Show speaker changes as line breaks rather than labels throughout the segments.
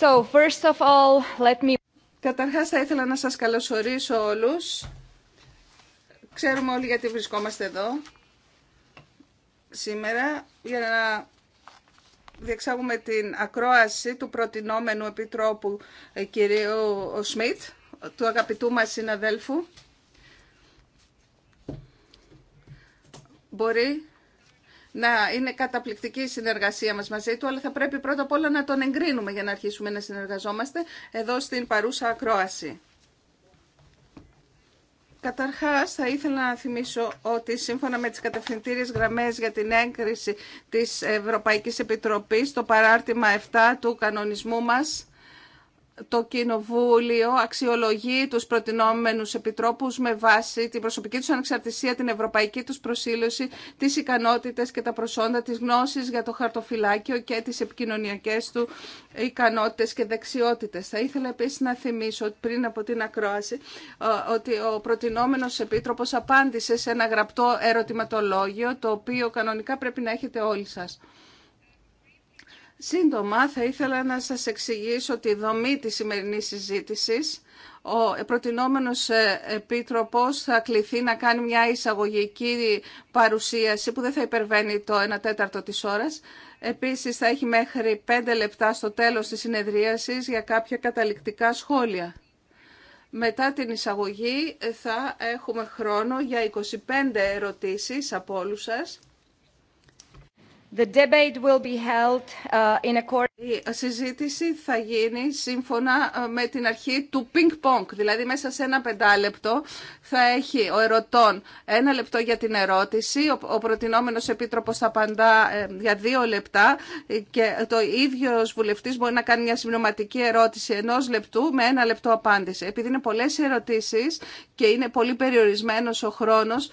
So, first of all, let me... Καταρχάς θα ήθελα να σας καλωσορίσω όλους. Ξέρουμε όλοι γιατί βρισκόμαστε εδώ σήμερα για να διεξάγουμε την ακρόαση του προτινόμενου επιτρόπου ε, κυρίου Σμιτ, του αγαπητού μας συναδέλφου. Μπορεί να είναι καταπληκτική η συνεργασία μας μαζί του, αλλά θα πρέπει πρώτα απ' όλα να τον εγκρίνουμε για να αρχίσουμε να συνεργαζόμαστε εδώ στην παρούσα ακρόαση. Καταρχάς θα ήθελα να θυμίσω ότι σύμφωνα με τις κατευθυντήριες γραμμές για την έγκριση της Ευρωπαϊκής Επιτροπής, το παράρτημα 7 του κανονισμού μας το Κοινοβούλιο αξιολογεί τους προτινόμενους επιτρόπους με βάση την προσωπική τους ανεξαρτησία, την ευρωπαϊκή τους προσήλωση, τις ικανότητες και τα προσόντα, της γνώσης για το χαρτοφυλάκιο και τις επικοινωνιακές του ικανότητες και δεξιότητες. Θα ήθελα επίσης να θυμίσω πριν από την ακρόαση ότι ο προτινόμενος επίτροπος απάντησε σε ένα γραπτό ερωτηματολόγιο το οποίο κανονικά πρέπει να έχετε όλοι σας. Σύντομα θα ήθελα να σας εξηγήσω τη δομή της σημερινής συζήτησης. Ο προτινόμενος ε, επίτροπος θα κληθεί να κάνει μια εισαγωγική παρουσίαση που δεν θα υπερβαίνει το 1 τέταρτο της ώρας. Επίσης θα έχει μέχρι 5 λεπτά στο τέλος της συνεδρίασης για κάποια καταληκτικά σχόλια. Μετά την εισαγωγή θα έχουμε χρόνο για 25 ερωτήσεις από όλους σας Uh, Η συζήτηση θα γίνει σύμφωνα ε, με την αρχή του ping-pong, δηλαδή μέσα σε ένα πεντάλεπτο θα έχει ο ερωτών ένα λεπτό για την ερώτηση, ο προτινόμενος επίτροπος θα απαντά ε, για δύο λεπτά και το ίδιο βουλευτής μπορεί να κάνει μια συμπληρωματική ερώτηση ενός λεπτού με ένα λεπτό απάντηση. Επειδή είναι πολλές ερωτήσεις και είναι πολύ περιορισμένος ο χρόνος,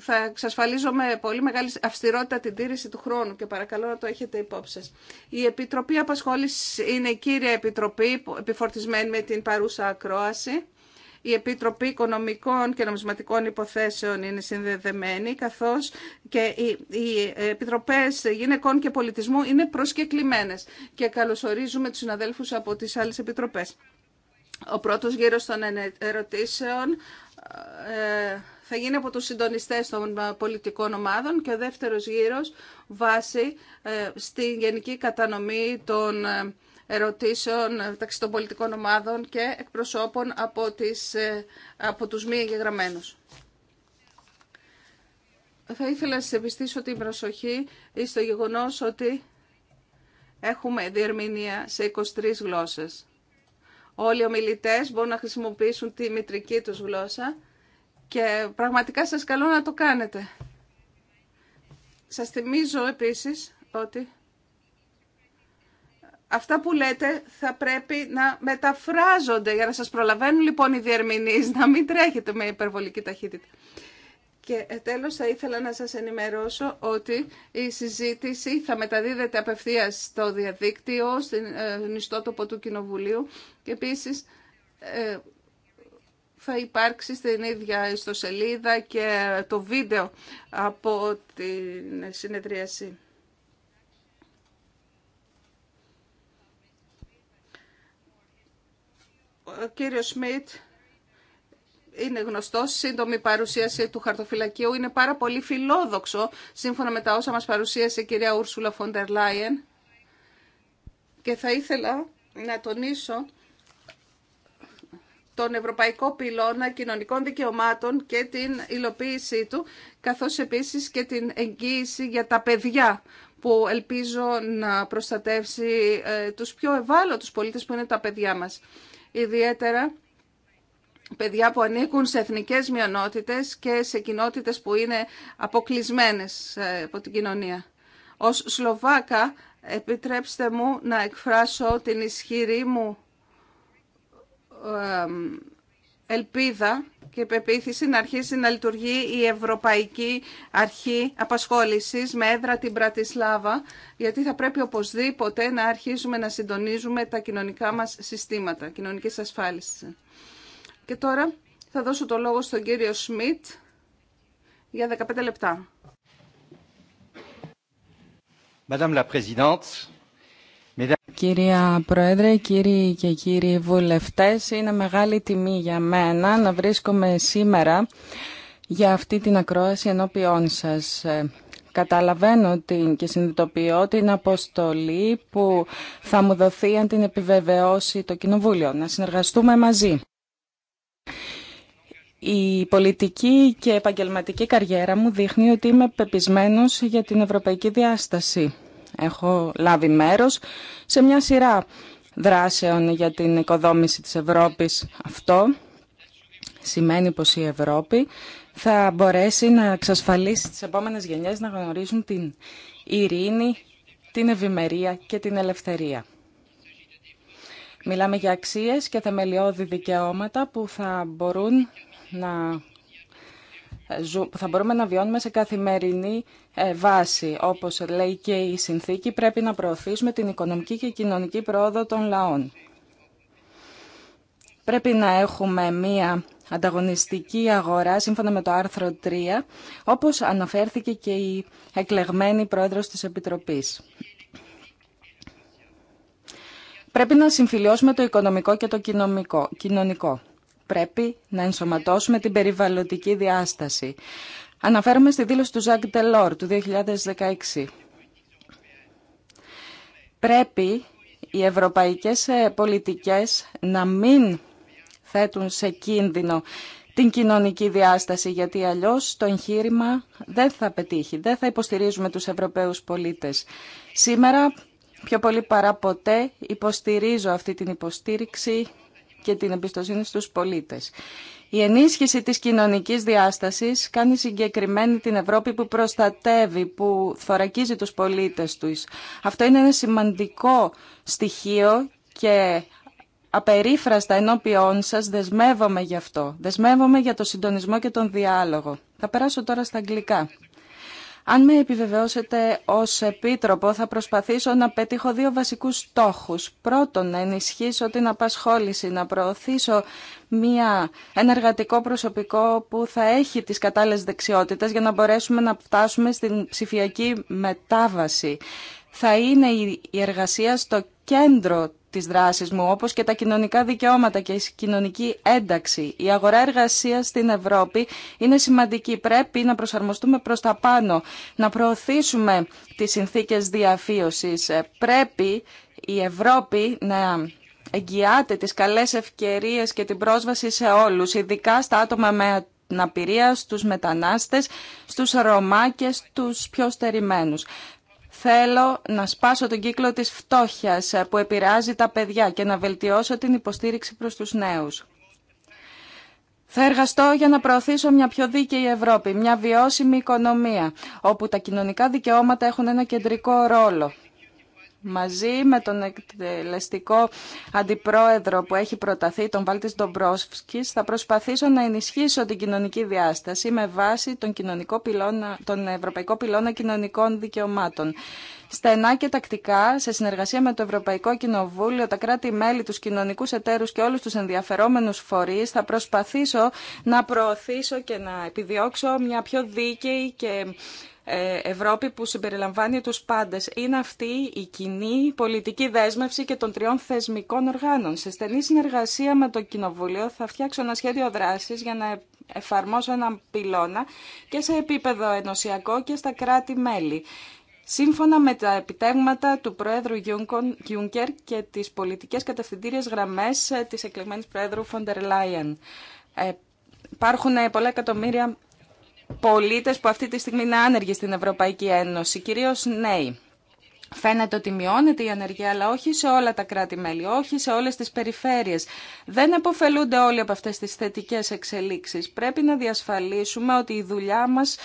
θα εξασφαλίζω με πολύ μεγάλη αυστηρότητα την τήρηση του χρόνου και παρακαλώ να το έχετε υπόψη σας. Η Επιτροπή απασχόληση είναι η κύρια επιτροπή επιφορτισμένη με την παρούσα ακρόαση. Η Επιτροπή Οικονομικών και Νομισματικών Υποθέσεων είναι συνδεδεμένη, καθώς και οι Επιτροπές Γυναικών και Πολιτισμού είναι προσκεκλημένες και καλωσορίζουμε τους συναδέλφους από τις άλλες Επιτροπές. Ο πρώτος γύρος των ερωτήσεων ε, θα γίνει από τους συντονιστές των ε, πολιτικών ομάδων και ο δεύτερος γύρος βάσει ε, στη γενική κατανομή των ε, ερωτήσεων μεταξύ των πολιτικών ομάδων και εκπροσώπων από, τις, από τους μη εγγεγραμμένους. Θα ήθελα να σας επιστήσω την προσοχή στο γεγονός ότι έχουμε διερμηνία σε 23 γλώσσες. Όλοι οι ομιλητές μπορούν να χρησιμοποιήσουν τη μητρική τους γλώσσα και πραγματικά σας καλώ να το κάνετε. Σας θυμίζω επίσης ότι αυτά που λέτε θα πρέπει να μεταφράζονται για να σας προλαβαίνουν λοιπόν οι διερμηνείς, να μην τρέχετε με υπερβολική ταχύτητα. Και ε, τέλος θα ήθελα να σας ενημερώσω ότι η συζήτηση θα μεταδίδεται απευθείας στο διαδίκτυο, στην ιστότοπο ε, του Κοινοβουλίου και επίσης ε, θα υπάρξει στην ίδια ιστοσελίδα και το βίντεο από την συνεδρίαση. Ο κύριος Σμιτ είναι γνωστό, σύντομη παρουσίαση του χαρτοφυλακίου είναι πάρα πολύ φιλόδοξο σύμφωνα με τα όσα μας παρουσίασε η κυρία Ούρσουλα Φοντερ Λάιεν και θα ήθελα να τονίσω τον Ευρωπαϊκό Πυλώνα Κοινωνικών Δικαιωμάτων και την υλοποίησή του, καθώς επίσης και την εγγύηση για τα παιδιά που ελπίζω να προστατεύσει ε, τους πιο ευάλωτους πολίτες που είναι τα παιδιά μας. Ιδιαίτερα παιδιά που ανήκουν σε εθνικές μειονότητες και σε κοινότητες που είναι αποκλεισμένες ε, από την κοινωνία. Ως Σλοβάκα επιτρέψτε μου να εκφράσω την ισχυρή μου ελπίδα και πεποίθηση να αρχίσει να λειτουργεί η Ευρωπαϊκή Αρχή Απασχόλησης με έδρα την Πρατισλάβα, γιατί θα πρέπει οπωσδήποτε να αρχίσουμε να συντονίζουμε τα κοινωνικά μας συστήματα, κοινωνικής ασφάλισης. Και τώρα θα δώσω το λόγο στον κύριο Σμιτ για 15 λεπτά.
Madame la Présidente, Κυρία Πρόεδρε, κύριοι και κύριοι βουλευτές, είναι μεγάλη τιμή για μένα να βρίσκομαι σήμερα για αυτή την ακρόαση ενώπιόν σας. Ε, καταλαβαίνω την και συνειδητοποιώ την αποστολή που θα μου δοθεί αν την επιβεβαιώσει το Κοινοβούλιο. Να συνεργαστούμε μαζί. Η πολιτική και επαγγελματική καριέρα μου δείχνει ότι είμαι πεπισμένος για την ευρωπαϊκή διάσταση. Έχω λάβει μέρος σε μια σειρά δράσεων για την οικοδόμηση της Ευρώπης. Αυτό σημαίνει πως η Ευρώπη θα μπορέσει να εξασφαλίσει τις επόμενες γενιές να γνωρίζουν την ειρήνη, την ευημερία και την ελευθερία. Μιλάμε για αξίες και θεμελιώδη δικαιώματα που θα μπορούν να ε, θα μπορούμε να βιώνουμε σε καθημερινή ε, βάση. Όπως λέει και η συνθήκη, πρέπει να προωθήσουμε την οικονομική και κοινωνική πρόοδο των λαών. Πρέπει να έχουμε μία ανταγωνιστική αγορά, σύμφωνα με το άρθρο 3, όπως αναφέρθηκε και η εκλεγμένη πρόεδρος της Επιτροπής. Πρέπει να συμφιλιώσουμε το οικονομικό και το κοινωνικό πρέπει να ενσωματώσουμε την περιβαλλοντική διάσταση. Αναφέρομαι στη δήλωση του Ζακ Τελόρ του 2016. Πρέπει οι ευρωπαϊκές ε, πολιτικές να μην θέτουν σε κίνδυνο την κοινωνική διάσταση, γιατί αλλιώς το εγχείρημα δεν θα πετύχει, δεν θα υποστηρίζουμε τους Ευρωπαίους πολίτες. Σήμερα, πιο πολύ παρά ποτέ, υποστηρίζω αυτή την υποστήριξη και την εμπιστοσύνη στους πολίτες. Η ενίσχυση της κοινωνικής διάστασης κάνει συγκεκριμένη την Ευρώπη που προστατεύει, που θωρακίζει τους πολίτες τους. Αυτό είναι ένα σημαντικό στοιχείο και απερίφραστα ενώπιόν σας δεσμεύομαι γι' αυτό. Δεσμεύομαι για το συντονισμό και τον διάλογο. Θα περάσω τώρα στα αγγλικά. Αν με επιβεβαιώσετε ως επίτροπο θα προσπαθήσω να πετύχω δύο βασικούς στόχους. Πρώτον, να ενισχύσω την απασχόληση, να προωθήσω μια, ένα εργατικό προσωπικό που θα έχει τις κατάλληλες δεξιότητες για να μπορέσουμε να φτάσουμε στην ψηφιακή μετάβαση. Θα είναι η εργασία στο κέντρο της δράσης μου, όπως και τα κοινωνικά δικαιώματα και η κοινωνική ένταξη. Η αγορά εργασία στην Ευρώπη είναι σημαντική. Πρέπει να προσαρμοστούμε προς τα πάνω, να προωθήσουμε τις συνθήκες διαφύωσης. Πρέπει η Ευρώπη να εγγυάται τις καλές ευκαιρίες και την πρόσβαση σε όλους, ειδικά στα άτομα με αναπηρία, στους μετανάστες, στους Ρωμά και στους πιο στερημένους. Θέλω να σπάσω τον κύκλο της φτώχειας που επηρεάζει τα παιδιά και να βελτιώσω την υποστήριξη προς τους νέους. Θα εργαστώ για να προωθήσω μια πιο δίκαιη Ευρώπη, μια βιώσιμη οικονομία, όπου τα κοινωνικά δικαιώματα έχουν ένα κεντρικό ρόλο μαζί με τον εκτελεστικό αντιπρόεδρο που έχει προταθεί, τον Βάλτη Ντομπρόσκης, θα προσπαθήσω να ενισχύσω την κοινωνική διάσταση με βάση τον, κοινωνικό πυλώνα, τον Ευρωπαϊκό Πυλώνα Κοινωνικών Δικαιωμάτων. Στενά και τακτικά, σε συνεργασία με το Ευρωπαϊκό Κοινοβούλιο, τα κράτη-μέλη, του κοινωνικούς εταίρου και όλου του ενδιαφερόμενου φορεί, θα προσπαθήσω να προωθήσω και να επιδιώξω μια πιο δίκαιη και ε, Ευρώπη που συμπεριλαμβάνει τους πάντες είναι αυτή η κοινή πολιτική δέσμευση και των τριών θεσμικών οργάνων. Σε στενή συνεργασία με το Κοινοβούλιο θα φτιάξω ένα σχέδιο δράσης για να εφαρμόσω έναν πυλώνα και σε επίπεδο ενωσιακό και στα κράτη-μέλη. Σύμφωνα με τα επιτέγματα του Προέδρου Γιούνκερ και τις πολιτικές κατευθυντήριες γραμμές ε, της εκλεγμένης Προέδρου Φοντερ Λάιεν. Ε, υπάρχουν πολλά εκατομμύρια πολίτες που αυτή τη στιγμή είναι άνεργοι στην Ευρωπαϊκή Ένωση, κυρίως νέοι. Φαίνεται ότι μειώνεται η ανεργία, αλλά όχι σε όλα τα κράτη-μέλη, όχι σε όλες τις περιφέρειες. Δεν αποφελούνται όλοι από αυτές τις θετικές εξελίξεις. Πρέπει να διασφαλίσουμε ότι η δουλειά μας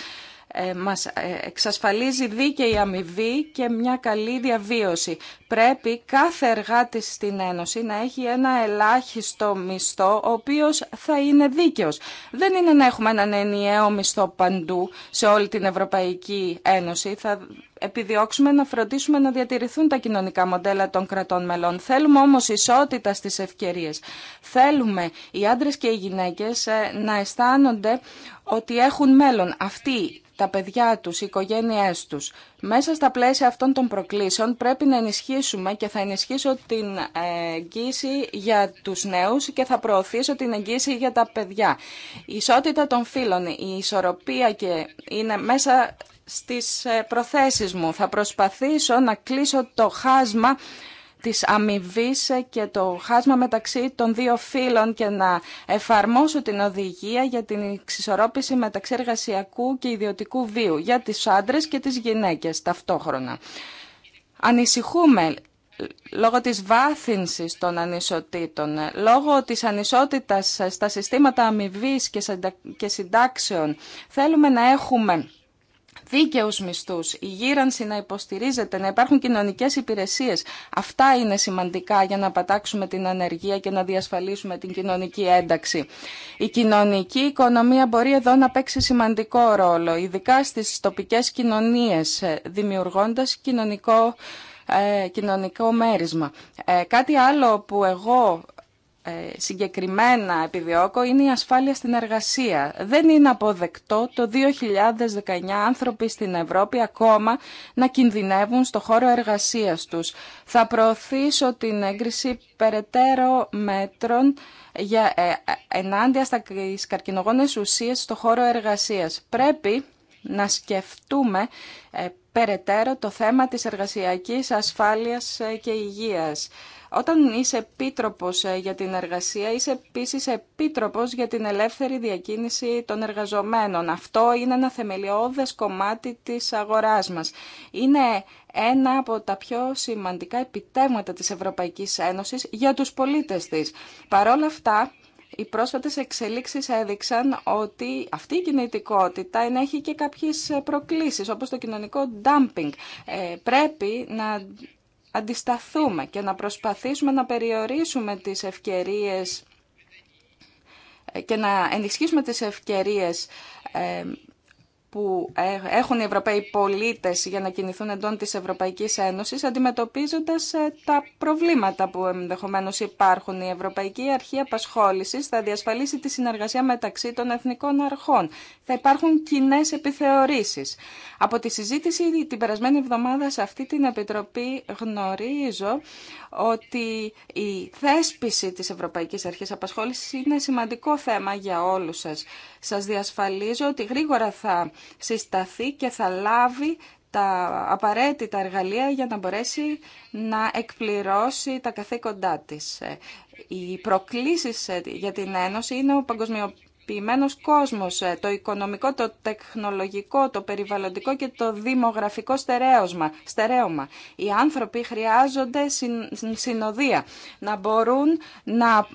ε, μας ε, εξασφαλίζει δίκαιη αμοιβή και μια καλή διαβίωση πρέπει κάθε εργάτης στην Ένωση να έχει ένα ελάχιστο μισθό, ο οποίος θα είναι δίκαιος. Δεν είναι να έχουμε έναν ενιαίο μισθό παντού σε όλη την Ευρωπαϊκή Ένωση. Θα επιδιώξουμε να φροντίσουμε να διατηρηθούν τα κοινωνικά μοντέλα των κρατών μελών. Θέλουμε όμως ισότητα στις ευκαιρίες. Θέλουμε οι άντρες και οι γυναίκες ε, να αισθάνονται ότι έχουν μέλλον αυτοί, τα παιδιά τους, οι οικογένειές τους. Μέσα στα πλαίσια αυτών των προκλήσεων πρέπει να ενισχύσουμε και θα ενισχύσω την ε, εγγύηση για τους νέους και θα προωθήσω την εγγύηση για τα παιδιά. Η ισότητα των φύλων, η ισορροπία και είναι μέσα στις ε, προθέσεις μου. Θα προσπαθήσω να κλείσω το χάσμα της αμοιβή και το χάσμα μεταξύ των δύο φύλων και να εφαρμόσω την οδηγία για την εξισορρόπηση μεταξύ εργασιακού και ιδιωτικού βίου για τις άντρες και τις γυναίκες ταυτόχρονα. Ανησυχούμε λόγω της βάθυνσης των ανισοτήτων, λόγω της ανισότητας στα συστήματα αμοιβή και συντάξεων. Θέλουμε να έχουμε δίκαιου μισθού, η γύρανση να υποστηρίζεται, να υπάρχουν κοινωνικέ υπηρεσίε. Αυτά είναι σημαντικά για να πατάξουμε την ανεργία και να διασφαλίσουμε την κοινωνική ένταξη. Η κοινωνική οικονομία μπορεί εδώ να παίξει σημαντικό ρόλο, ειδικά στι τοπικέ κοινωνίε, δημιουργώντα ε, κοινωνικό, μέρισμα. Ε, κάτι άλλο που εγώ ε, συγκεκριμένα επιδιώκω είναι η ασφάλεια στην εργασία. Δεν είναι αποδεκτό το 2019 άνθρωποι στην Ευρώπη ακόμα να κινδυνεύουν στο χώρο εργασίας τους. Θα προωθήσω την έγκριση περαιτέρω μέτρων για, ε, ε, ενάντια στα καρκινογόνες ουσίες στο χώρο εργασίας. Πρέπει να σκεφτούμε περαιτέρω το θέμα της εργασιακής ασφάλειας και υγείας. Όταν είσαι επίτροπος ε, για την εργασία, είσαι επίσης επίτροπος για την ελεύθερη διακίνηση των εργαζομένων. Αυτό είναι ένα θεμελιώδες κομμάτι της αγοράς μας. Είναι ένα από τα πιο σημαντικά επιτέγματα της Ευρωπαϊκής Ένωσης για τους πολίτες της. Παρόλα αυτά, οι πρόσφατες εξελίξεις έδειξαν ότι αυτή η κινητικότητα ενέχει και κάποιες προκλήσεις, όπως το κοινωνικό ντάμπινγκ. Ε, πρέπει να αντισταθούμε και να προσπαθήσουμε να περιορίσουμε τις ευκαιρίες ε, και να ενισχύσουμε τις ευκαιρίες ε, που ε, έχουν οι Ευρωπαίοι πολίτες για να κινηθούν εντών της Ευρωπαϊκής Ένωσης αντιμετωπίζοντας ε, τα προβλήματα που ενδεχομένως υπάρχουν. Η Ευρωπαϊκή Αρχή Απασχόλησης θα διασφαλίσει τη συνεργασία μεταξύ των εθνικών αρχών. Θα υπάρχουν κοινέ επιθεωρήσεις. Από τη συζήτηση την περασμένη εβδομάδα σε αυτή την Επιτροπή γνωρίζω ότι η θέσπιση της Ευρωπαϊκής Αρχής Απασχόλησης είναι σημαντικό θέμα για όλους σας. Σας διασφαλίζω ότι γρήγορα θα συσταθεί και θα λάβει τα απαραίτητα εργαλεία για να μπορέσει να εκπληρώσει τα καθήκοντά της. Οι προκλήσεις για την Ένωση είναι ο παγκοσμιοποιημένος κόσμος, το οικονομικό, το τεχνολογικό, το περιβαλλοντικό και το δημογραφικό στερέωμα. Οι άνθρωποι χρειάζονται συνοδεία, να μπορούν να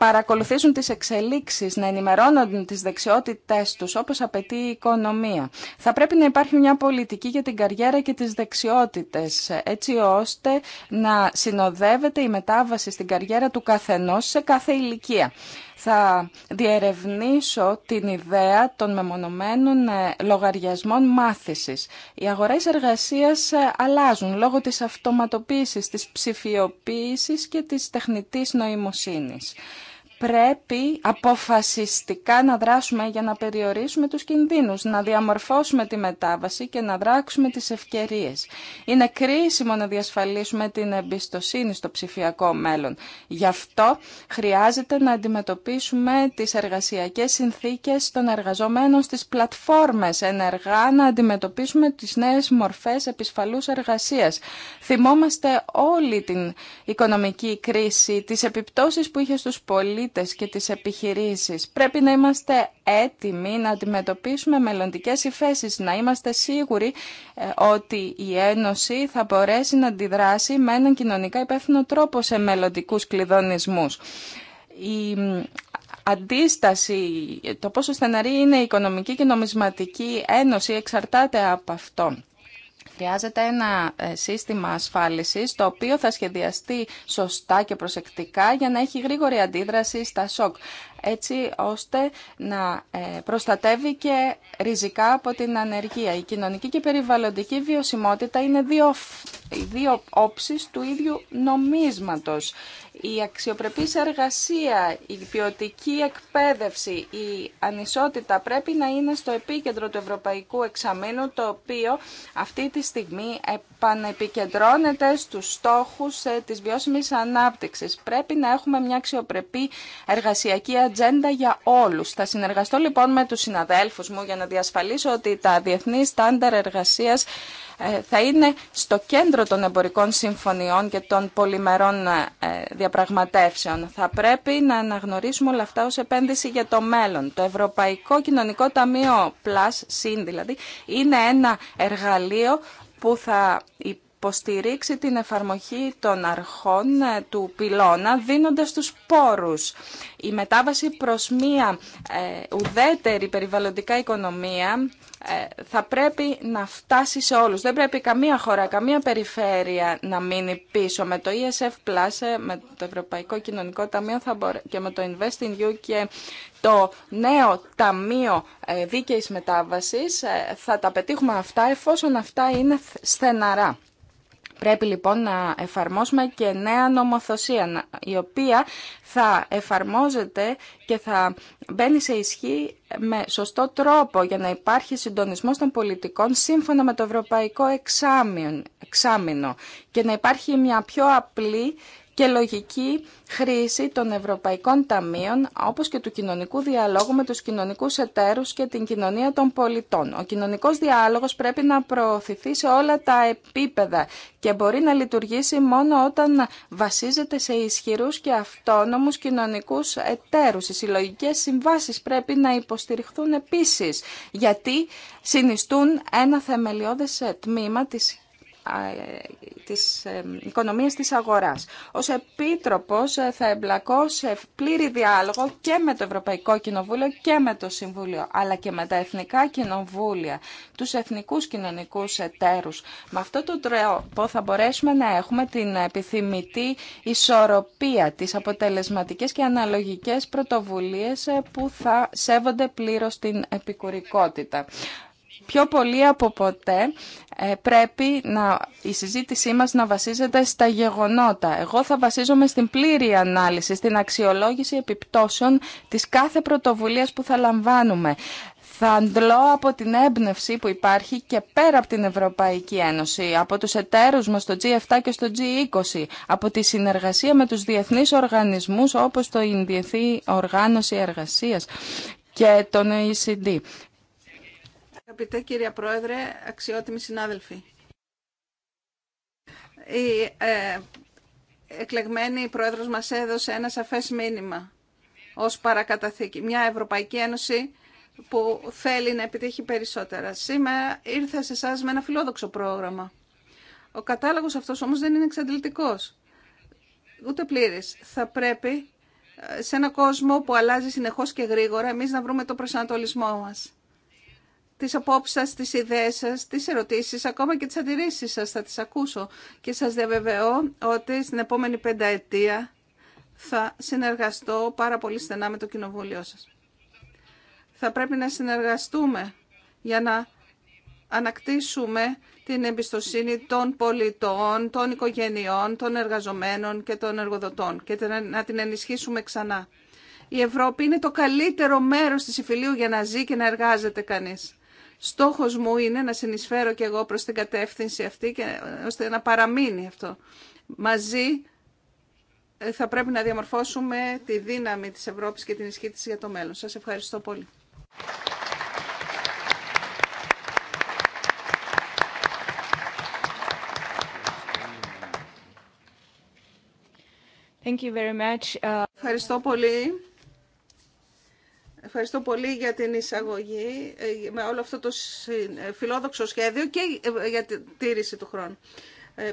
παρακολουθήσουν τις εξελίξεις, να ενημερώνονται τις δεξιότητές τους όπως απαιτεί η οικονομία. Θα πρέπει να υπάρχει μια πολιτική για την καριέρα και τις δεξιότητες έτσι ώστε να συνοδεύεται η μετάβαση στην καριέρα του καθενός σε κάθε ηλικία. Θα διερευνήσω την ιδέα των μεμονωμένων ε, λογαριασμών μάθησης. Οι αγορές εργασίας ε, αλλάζουν λόγω της αυτοματοποίησης, της ψηφιοποίησης και της τεχνητής νοημοσύνης πρέπει αποφασιστικά να δράσουμε για να περιορίσουμε τους κινδύνους, να διαμορφώσουμε τη μετάβαση και να δράξουμε τις ευκαιρίες. Είναι κρίσιμο να διασφαλίσουμε την εμπιστοσύνη στο ψηφιακό μέλλον. Γι' αυτό χρειάζεται να αντιμετωπίσουμε τις εργασιακές συνθήκες των εργαζομένων στις πλατφόρμες, ενεργά να αντιμετωπίσουμε τις νέες μορφές επισφαλούς εργασίας. Θυμόμαστε όλη την οικονομική κρίση, τις επιπτώσεις που είχε στους πολίτες πολίτες και τις επιχειρήσεις. Πρέπει να είμαστε έτοιμοι να αντιμετωπίσουμε μελλοντικές υφέσεις, να είμαστε σίγουροι ε, ότι η Ένωση θα μπορέσει να αντιδράσει με έναν κοινωνικά υπεύθυνο τρόπο σε μελλοντικούς κλειδονισμούς. Η αντίσταση, το πόσο στεναρή είναι η Οικονομική και Νομισματική Ένωση εξαρτάται από αυτό. Χρειάζεται ένα ε, σύστημα ασφάλισης το οποίο θα σχεδιαστεί σωστά και προσεκτικά για να έχει γρήγορη αντίδραση στα σοκ έτσι ώστε να ε, προστατεύει και ριζικά από την ανεργία. Η κοινωνική και η περιβαλλοντική βιωσιμότητα είναι δύο, δύο όψεις του ίδιου νομίσματος η αξιοπρεπής εργασία, η ποιοτική εκπαίδευση, η ανισότητα πρέπει να είναι στο επίκεντρο του Ευρωπαϊκού Εξαμήνου, το οποίο αυτή τη στιγμή επανεπικεντρώνεται στους στόχους ε, της βιώσιμης ανάπτυξης. Πρέπει να έχουμε μια αξιοπρεπή εργασιακή ατζέντα για όλους. Θα συνεργαστώ λοιπόν με τους συναδέλφους μου για να διασφαλίσω ότι τα διεθνή στάνταρ εργασίας ε, θα είναι στο κέντρο των εμπορικών συμφωνιών και των πολυμερών ε, διαπραγματεύσεων. Θα πρέπει να αναγνωρίσουμε όλα αυτά ως επένδυση για το μέλλον. Το Ευρωπαϊκό Κοινωνικό Ταμείο Plus, συν δηλαδή, είναι ένα εργαλείο που θα υποστηρίξει την εφαρμογή των αρχών ε, του πυλώνα δίνοντας τους πόρους. Η μετάβαση προς μία ε, ουδέτερη περιβαλλοντικά οικονομία ε, θα πρέπει να φτάσει σε όλους. Δεν πρέπει καμία χώρα, καμία περιφέρεια να μείνει πίσω. Με το ESF+, με το Ευρωπαϊκό Κοινωνικό Ταμείο θα και με το Investing You και το νέο Ταμείο Δίκαιης Μετάβασης θα τα πετύχουμε αυτά εφόσον αυτά είναι στεναρά. Πρέπει λοιπόν να εφαρμόσουμε και νέα νομοθεσία, η οποία θα εφαρμόζεται και θα μπαίνει σε ισχύ με σωστό τρόπο για να υπάρχει συντονισμός των πολιτικών σύμφωνα με το Ευρωπαϊκό Εξάμεινο και να υπάρχει μια πιο απλή και λογική χρήση των ευρωπαϊκών ταμείων, όπως και του κοινωνικού διαλόγου με τους κοινωνικούς εταίρους και την κοινωνία των πολιτών. Ο κοινωνικός διάλογος πρέπει να προωθηθεί σε όλα τα επίπεδα και μπορεί να λειτουργήσει μόνο όταν βασίζεται σε ισχυρούς και αυτόνομους κοινωνικούς εταίρους. Οι συλλογικές συμβάσεις πρέπει να υποστηριχθούν επίσης, γιατί συνιστούν ένα θεμελιώδες τμήμα της της ε, οικονομίας της αγοράς. Ως Επίτροπος ε, θα εμπλακώ σε πλήρη διάλογο και με το Ευρωπαϊκό Κοινοβούλιο και με το Συμβούλιο, αλλά και με τα Εθνικά Κοινοβούλια, τους Εθνικούς Κοινωνικούς Εταίρους. Με αυτό το τρόπο θα μπορέσουμε να έχουμε την επιθυμητή ισορροπία, της αποτελεσματικές και αναλογικές πρωτοβουλίες ε, που θα σέβονται πλήρως την επικουρικότητα πιο πολύ από ποτέ ε, πρέπει να, η συζήτησή μας να βασίζεται στα γεγονότα. Εγώ θα βασίζομαι στην πλήρη ανάλυση, στην αξιολόγηση επιπτώσεων της κάθε πρωτοβουλίας που θα λαμβάνουμε. Θα αντλώ από την έμπνευση που υπάρχει και πέρα από την Ευρωπαϊκή Ένωση, από τους εταίρους μας στο G7 και στο G20, από τη συνεργασία με τους διεθνείς οργανισμούς όπως το Ινδιεθή Οργάνωση Εργασίας και τον OECD.
Αγαπητέ κύριε Πρόεδρε, αξιότιμοι συνάδελφοι. Η ε, εκλεγμένη πρόεδρος μας έδωσε ένα σαφές μήνυμα ως παρακαταθήκη. Μια Ευρωπαϊκή Ένωση που θέλει να επιτύχει περισσότερα. Σήμερα ήρθε σε εσά με ένα φιλόδοξο πρόγραμμα. Ο κατάλογος αυτός όμως δεν είναι εξαντλητικός, ούτε πλήρης. Θα πρέπει ε, σε ένα κόσμο που αλλάζει συνεχώς και γρήγορα εμείς να βρούμε το προσανατολισμό μας τις απόψει σα, τις ιδέες σας, τις ερωτήσεις, ακόμα και τι αντιρρήσεις σα, θα τι ακούσω και σα διαβεβαιώ ότι στην επόμενη πενταετία θα συνεργαστώ πάρα πολύ στενά με το κοινοβούλιο σα. Θα πρέπει να συνεργαστούμε για να ανακτήσουμε την εμπιστοσύνη των πολιτών, των οικογενειών, των εργαζομένων και των εργοδοτών και να την ενισχύσουμε ξανά. Η Ευρώπη είναι το καλύτερο μέρος της υφηλίου για να ζει και να εργάζεται κανείς. Στόχος μου είναι να συνεισφέρω και εγώ προς την κατεύθυνση αυτή και ώστε να παραμείνει αυτό. Μαζί ε, θα πρέπει να διαμορφώσουμε τη δύναμη της Ευρώπης και την ισχύ της για το μέλλον. Σας ευχαριστώ πολύ. Thank you very much. Ευχαριστώ πολύ. Ευχαριστώ πολύ για την εισαγωγή ε, με όλο αυτό το ε, φιλόδοξο σχέδιο και ε, για τη τήρηση του χρόνου.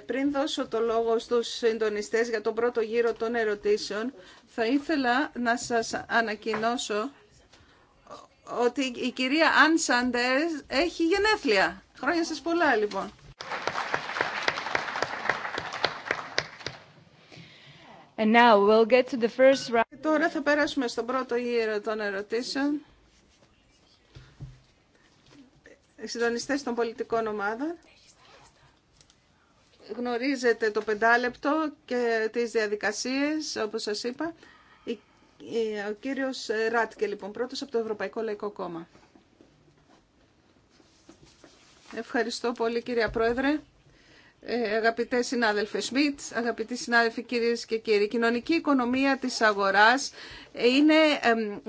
Πριν δώσω το λόγο στους συντονιστές για τον πρώτο γύρο των ερωτήσεων, θα ήθελα να σας ανακοινώσω ότι η κυρία Αν Σαντέρ έχει γενέθλια. Χρόνια σας πολλά λοιπόν. And now we'll Και τώρα θα περάσουμε στον πρώτο γύρο των ερωτήσεων. Συντονιστέ των πολιτικών ομάδων. Γνωρίζετε το πεντάλεπτο και τις διαδικασίες, όπως σας είπα. Ο κύριος Ράτκε, λοιπόν, πρώτος από το Ευρωπαϊκό Λαϊκό Κόμμα. Ευχαριστώ πολύ, κυρία Πρόεδρε. Ε, αγαπητέ συνάδελφε Σμιτ, αγαπητοί συνάδελφοι κυρίες και κύριοι, η κοινωνική οικονομία της αγοράς είναι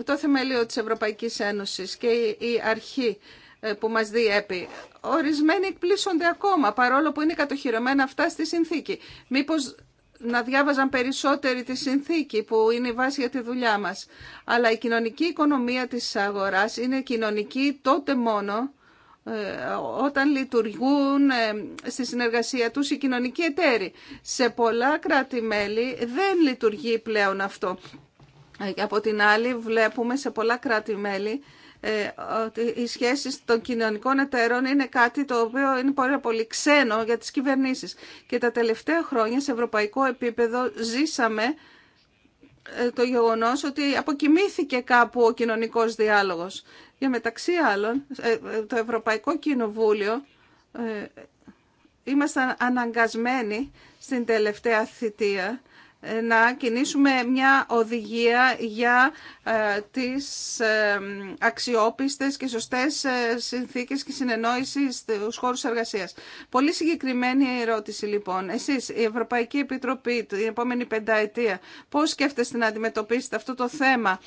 το θεμέλιο της Ευρωπαϊκής Ένωσης και η αρχή ε, που μας διέπει. Ορισμένοι εκπλήσονται ακόμα, παρόλο που είναι κατοχυρωμένα αυτά στη συνθήκη. Μήπως να διάβαζαν περισσότερη τη συνθήκη που είναι η βάση για τη δουλειά μας. Αλλά η κοινωνική οικονομία της αγοράς είναι κοινωνική τότε μόνο ε, όταν λειτουργούν ε, στη συνεργασία τους οι κοινωνικοί εταίροι. Σε πολλά κράτη-μέλη δεν λειτουργεί πλέον αυτό. Ε, από την άλλη βλέπουμε σε πολλά κράτη-μέλη ότι οι σχέσεις των κοινωνικών εταίρων είναι κάτι το οποίο είναι πολύ ξένο για τις κυβερνήσεις. Και τα τελευταία χρόνια σε ευρωπαϊκό επίπεδο ζήσαμε το γεγονός ότι αποκοιμήθηκε κάπου ο κοινωνικός διάλογος. Για μεταξύ άλλων, ε, ε, το Ευρωπαϊκό Κοινοβούλιο ε, ήμασταν αναγκασμένοι στην τελευταία θητεία ε, να κινήσουμε μια οδηγία για ε, τις ε, αξιόπιστες και σωστές συνθήκες και συνεννόηση στους χώρους εργασίας. Πολύ συγκεκριμένη ερώτηση λοιπόν. Εσείς, η Ευρωπαϊκή Επιτροπή, την επόμενη πενταετία, πώς σκέφτεστε να αντιμετωπίσετε αυτό το θέμα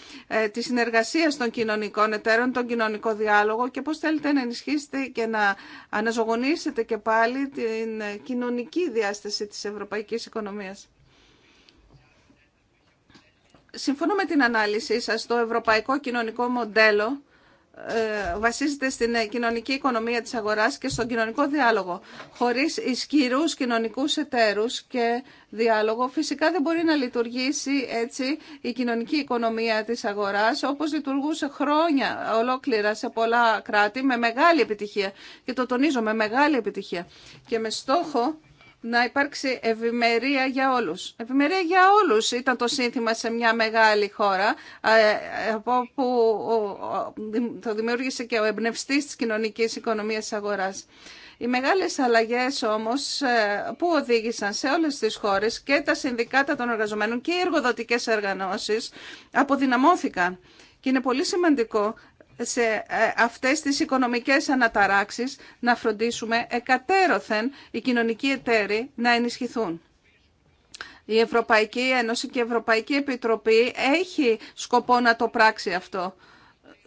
της συνεργασίας των κοινωνικών εταίρων, τον κοινωνικό διάλογο και πώς θέλετε να ενισχύσετε και να αναζωογονήσετε και πάλι την κοινωνική διάσταση της ευρωπαϊκής οικονομίας. Συμφωνώ με την ανάλυση σας. Το ευρωπαϊκό κοινωνικό μοντέλο ε, βασίζεται στην ε, κοινωνική οικονομία της αγοράς και στον κοινωνικό διάλογο. Χωρίς ισχυρούς κοινωνικούς εταίρους και διάλογο φυσικά δεν μπορεί να λειτουργήσει έτσι η κοινωνική οικονομία της αγοράς όπως λειτουργούσε χρόνια ολόκληρα σε πολλά κράτη με μεγάλη επιτυχία και το τονίζω με μεγάλη επιτυχία και με στόχο να υπάρξει ευημερία για όλους. Ευημερία για όλους ήταν το σύνθημα σε μια μεγάλη χώρα, ε, από που το δημιούργησε και ο εμπνευστής της κοινωνικής οικονομίας αγοράς. Οι μεγάλες αλλαγές όμως ε, που οδήγησαν σε όλες τις χώρες και τα συνδικάτα των εργαζομένων και οι εργοδοτικές εργανώσεις αποδυναμώθηκαν. Και είναι πολύ σημαντικό σε ε, αυτές τις οικονομικές αναταράξεις να φροντίσουμε εκατέρωθεν οι κοινωνικοί εταίροι να ενισχυθούν. Η Ευρωπαϊκή Ένωση και η Ευρωπαϊκή Επιτροπή έχει σκοπό να το πράξει αυτό.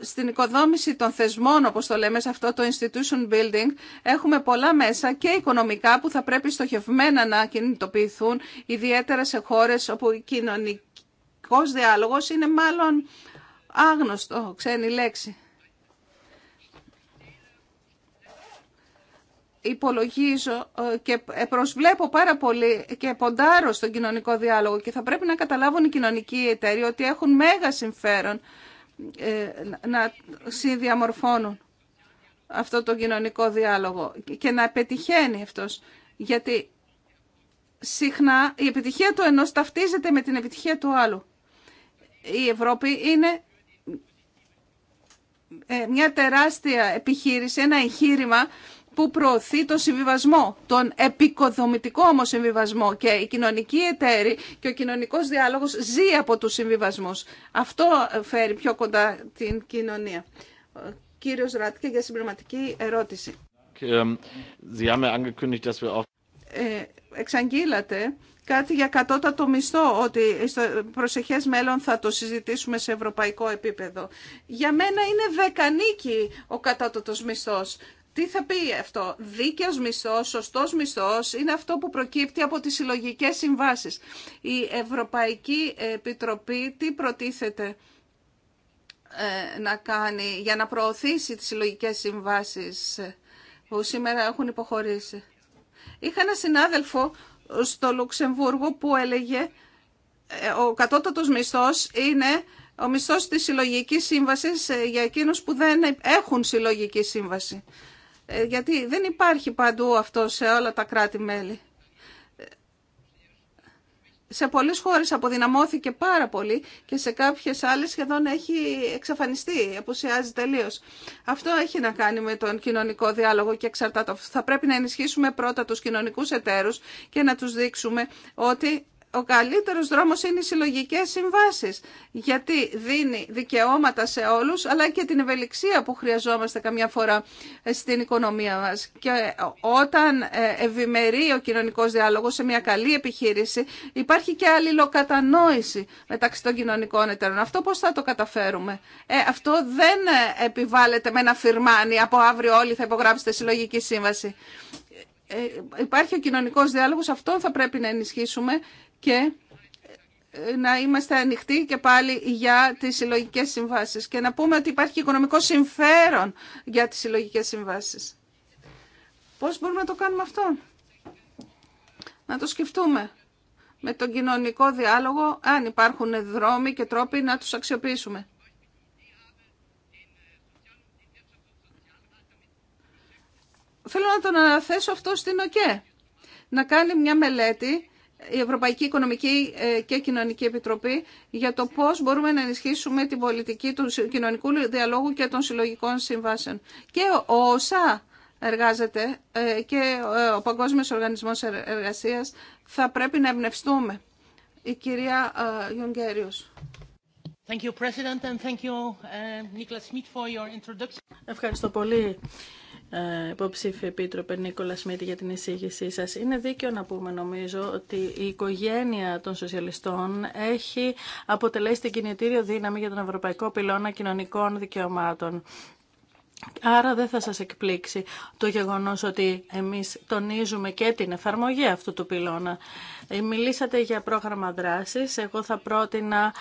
Στην οικοδόμηση των θεσμών, όπως το λέμε σε αυτό το institution building, έχουμε πολλά μέσα και οικονομικά που θα πρέπει στοχευμένα να κινητοποιηθούν, ιδιαίτερα σε χώρες όπου ο κοινωνικός διάλογος είναι μάλλον άγνωστο, ξένη λέξη. υπολογίζω ε, και προσβλέπω πάρα πολύ και ποντάρω στον κοινωνικό διάλογο και θα πρέπει να καταλάβουν οι κοινωνικοί εταίροι ότι έχουν μέγα συμφέρον ε, να συνδιαμορφώνουν αυτό το κοινωνικό διάλογο και να πετυχαίνει αυτός. Γιατί συχνά η επιτυχία του ενός ταυτίζεται με την επιτυχία του άλλου. Η Ευρώπη είναι ε, μια τεράστια επιχείρηση, ένα εγχείρημα που προωθεί τον συμβιβασμό, τον επικοδομητικό όμως συμβιβασμό και η κοινωνική εταίρη και ο κοινωνικό διάλογος ζει από τους συμβιβασμούς. Αυτό ε, φέρει πιο κοντά την κοινωνία. Κύριο Ράτκε για συμπληρωματική ερώτηση. Ε, ε, εξαγγείλατε κάτι για κατώτατο μισθό, ότι στο προσεχές μέλλον θα το συζητήσουμε σε ευρωπαϊκό επίπεδο. Για μένα είναι δεκανίκη ο κατώτατος μισθός. Τι θα πει αυτό, δίκαιος μισθός, σωστός μισθός, είναι αυτό που προκύπτει από τις συλλογικέ συμβάσεις. Η Ευρωπαϊκή Επιτροπή τι προτίθεται ε, να κάνει για να προωθήσει τις συλλογικέ συμβάσεις ε, που σήμερα έχουν υποχωρήσει. Είχα ένα συνάδελφο στο Λουξεμβούργο που έλεγε ε, ο κατώτατος μισθός είναι ο μισθός της συλλογική σύμβασης ε, για εκείνους που δεν έχουν συλλογική σύμβαση. Ε, γιατί δεν υπάρχει παντού αυτό σε όλα τα κράτη-μέλη σε πολλές χώρες αποδυναμώθηκε πάρα πολύ και σε κάποιες άλλες σχεδόν έχει εξαφανιστεί, αποσιάζει τελείω. Αυτό έχει να κάνει με τον κοινωνικό διάλογο και εξαρτάται. Θα πρέπει να ενισχύσουμε πρώτα τους κοινωνικούς εταίρους και να τους δείξουμε ότι ο καλύτερος δρόμος είναι οι συλλογικές συμβάσεις, γιατί δίνει δικαιώματα σε όλους, αλλά και την ευελιξία που χρειαζόμαστε καμιά φορά στην οικονομία μας. Και όταν ε, ευημερεί ο κοινωνικός διάλογος σε μια καλή επιχείρηση, υπάρχει και αλληλοκατανόηση μεταξύ των κοινωνικών εταίρων. Αυτό πώς θα το καταφέρουμε. Ε, αυτό δεν ε, επιβάλλεται με ένα φυρμάνι, από αύριο όλοι θα υπογράψετε συλλογική σύμβαση. υπάρχει ο κοινωνικός διάλογος, αυτόν θα πρέπει να ενισχύσουμε και ε, να είμαστε ανοιχτοί και πάλι για τις συλλογικέ συμβάσεις και να πούμε ότι υπάρχει οικονομικό συμφέρον για τις συλλογικέ συμβάσεις. Πώς μπορούμε να το κάνουμε αυτό. Να το σκεφτούμε. Με τον κοινωνικό διάλογο, αν υπάρχουν δρόμοι και τρόποι να τους αξιοποιήσουμε. Θέλω να τον αναθέσω αυτό στην ΟΚΕ. Να κάνει μια μελέτη η Ευρωπαϊκή Οικονομική ε, και Κοινωνική Επιτροπή για το πώς μπορούμε να ενισχύσουμε την πολιτική του κοινωνικού διαλόγου και των συλλογικών συμβάσεων. Και ο ΩΣΑ εργάζεται ε, και ε, ο Παγκόσμιος Οργανισμός Εργασίας θα πρέπει να εμπνευστούμε. Η κυρία
Γιονγκέριος. Thank
you, President,
Ευχαριστώ πολύ, ε, υποψήφιο επίτροπε Νίκολα Σμίτη για την εισήγησή σας. Είναι δίκαιο να πούμε νομίζω ότι η οικογένεια των σοσιαλιστών έχει αποτελέσει την κινητήριο δύναμη για τον Ευρωπαϊκό Πυλώνα Κοινωνικών Δικαιωμάτων. Άρα δεν θα σας εκπλήξει το γεγονός ότι εμείς τονίζουμε και την εφαρμογή αυτού του πυλώνα. Ε, μιλήσατε για πρόγραμμα δράσης. Εγώ θα πρότεινα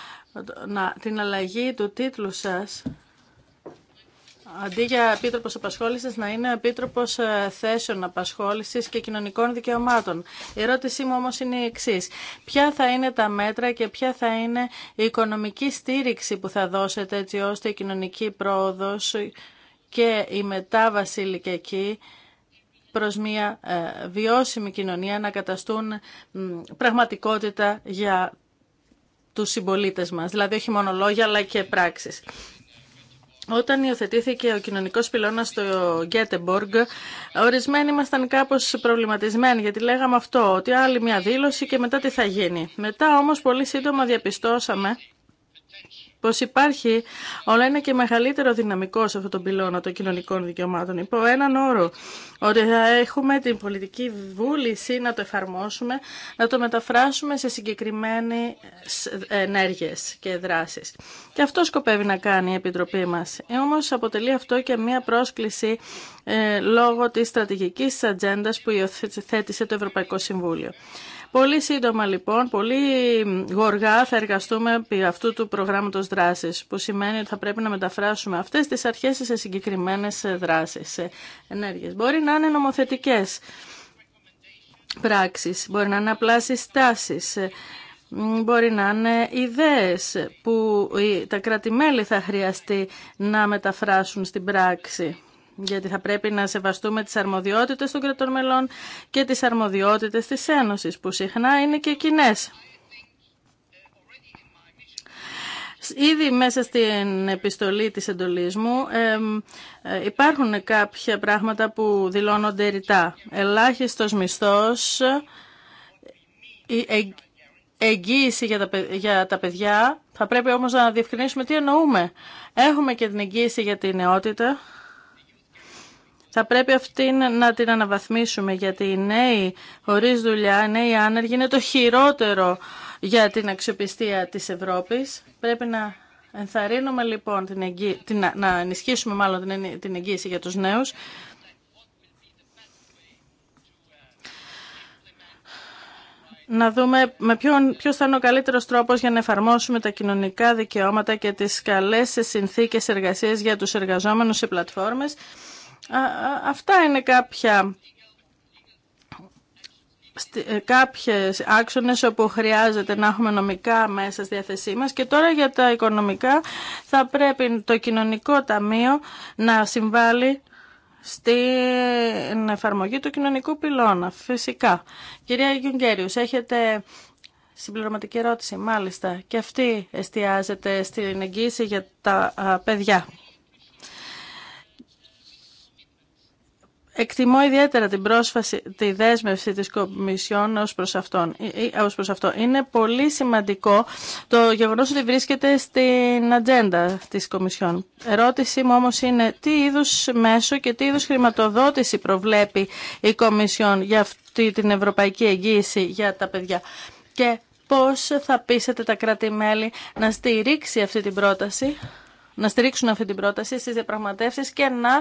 την αλλαγή του τίτλου σας Αντί για επίτροπο απασχόληση, να είναι επίτροπο ε, θέσεων απασχόληση και κοινωνικών δικαιωμάτων. Η ερώτησή μου όμω είναι η εξή. Ποια θα είναι τα μέτρα και ποια θα είναι η οικονομική στήριξη που θα δώσετε έτσι ώστε η κοινωνική πρόοδο και η μετάβαση ηλικιακή προς μια ε, βιώσιμη κοινωνία να καταστούν πραγματικότητα για τους συμπολίτες μας. Δηλαδή όχι μόνο λόγια αλλά και πράξεις. Όταν υιοθετήθηκε ο κοινωνικό πυλώνα στο Γκέτεμποργκ, ορισμένοι ήμασταν κάπω προβληματισμένοι, γιατί λέγαμε αυτό, ότι άλλη μια δήλωση και μετά τι θα γίνει. Μετά όμω πολύ σύντομα διαπιστώσαμε πως υπάρχει όλο ένα και μεγαλύτερο δυναμικό σε αυτόν τον πυλώνα των κοινωνικών δικαιωμάτων. Υπό έναν όρο, ότι θα έχουμε την πολιτική βούληση να το εφαρμόσουμε, να το μεταφράσουμε σε συγκεκριμένες ε, ενέργειες και δράσεις. Και αυτό σκοπεύει να κάνει η Επιτροπή μας. Ε, Όμω αποτελεί αυτό και μια πρόσκληση ε, λόγω τη στρατηγικής ατζέντα που υιοθέτησε το Ευρωπαϊκό Συμβούλιο. Πολύ σύντομα λοιπόν, πολύ γοργά θα εργαστούμε επί αυτού του προγράμματος δράσης, που σημαίνει ότι θα πρέπει να μεταφράσουμε αυτές τις αρχές σε συγκεκριμένες δράσεις, σε ενέργειες. Μπορεί να είναι νομοθετικές πράξεις, μπορεί να είναι απλά συστάσεις, μπορεί να είναι ιδέες που τα κρατημέλη θα χρειαστεί να μεταφράσουν στην πράξη γιατί θα πρέπει να σεβαστούμε τις αρμοδιότητες των κρατών μελών και τις αρμοδιότητες της Ένωσης, που συχνά είναι και κοινέ. Ήδη μέσα στην επιστολή της εντολής μου ε, υπάρχουν κάποια πράγματα που δηλώνονται ρητά. Ελάχιστος μισθός, ε, εγγύηση για τα, παιδιά. Θα πρέπει όμως να διευκρινίσουμε τι εννοούμε. Έχουμε και την εγγύηση για την νεότητα θα πρέπει αυτή να την αναβαθμίσουμε γιατί οι νέοι χωρίς δουλειά, οι νέοι άνεργοι είναι το χειρότερο για την αξιοπιστία της Ευρώπης. Πρέπει να ενθαρρύνουμε λοιπόν, την την... να ενισχύσουμε μάλλον την εγγύηση για τους νέους να δούμε με ποιον, ποιος θα είναι ο καλύτερος τρόπος για να εφαρμόσουμε τα κοινωνικά δικαιώματα και τις καλές συνθήκες εργασίας για τους εργαζόμενους σε πλατφόρμες αυτά είναι κάποια ε, κάποιες άξονες όπου χρειάζεται να έχουμε νομικά μέσα στη διάθεσή μας και τώρα για τα οικονομικά θα πρέπει το κοινωνικό ταμείο να συμβάλλει στην εφαρμογή του κοινωνικού πυλώνα φυσικά. Κυρία Γιουγκέριους, έχετε συμπληρωματική ερώτηση μάλιστα και αυτή εστιάζεται στην εγγύηση για τα παιδιά. Εκτιμώ ιδιαίτερα την πρόσφαση, τη δέσμευση της Κομισιόν ως προς, αυτόν, ε, ε, ως προς αυτό. Είναι πολύ σημαντικό το γεγονός ότι βρίσκεται στην ατζέντα της Κομισιόν. Ερώτησή μου όμως είναι τι είδους μέσο και τι είδους χρηματοδότηση προβλέπει η Κομισιόν για αυτή την ευρωπαϊκή εγγύηση για τα παιδιά. Και πώς θα πείσετε τα κράτη-μέλη να στηρίξει αυτή την πρόταση να στηρίξουν αυτή την πρόταση στις διαπραγματεύσεις και να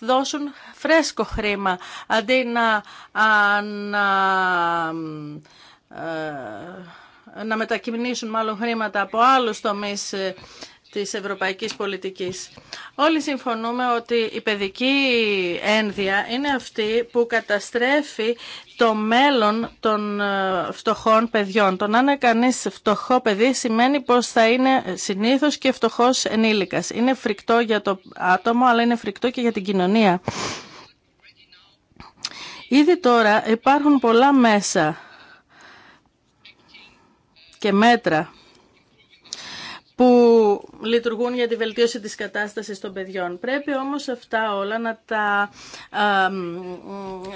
δώσουν φρέσκο χρήμα αντί να, να, ε, να μετακινήσουν μάλλον χρήματα από άλλους τομείς ε, της ευρωπαϊκής πολιτικής. Όλοι συμφωνούμε ότι η παιδική ένδια είναι αυτή που καταστρέφει το μέλλον των ε, φτωχών παιδιών. Το να είναι κανείς φτωχό παιδί σημαίνει πως θα είναι συνήθως και φτωχό ενήλικας. Είναι φρικτό για το άτομο, αλλά είναι φρικτό και για την κοινωνία. Ήδη τώρα υπάρχουν πολλά μέσα και μέτρα που λειτουργούν για τη βελτίωση της κατάστασης των παιδιών. Πρέπει όμως αυτά όλα να τα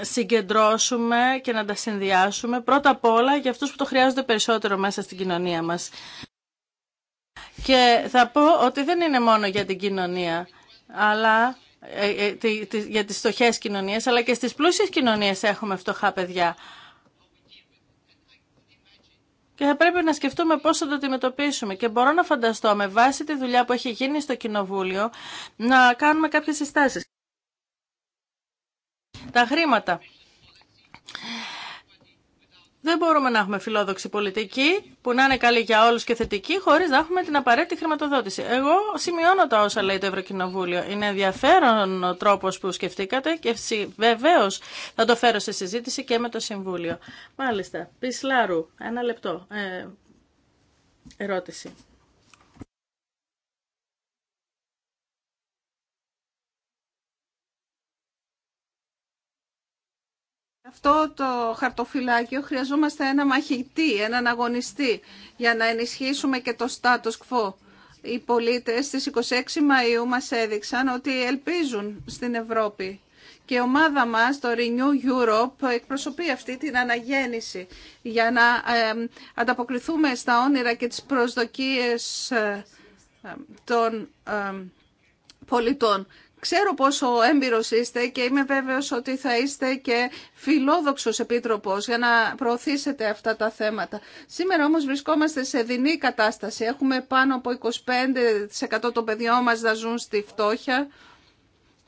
συγκεντρώσουμε και να τα συνδυάσουμε πρώτα απ' όλα για αυτούς που το χρειάζονται περισσότερο μέσα στην κοινωνία μας. Και θα πω ότι δεν είναι μόνο για την κοινωνία, αλλά ε, ε, για τις στοχές κοινωνίες, αλλά και στις πλούσιες κοινωνίες έχουμε φτωχά παιδιά και θα πρέπει να σκεφτούμε πώς θα το αντιμετωπίσουμε. Και μπορώ να φανταστώ με βάση τη δουλειά που έχει γίνει στο Κοινοβούλιο να κάνουμε κάποιες συστάσεις. Τα χρήματα. Δεν μπορούμε να έχουμε φιλόδοξη πολιτική που να είναι καλή για όλου και θετική χωρί να έχουμε την απαραίτητη χρηματοδότηση. Εγώ σημειώνω τα όσα λέει το Ευρωκοινοβούλιο. Είναι ενδιαφέρον ο τρόπο που σκεφτήκατε και βεβαίω θα το φέρω σε συζήτηση και με το Συμβούλιο. Μάλιστα. Πισλάρου, ένα λεπτό. Ε, ερώτηση.
αυτό το χαρτοφυλάκιο χρειαζόμαστε ένα μαχητή, έναν αγωνιστή για να ενισχύσουμε και το status quo. Οι πολίτες στις 26 Μαΐου μας έδειξαν ότι ελπίζουν στην Ευρώπη. Και η ομάδα μας, το Renew Europe, εκπροσωπεί αυτή την αναγέννηση για να ανταποκριθούμε στα όνειρα και τις προσδοκίες ε, των ε, πολιτών. Ξέρω πόσο έμπειρος είστε και είμαι βέβαιος ότι θα είστε και φιλόδοξος επίτροπος για να προωθήσετε αυτά τα θέματα. Σήμερα όμως βρισκόμαστε σε δεινή κατάσταση. Έχουμε πάνω από 25% των παιδιών μας να ζουν στη φτώχεια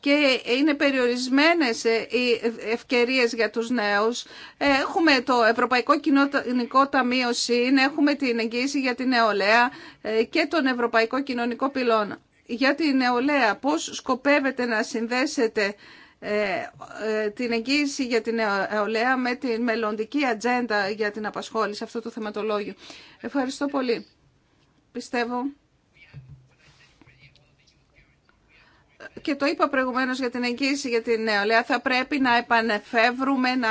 και είναι περιορισμένες ε, οι ευκαιρίες για τους νέους. Ε, έχουμε το Ευρωπαϊκό Κοινωνικό Ταμείο ΣΥΝ, έχουμε την εγγύηση για την νεολαία ε, και τον Ευρωπαϊκό Κοινωνικό Πυλώνα για την νεολαία. Πώς σκοπεύετε να συνδέσετε ε, ε, την εγγύηση για την νεολαία με την μελλοντική ατζέντα για την απασχόληση αυτού του θεματολόγιου. Ευχαριστώ πολύ. Πιστεύω και το είπα προηγουμένως για την εγγύηση για την νεολαία, θα πρέπει να επανεφεύρουμε, να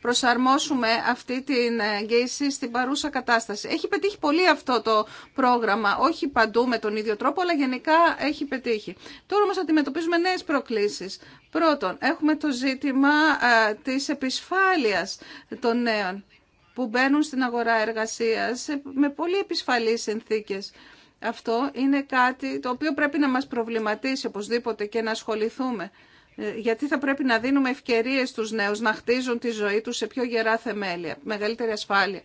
προσαρμόσουμε αυτή την εγγύηση στην παρούσα κατάσταση. Έχει πετύχει πολύ αυτό το πρόγραμμα, όχι παντού με τον ίδιο τρόπο, αλλά γενικά έχει πετύχει. Τώρα όμως αντιμετωπίζουμε νέες προκλήσεις. Πρώτον, έχουμε το ζήτημα ε, της επισφάλειας των νέων που μπαίνουν στην αγορά εργασίας με πολύ επισφαλείς συνθήκες. Αυτό είναι κάτι το οποίο πρέπει να μας προβληματίσει οπωσδήποτε και να ασχοληθούμε. Ε, γιατί θα πρέπει να δίνουμε ευκαιρίες στους νέους να χτίζουν τη ζωή τους σε πιο γερά θεμέλια, μεγαλύτερη ασφάλεια.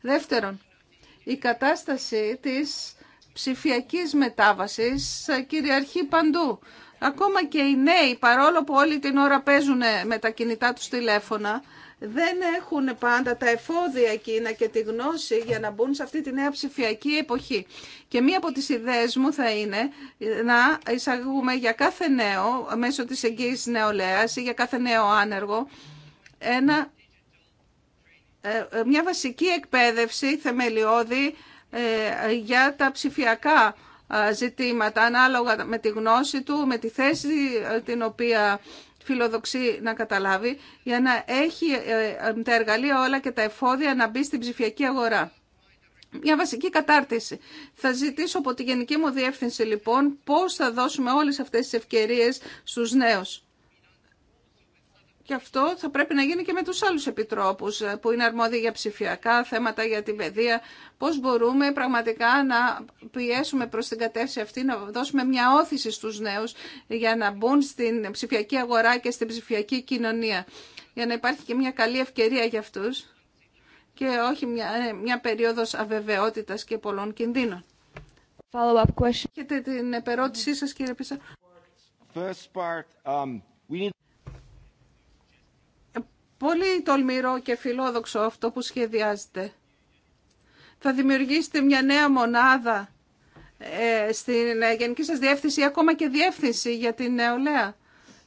Δεύτερον, η κατάσταση της ψηφιακής μετάβασης ε, κυριαρχεί παντού. Ακόμα και οι νέοι, παρόλο που όλη την ώρα παίζουν με τα κινητά τους τηλέφωνα, δεν έχουν πάντα τα εφόδια εκείνα και τη γνώση για να μπουν σε αυτή τη νέα ψηφιακή εποχή. Και μία από τις ιδέες μου θα είναι να εισαγούμε για κάθε νέο, μέσω της εγγύης νεολαίας ή για κάθε νέο άνεργο, ένα, ε, ε, μια βασική εκπαίδευση θεμελιώδη ε, για τα ψηφιακά ζητήματα, ανάλογα με τη γνώση του, με τη θέση την οποία φιλοδοξεί να καταλάβει για να έχει ε, ε, τα εργαλεία όλα και τα εφόδια να μπει στην ψηφιακή αγορά. Μια βασική κατάρτιση. Θα ζητήσω από τη Γενική μου Διεύθυνση λοιπόν πώς θα δώσουμε όλες αυτές τις ευκαιρίες στους νέους. Και αυτό θα πρέπει να γίνει και με τους άλλους επιτρόπους ε, που είναι αρμόδιοι για ψηφιακά θέματα, για την παιδεία. Πώς μπορούμε πραγματικά να πιέσουμε προς την κατεύθυνση αυτή, να δώσουμε μια όθηση στους νέους για να μπουν στην ψηφιακή αγορά και στην ψηφιακή κοινωνία. Για να υπάρχει και μια καλή ευκαιρία για αυτούς και όχι μια, ε, μια περίοδος αβεβαιότητας και πολλών κινδύνων. Έχετε την επερώτησή σας κύριε Πίσα. Πολύ τολμηρό και φιλόδοξο αυτό που σχεδιάζετε. Θα δημιουργήσετε μια νέα μονάδα ε, στην ε, Γενική σας Διεύθυνση ακόμα και Διεύθυνση για την νεολαία.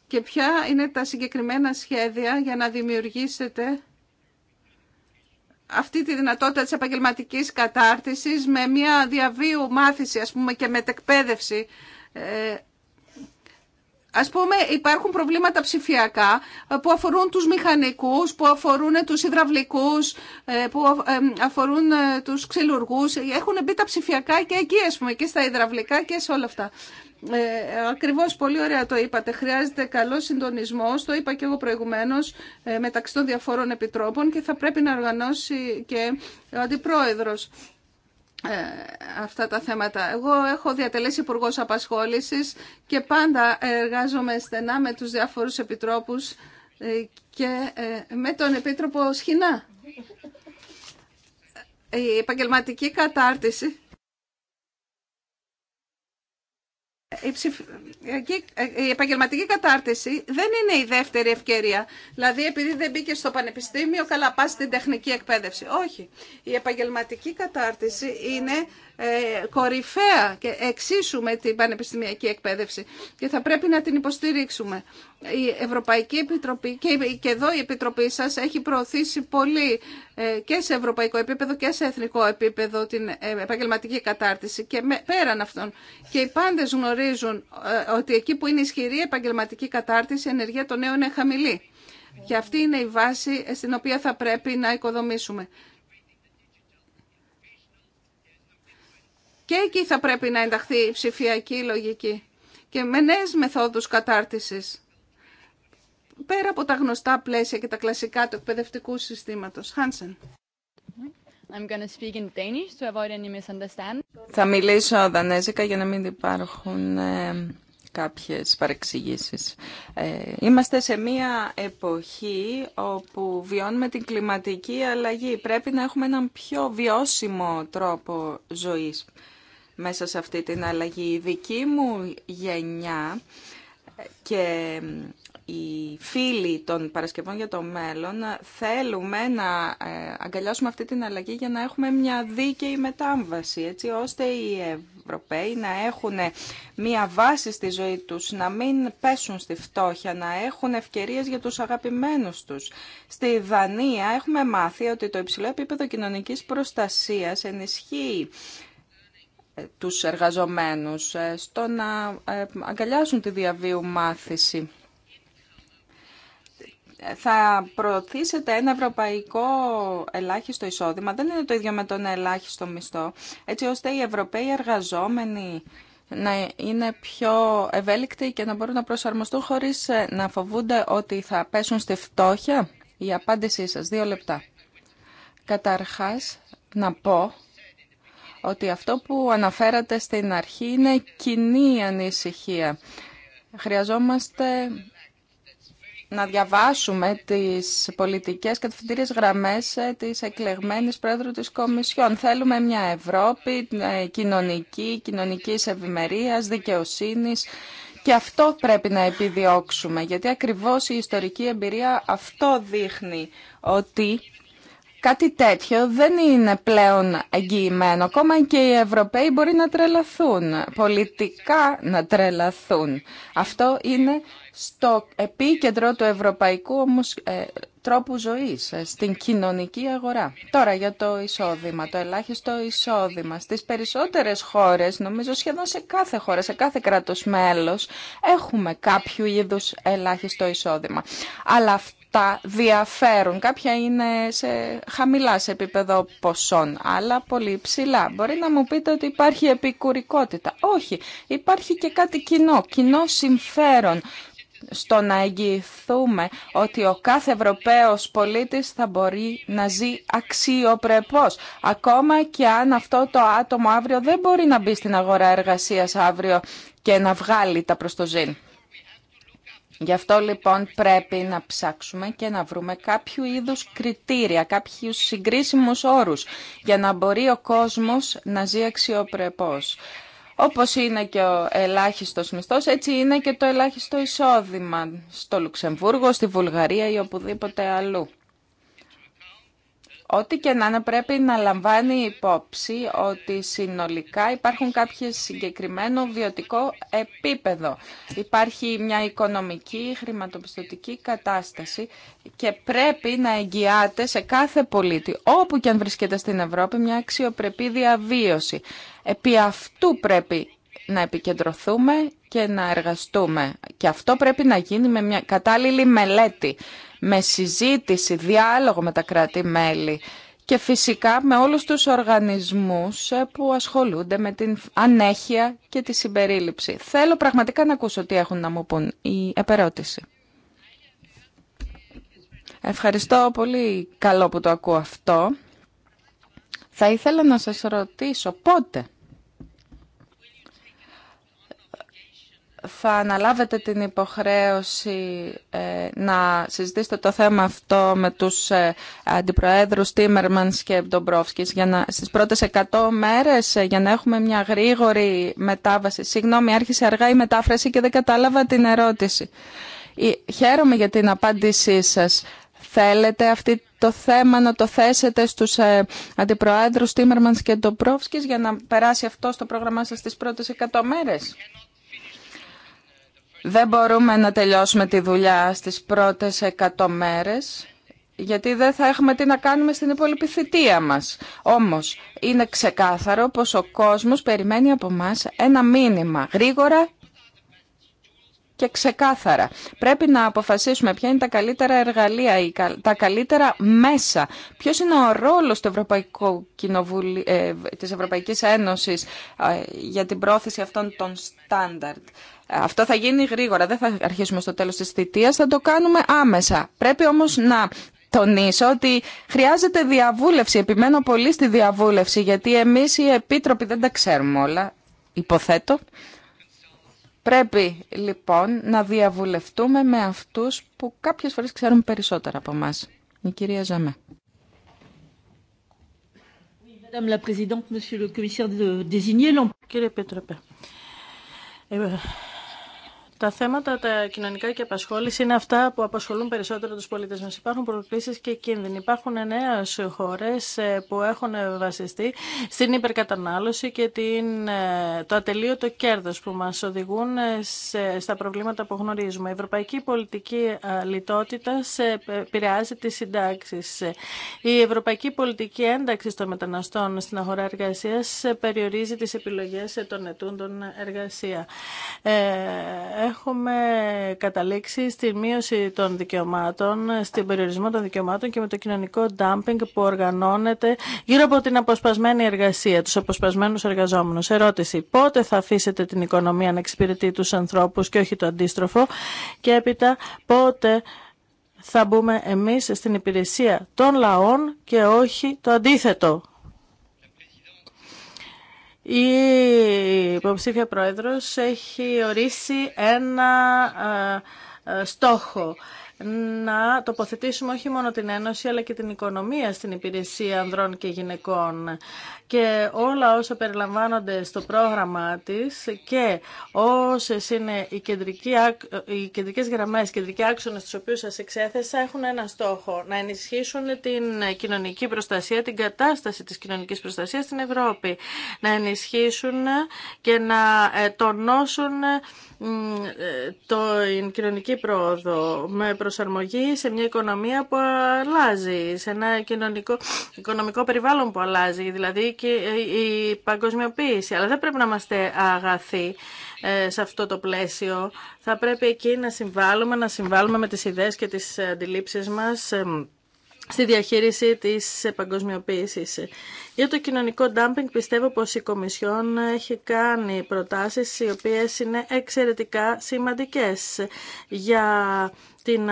Και ποια είναι τα συγκεκριμένα σχέδια για να δημιουργήσετε αυτή τη δυνατότητα της επαγγελματικής κατάρτισης με μια διαβίου μάθηση ας πούμε και μετεκπαίδευση ε, Ας πούμε υπάρχουν προβλήματα ψηφιακά ε, που αφορούν τους μηχανικούς, που αφορούν ε, τους υδραυλικούς, ε, που αφορούν τους ξυλουργούς. Έχουν μπει τα ψηφιακά και εκεί ας πούμε και στα υδραυλικά και σε όλα αυτά. Ε, ακριβώς πολύ ωραία το είπατε. Χρειάζεται καλό συντονισμό, το είπα και εγώ προηγουμένως, μεταξύ των διαφόρων επιτρόπων και θα πρέπει να οργανώσει και ο Αντιπρόεδρος ε, αυτά τα θέματα. Εγώ έχω διατελέσει υπουργό Απασχόλησης και πάντα εργάζομαι στενά με τους διάφορους επιτρόπους ε, και ε, με τον Επίτροπο Σχοινά. Η επαγγελματική κατάρτιση Ε, η επαγγελματική κατάρτιση δεν είναι η δεύτερη ευκαιρία. Δηλαδή, επειδή δεν μπήκε στο πανεπιστήμιο, καλά πας στην τεχνική εκπαίδευση. Όχι. Η επαγγελματική κατάρτιση είναι ε, κορυφαία και εξίσου με την πανεπιστημιακή εκπαίδευση και θα πρέπει να την υποστηρίξουμε. Η Ευρωπαϊκή Επιτροπή και εδώ η Επιτροπή σας έχει προωθήσει πολύ ε, και σε ευρωπαϊκό επίπεδο και σε εθνικό επίπεδο την ε, επαγγελματική κατάρτιση και πέραν αυτών. Και οι πάντες γνωρίζουν ότι εκεί που είναι ισχυρή η επαγγελματική κατάρτιση η ενεργεία των νέων είναι χαμηλή. Και αυτή είναι η βάση στην οποία θα πρέπει να οικοδομήσουμε. Και εκεί θα πρέπει να ενταχθεί η ψηφιακή λογική και με νέε μεθόδους κατάρτισης. Πέρα από τα γνωστά πλαίσια και τα κλασικά του εκπαιδευτικού συστήματος. I'm speak in Danish to avoid any misunderstanding.
Θα μιλήσω δανέζικα για να μην υπάρχουν ε, κάποιες παρεξηγήσεις. Ε, είμαστε σε μια εποχή όπου βιώνουμε την κλιματική αλλαγή. Πρέπει να έχουμε έναν πιο βιώσιμο τρόπο ζωής μέσα σε αυτή την αλλαγή. Η δική μου γενιά και οι φίλοι των Παρασκευών για το μέλλον θέλουμε να ε, αγκαλιάσουμε αυτή την αλλαγή για να έχουμε μια δίκαιη μετάμβαση, έτσι ώστε οι Ευρωπαίοι να έχουν μια βάση στη ζωή τους, να μην πέσουν στη φτώχεια, να έχουν ευκαιρίες για τους αγαπημένους τους. Στη Δανία έχουμε μάθει ότι το υψηλό επίπεδο κοινωνικής προστασίας ενισχύει τους εργαζομένους ε, στο να ε, αγκαλιάσουν τη διαβίου μάθηση. Θα προωθήσετε ένα ευρωπαϊκό ελάχιστο εισόδημα, δεν είναι το ίδιο με τον ελάχιστο μισθό, έτσι ώστε οι ευρωπαίοι εργαζόμενοι να είναι πιο ευέλικτοι και να μπορούν να προσαρμοστούν χωρίς ε, να φοβούνται ότι θα πέσουν στη φτώχεια. Η απάντησή σας, δύο λεπτά. Καταρχάς, να πω ότι αυτό που αναφέρατε στην αρχή είναι κοινή ανησυχία. Χρειαζόμαστε να διαβάσουμε τις πολιτικές κατευθυντήριες γραμμές ε, της εκλεγμένης Πρόεδρου της Κομισιόν. Θέλουμε μια Ευρώπη ε, κοινωνική, κοινωνικής ευημερίας, δικαιοσύνης και αυτό πρέπει να επιδιώξουμε, γιατί ακριβώς η ιστορική εμπειρία αυτό δείχνει ότι Κάτι τέτοιο δεν είναι πλέον εγγυημένο. Ακόμα και οι Ευρωπαίοι μπορεί να τρελαθούν, πολιτικά να τρελαθούν. Αυτό είναι στο επίκεντρο του ευρωπαϊκού όμως, ε, τρόπου ζωής, ε, στην κοινωνική αγορά. Τώρα για το εισόδημα, το ελάχιστο εισόδημα. Στις περισσότερες χώρες, νομίζω σχεδόν σε κάθε χώρα, σε κάθε κράτος μέλος, έχουμε κάποιο είδους ελάχιστο εισόδημα. Αλλά αυτό τα διαφέρουν. Κάποια είναι σε χαμηλά σε επίπεδο ποσών, άλλα πολύ ψηλά. Μπορεί να μου πείτε ότι υπάρχει επικουρικότητα. Όχι, υπάρχει και κάτι κοινό, κοινό συμφέρον στο να εγγυηθούμε ότι ο κάθε Ευρωπαίος πολίτης θα μπορεί να ζει αξιοπρεπώς. Ακόμα και αν αυτό το άτομο αύριο δεν μπορεί να μπει στην αγορά εργασίας αύριο και να βγάλει τα προστοζήν. Γι' αυτό λοιπόν πρέπει να ψάξουμε και να βρούμε κάποιου είδους κριτήρια, κάποιους συγκρίσιμους όρους για να μπορεί ο κόσμος να ζει αξιοπρεπώς. Όπως είναι και ο ελάχιστος μισθός, έτσι είναι και το ελάχιστο εισόδημα στο Λουξεμβούργο, στη Βουλγαρία ή οπουδήποτε αλλού. Ό,τι και να είναι πρέπει να λαμβάνει υπόψη ότι συνολικά υπάρχουν κάποιες συγκεκριμένο βιωτικό επίπεδο. Υπάρχει μια οικονομική, χρηματοπιστωτική κατάσταση και πρέπει να εγγυάται σε κάθε πολίτη, όπου και αν βρίσκεται στην Ευρώπη, μια αξιοπρεπή διαβίωση. Επί αυτού πρέπει να επικεντρωθούμε και να εργαστούμε. Και αυτό πρέπει να γίνει με μια κατάλληλη μελέτη με συζήτηση, διάλογο με τα κράτη-μέλη και φυσικά με όλους τους οργανισμούς που ασχολούνται με την ανέχεια και τη συμπερίληψη. Θέλω πραγματικά να ακούσω τι έχουν να μου πούν η επερώτηση. Ευχαριστώ πολύ καλό που το ακούω αυτό. Θα ήθελα να σας ρωτήσω πότε θα αναλάβετε την υποχρέωση ε, να συζητήσετε το θέμα αυτό με τους ε, αντιπροέδρους Τίμερμανς και Ντομπρόφσκης για να, στις πρώτες 100 μέρες ε, για να έχουμε μια γρήγορη μετάβαση. Συγγνώμη, άρχισε αργά η μετάφραση και δεν κατάλαβα την ερώτηση. Χαίρομαι για την απάντησή σας. Θέλετε αυτή το θέμα να το θέσετε στους ε, αντιπροέδρους Τίμερμανς και Ντομπρόφσκης για να περάσει αυτό στο πρόγραμμά σας στις πρώτες 100 μέρες. Δεν μπορούμε να τελειώσουμε τη δουλειά στις πρώτες 100 μέρες, γιατί δεν θα έχουμε τι να κάνουμε στην υπόλοιπη μας. Όμως, είναι ξεκάθαρο πως ο κόσμος περιμένει από μας ένα μήνυμα, γρήγορα και ξεκάθαρα. Πρέπει να αποφασίσουμε ποια είναι τα καλύτερα εργαλεία ή τα καλύτερα μέσα. Ποιος είναι ο ρόλος του Ευρωπαϊκού Κοινοβουλίου, ε, της Ευρωπαϊκής Ένωσης ε, για την πρόθεση αυτών των στάνταρτ. Αυτό θα γίνει γρήγορα, δεν θα αρχίσουμε στο τέλος της θητείας, θα το κάνουμε άμεσα. Πρέπει όμως να τονίσω ότι χρειάζεται διαβούλευση, επιμένω πολύ στη διαβούλευση, γιατί εμείς οι επίτροποι δεν τα ξέρουμε όλα, υποθέτω. Πρέπει λοιπόν να διαβουλευτούμε με αυτούς που κάποιες φορές ξέρουν περισσότερα από εμά. Η κυρία Ζαμέ.
Κύριε Πέτροπε, ε, τα θέματα τα κοινωνικά και απασχόληση είναι αυτά που απασχολούν περισσότερο του πολίτες μας. Υπάρχουν προκλήσεις και κίνδυνοι. Υπάρχουν νέε χώρε ε, που έχουν βασιστεί στην υπερκατανάλωση και την, ε, το ατελείωτο κέρδο που μα οδηγούν ε, σε, στα προβλήματα που γνωρίζουμε. Η ευρωπαϊκή πολιτική λιτότητα επηρεάζει τι συντάξει. Η ευρωπαϊκή πολιτική ένταξη των μεταναστών στην αγορά εργασία περιορίζει τι επιλογέ των ετούντων εργασία έχουμε καταλήξει στη μείωση των δικαιωμάτων, στην περιορισμό των δικαιωμάτων και με το κοινωνικό dumping που οργανώνεται γύρω από την αποσπασμένη εργασία, τους αποσπασμένους εργαζόμενους. Ερώτηση, πότε θα αφήσετε την οικονομία να εξυπηρετεί τους ανθρώπους και όχι το αντίστροφο και έπειτα πότε θα μπούμε εμείς στην υπηρεσία των λαών και όχι το αντίθετο η υποψήφια πρόεδρος έχει ορίσει ένα ε, ε, στόχο να τοποθετήσουμε όχι μόνο την Ένωση αλλά και την οικονομία στην υπηρεσία ανδρών και γυναικών. Και όλα όσα περιλαμβάνονται στο πρόγραμμα της και όσες είναι οι, κεντρικοί, οι κεντρικές γραμμές, οι κεντρικοί άξονες τους οποίους σας εξέθεσα έχουν ένα στόχο, να ενισχύσουν την κοινωνική προστασία, την κατάσταση της κοινωνικής προστασίας στην Ευρώπη, να ενισχύσουν και να ε, τονώσουν ε, το κοινωνική πρόοδο με προσαρμογή σε μια οικονομία που αλλάζει, σε ένα κοινωνικό, οικονομικό περιβάλλον που αλλάζει, δηλαδή και η παγκοσμιοποίηση. Αλλά δεν πρέπει να είμαστε αγαθοί ε, σε αυτό το πλαίσιο. Θα πρέπει εκεί να συμβάλλουμε, να συμβάλλουμε με τις ιδέες και τις αντιλήψεις μας ε, στη διαχείριση της παγκοσμιοποίησης. Για το κοινωνικό ντάμπινγκ πιστεύω πως η Κομισιόν έχει κάνει προτάσεις οι οποίες είναι εξαιρετικά σημαντικές για την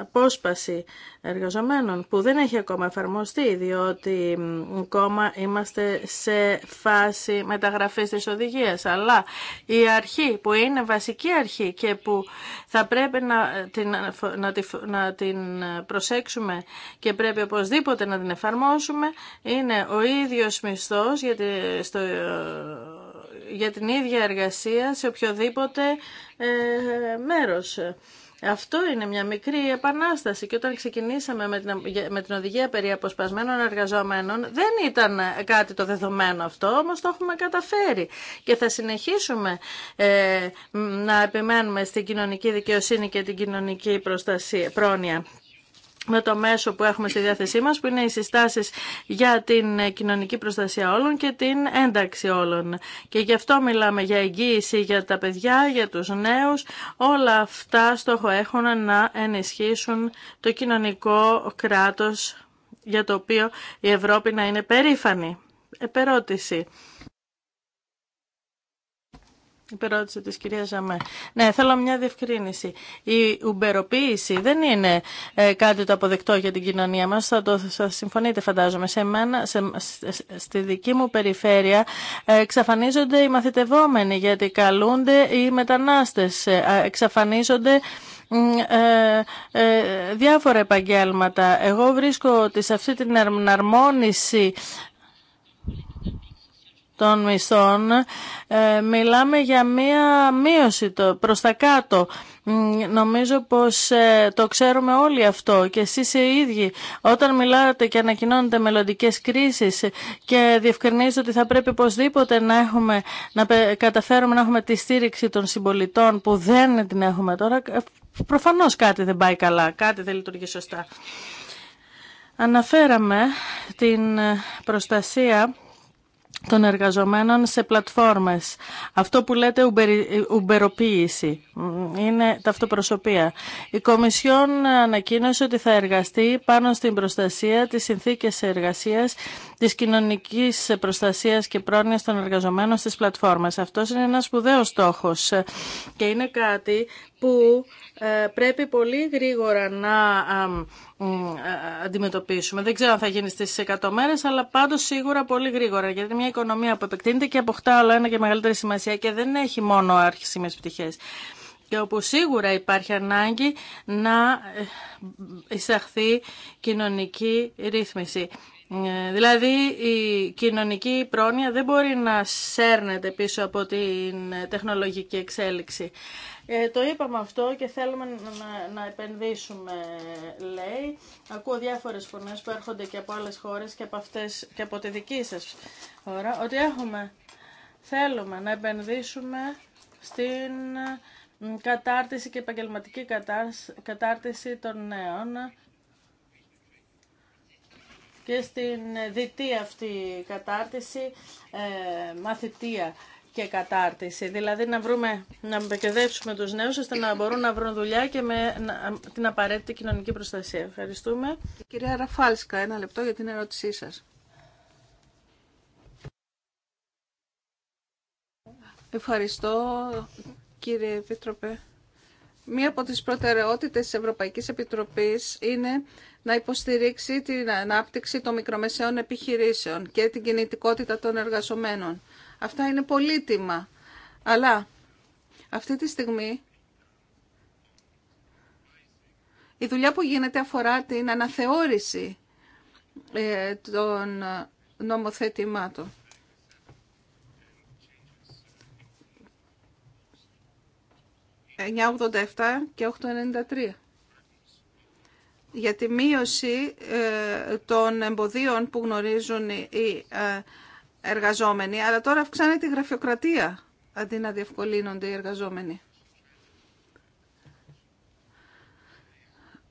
απόσπαση εργαζομένων που δεν έχει ακόμα εφαρμοστεί διότι ακόμα είμαστε σε φάση μεταγραφής της οδηγίας αλλά η αρχή που είναι βασική αρχή και που θα πρέπει να την, προσέξουμε και πρέπει οπωσδήποτε να την εφαρμόσουμε είναι ο ίδιος μισθός γιατί στο για την ίδια εργασία σε οποιοδήποτε ε, μέρος. Αυτό είναι μια μικρή επανάσταση και όταν ξεκινήσαμε με την, με την οδηγία περί αποσπασμένων εργαζομένων δεν ήταν κάτι το δεδομένο αυτό, όμως το έχουμε καταφέρει και θα συνεχίσουμε ε, να επιμένουμε στην κοινωνική δικαιοσύνη και την κοινωνική προστασία, πρόνοια με το μέσο που έχουμε στη διάθεσή μας, που είναι οι συστάσεις για την κοινωνική προστασία όλων και την ένταξη όλων. Και γι' αυτό μιλάμε για εγγύηση για τα παιδιά, για τους νέους. Όλα αυτά στόχο έχουν να ενισχύσουν το κοινωνικό κράτος για το οποίο η Ευρώπη να είναι περήφανη. Επερώτηση. Υπερώτηση της κυρία Ζαμέ. Ναι, θέλω μια διευκρίνηση. Η ουμπεροποίηση δεν είναι ε, κάτι το αποδεκτό για την κοινωνία μας. Θα, το, συμφωνείτε φαντάζομαι. Σε μένα, στη δική μου περιφέρεια ε, εξαφανίζονται οι μαθητευόμενοι γιατί καλούνται οι μετανάστες. Ε, εξαφανίζονται διάφορα επαγγέλματα. Εγώ βρίσκω ότι σε αυτή την αρμόνιση των μισθών ε, μιλάμε για μία μείωση προς τα κάτω. Νομίζω πως ε, το ξέρουμε όλοι αυτό και εσείς οι ίδιοι όταν μιλάτε και ανακοινώνετε μελλοντικέ κρίσεις και διευκρινίζετε ότι θα πρέπει οπωσδήποτε να, έχουμε, να καταφέρουμε να έχουμε τη στήριξη των συμπολιτών που δεν την έχουμε τώρα, ε, προφανώς κάτι δεν πάει καλά, κάτι δεν λειτουργεί σωστά. Αναφέραμε την προστασία των εργαζομένων σε πλατφόρμες. Αυτό που λέτε ουμπεροποίηση είναι ταυτοπροσωπία. Η Κομισιόν ανακοίνωσε ότι θα εργαστεί πάνω στην προστασία της συνθήκες εργασίας Τη κοινωνική προστασία και πρόνοιας των εργαζομένων στις πλατφόρμες. Αυτός είναι ένας σπουδαίο στόχο και είναι κάτι που ε, πρέπει πολύ γρήγορα να ε, αντιμετωπίσουμε. Δεν ξέρω αν θα γίνει στις 100 μέρες, αλλά πάντως σίγουρα πολύ γρήγορα, γιατί είναι μια οικονομία που επεκτείνεται και αποκτά όλο ένα και μεγαλύτερη σημασία και δεν έχει μόνο άρχισιμες πτυχές και όπου σίγουρα υπάρχει ανάγκη να ε, εισαχθεί κοινωνική ρύθμιση. Ε, δηλαδή η κοινωνική πρόνοια δεν μπορεί να σέρνεται πίσω από την τεχνολογική εξέλιξη. Ε, το είπαμε αυτό και θέλουμε να, να επενδύσουμε, λέει. Ακούω διάφορες φωνές που έρχονται και από άλλες χώρες και από, αυτές, και από τη δική σας ώρα, ότι έχουμε, θέλουμε να επενδύσουμε στην κατάρτιση και επαγγελματική κατάρτιση των νέων και στην δυτή αυτή κατάρτιση ε, μαθητεία και κατάρτιση. Δηλαδή να βρούμε, να μπεκεδεύσουμε τους νέους ώστε να μπορούν να βρουν δουλειά και με την απαραίτητη κοινωνική προστασία. Ευχαριστούμε. Κυρία Ραφάλσκα, ένα λεπτό για την ερώτησή σας.
Ευχαριστώ κύριε Επίτροπε. Μία από τις προτεραιότητες της Ευρωπαϊκής Επιτροπής είναι να υποστηρίξει την ανάπτυξη των μικρομεσαίων επιχειρήσεων και την κινητικότητα των εργαζομένων. Αυτά είναι πολύτιμα. Αλλά αυτή τη στιγμή η δουλειά που γίνεται αφορά την αναθεώρηση ε, των νομοθετημάτων. 987 και 893 για τη μείωση ε, των εμποδίων που γνωρίζουν οι ε, εργαζόμενοι, αλλά τώρα αυξάνεται η γραφειοκρατία αντί να διευκολύνονται οι εργαζόμενοι.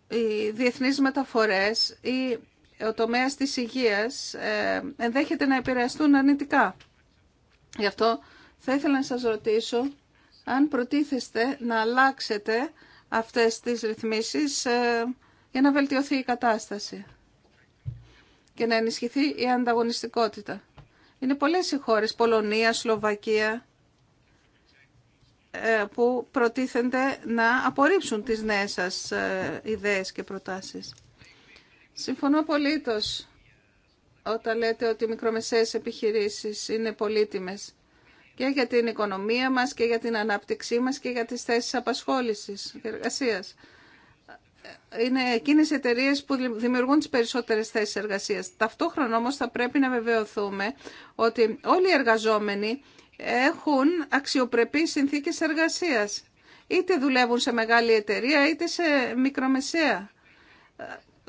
Οι διεθνείς μεταφορές ή ο τομέας της υγείας ε, ενδέχεται να επηρεαστούν αρνητικά. Γι' αυτό θα ήθελα να σας ρωτήσω αν προτίθεστε να αλλάξετε αυτές τις ρυθμίσεις ε, για να βελτιωθεί η κατάσταση και να ενισχυθεί η ανταγωνιστικότητα. Είναι πολλές οι χώρες, Πολωνία, Σλοβακία, ε, που προτίθενται να απορρίψουν τις νέες σας ε, ιδέες και προτάσεις. Συμφωνώ απολύτως όταν λέτε ότι οι μικρομεσαίες επιχειρήσεις είναι πολύτιμες και για την οικονομία μας και για την ανάπτυξή μας και για τις θέσεις απασχόλησης και εργασίας. Είναι εκείνες οι εταιρείε που δημιουργούν τις περισσότερες θέσεις εργασίας. Ταυτόχρονα όμως θα πρέπει να βεβαιωθούμε ότι όλοι οι εργαζόμενοι έχουν αξιοπρεπείς συνθήκες εργασίας. Είτε δουλεύουν σε μεγάλη εταιρεία είτε σε μικρομεσαία.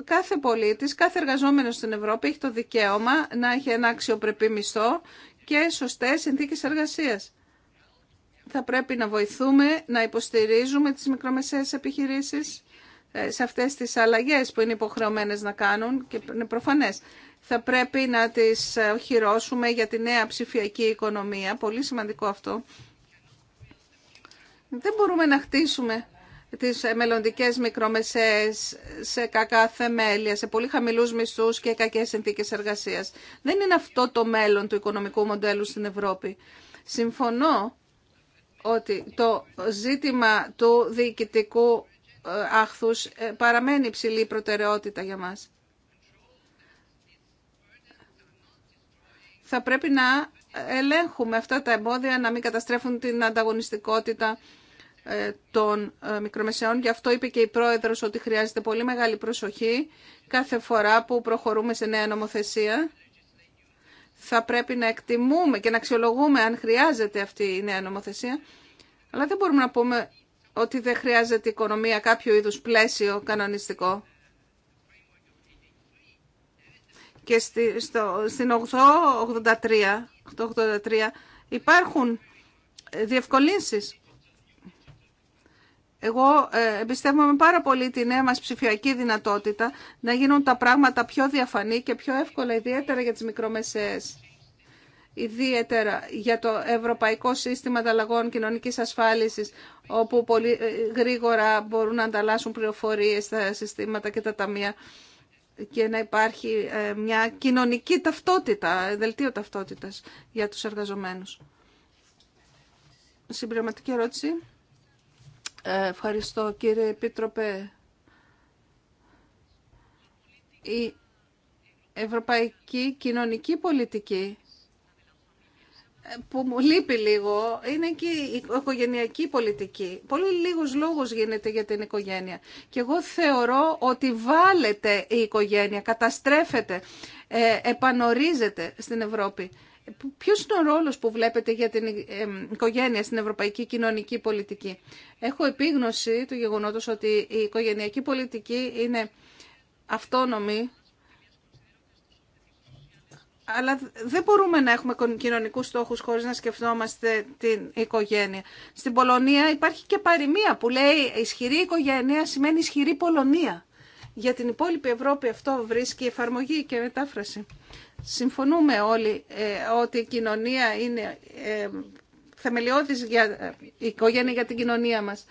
Κάθε πολίτης, κάθε εργαζόμενος στην Ευρώπη έχει το δικαίωμα να έχει ένα αξιοπρεπή μισθό και σωστέ συνθήκε εργασίας. Θα πρέπει να βοηθούμε, να υποστηρίζουμε τις μικρομεσαίες επιχειρήσεις ε, σε αυτές τις αλλαγέ που είναι υποχρεωμένε να κάνουν και είναι προφανέ. Θα πρέπει να τις ε, οχυρώσουμε για τη νέα ψηφιακή οικονομία, πολύ σημαντικό αυτό. Δεν μπορούμε να χτίσουμε τις μελλοντικές μικρομεσαίες σε κακά θεμέλια, σε πολύ χαμηλούς μισθούς και κακές συνθήκες εργασίας. Δεν είναι αυτό το μέλλον του οικονομικού μοντέλου στην Ευρώπη. Συμφωνώ ότι το ζήτημα του διοικητικού ε, άχθους ε, παραμένει υψηλή προτεραιότητα για μας. Θα πρέπει να ελέγχουμε αυτά τα εμπόδια, να μην καταστρέφουν την ανταγωνιστικότητα ε, των ε, μικρομεσαίων. Γι' αυτό είπε και η Πρόεδρος ότι χρειάζεται πολύ μεγάλη προσοχή κάθε φορά που προχωρούμε σε νέα νομοθεσία. Θα πρέπει να εκτιμούμε και να αξιολογούμε αν χρειάζεται αυτή η νέα νομοθεσία. Αλλά δεν μπορούμε να πούμε ότι δεν χρειάζεται οικονομία κάποιο είδους πλαίσιο κανονιστικό. Και στο, στην 883, 883 υπάρχουν διευκολύνσεις εγώ ε, εμπιστεύομαι πάρα πολύ τη νέα μας ψηφιακή δυνατότητα να γίνουν τα πράγματα πιο διαφανή και πιο εύκολα, ιδιαίτερα για τις μικρομεσαίες. Ιδιαίτερα για το Ευρωπαϊκό Σύστημα Ανταλλαγών Κοινωνικής Ασφάλισης, όπου πολύ ε, γρήγορα μπορούν να ανταλλάσσουν πληροφορίες τα συστήματα και τα ταμεία και να υπάρχει ε, μια κοινωνική ταυτότητα, δελτίο ταυτότητας για τους εργαζομένους. Συμπληρωματική ερώτηση. Ευχαριστώ κύριε Επίτροπε. Η ευρωπαϊκή κοινωνική πολιτική ε, που μου λείπει λίγο, είναι και η οικογενειακή πολιτική. Πολύ λίγος λόγος γίνεται για την οικογένεια. Και εγώ θεωρώ ότι βάλετε η οικογένεια, καταστρέφεται, ε, επανορίζεται στην Ευρώπη. Ποιο είναι ο ρόλο που βλέπετε για την οικογένεια στην ευρωπαϊκή κοινωνική πολιτική. Έχω επίγνωση του γεγονότος ότι η οικογενειακή πολιτική είναι αυτόνομη, αλλά δεν μπορούμε να έχουμε κοινωνικούς στόχους χωρίς να σκεφτόμαστε την οικογένεια. Στην Πολωνία υπάρχει και παροιμία που λέει ισχυρή οικογένεια σημαίνει ισχυρή Πολωνία. Για την υπόλοιπη Ευρώπη αυτό βρίσκει εφαρμογή και μετάφραση. Συμφωνούμε όλοι ε, ότι η κοινωνία είναι ε, θεμελιώδης για η ε, οικογένεια για την κοινωνία μας.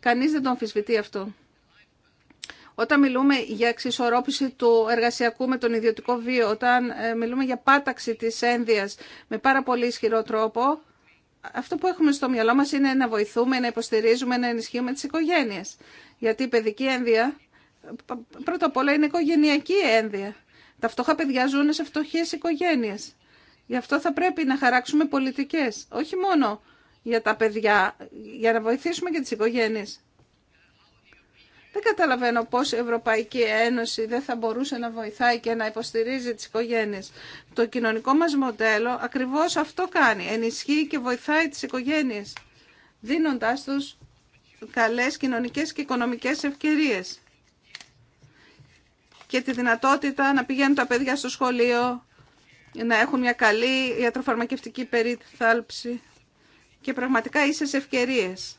Κανείς δεν τον αμφισβητεί αυτό. Όταν μιλούμε για εξισορρόπηση του εργασιακού με τον ιδιωτικό βίο, όταν μιλούμε για πάταξη της ένδυας με πάρα πολύ ισχυρό τρόπο, αυτό που έχουμε στο μυαλό μας είναι να βοηθούμε, να υποστηρίζουμε, να ενισχύουμε τις οικογένειες. Γιατί η παιδική ένδυα, πρώτα απ' όλα είναι οικογενειακή ένδυα. Τα φτωχά παιδιά ζουν σε φτωχέ οικογένειε. Γι' αυτό θα πρέπει να χαράξουμε πολιτικές, όχι μόνο για τα παιδιά, για να βοηθήσουμε και τις οικογένειε. Δεν καταλαβαίνω πώς η Ευρωπαϊκή Ένωση δεν θα μπορούσε να βοηθάει και να υποστηρίζει τις οικογένειε. Το κοινωνικό μας μοντέλο ακριβώς αυτό κάνει. Ενισχύει και βοηθάει τι οικογένειε, δίνοντα τους καλές κοινωνικές και οικονομικές ευκαιρίες και τη δυνατότητα να πηγαίνουν τα παιδιά στο σχολείο, να έχουν μια καλή ιατροφαρμακευτική περίθαλψη και πραγματικά ίσες ευκαιρίες.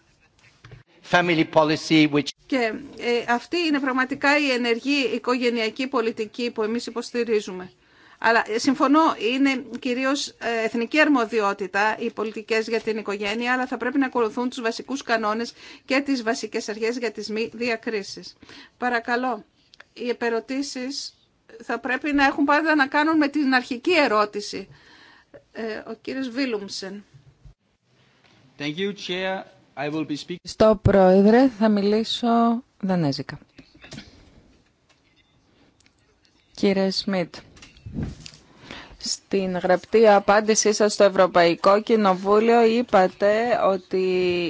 Family which...
Και ε, αυτή είναι πραγματικά η ενεργή οικογενειακή πολιτική που εμείς υποστηρίζουμε. Αλλά ε, συμφωνώ, είναι κυρίως ε, εθνική αρμοδιότητα οι πολιτικές για την οικογένεια, αλλά θα πρέπει να ακολουθούν τους βασικούς κανόνες και τις βασικές αρχές για τις μη διακρίσεις. Παρακαλώ οι επερωτήσεις θα πρέπει να έχουν πάντα να κάνουν με την αρχική ερώτηση. Ε, ο κύριος Βίλουμσεν.
Στο Πρόεδρε θα μιλήσω δανέζικα. Κύριε Σμιτ, στην γραπτή απάντησή σας στο Ευρωπαϊκό Κοινοβούλιο είπατε ότι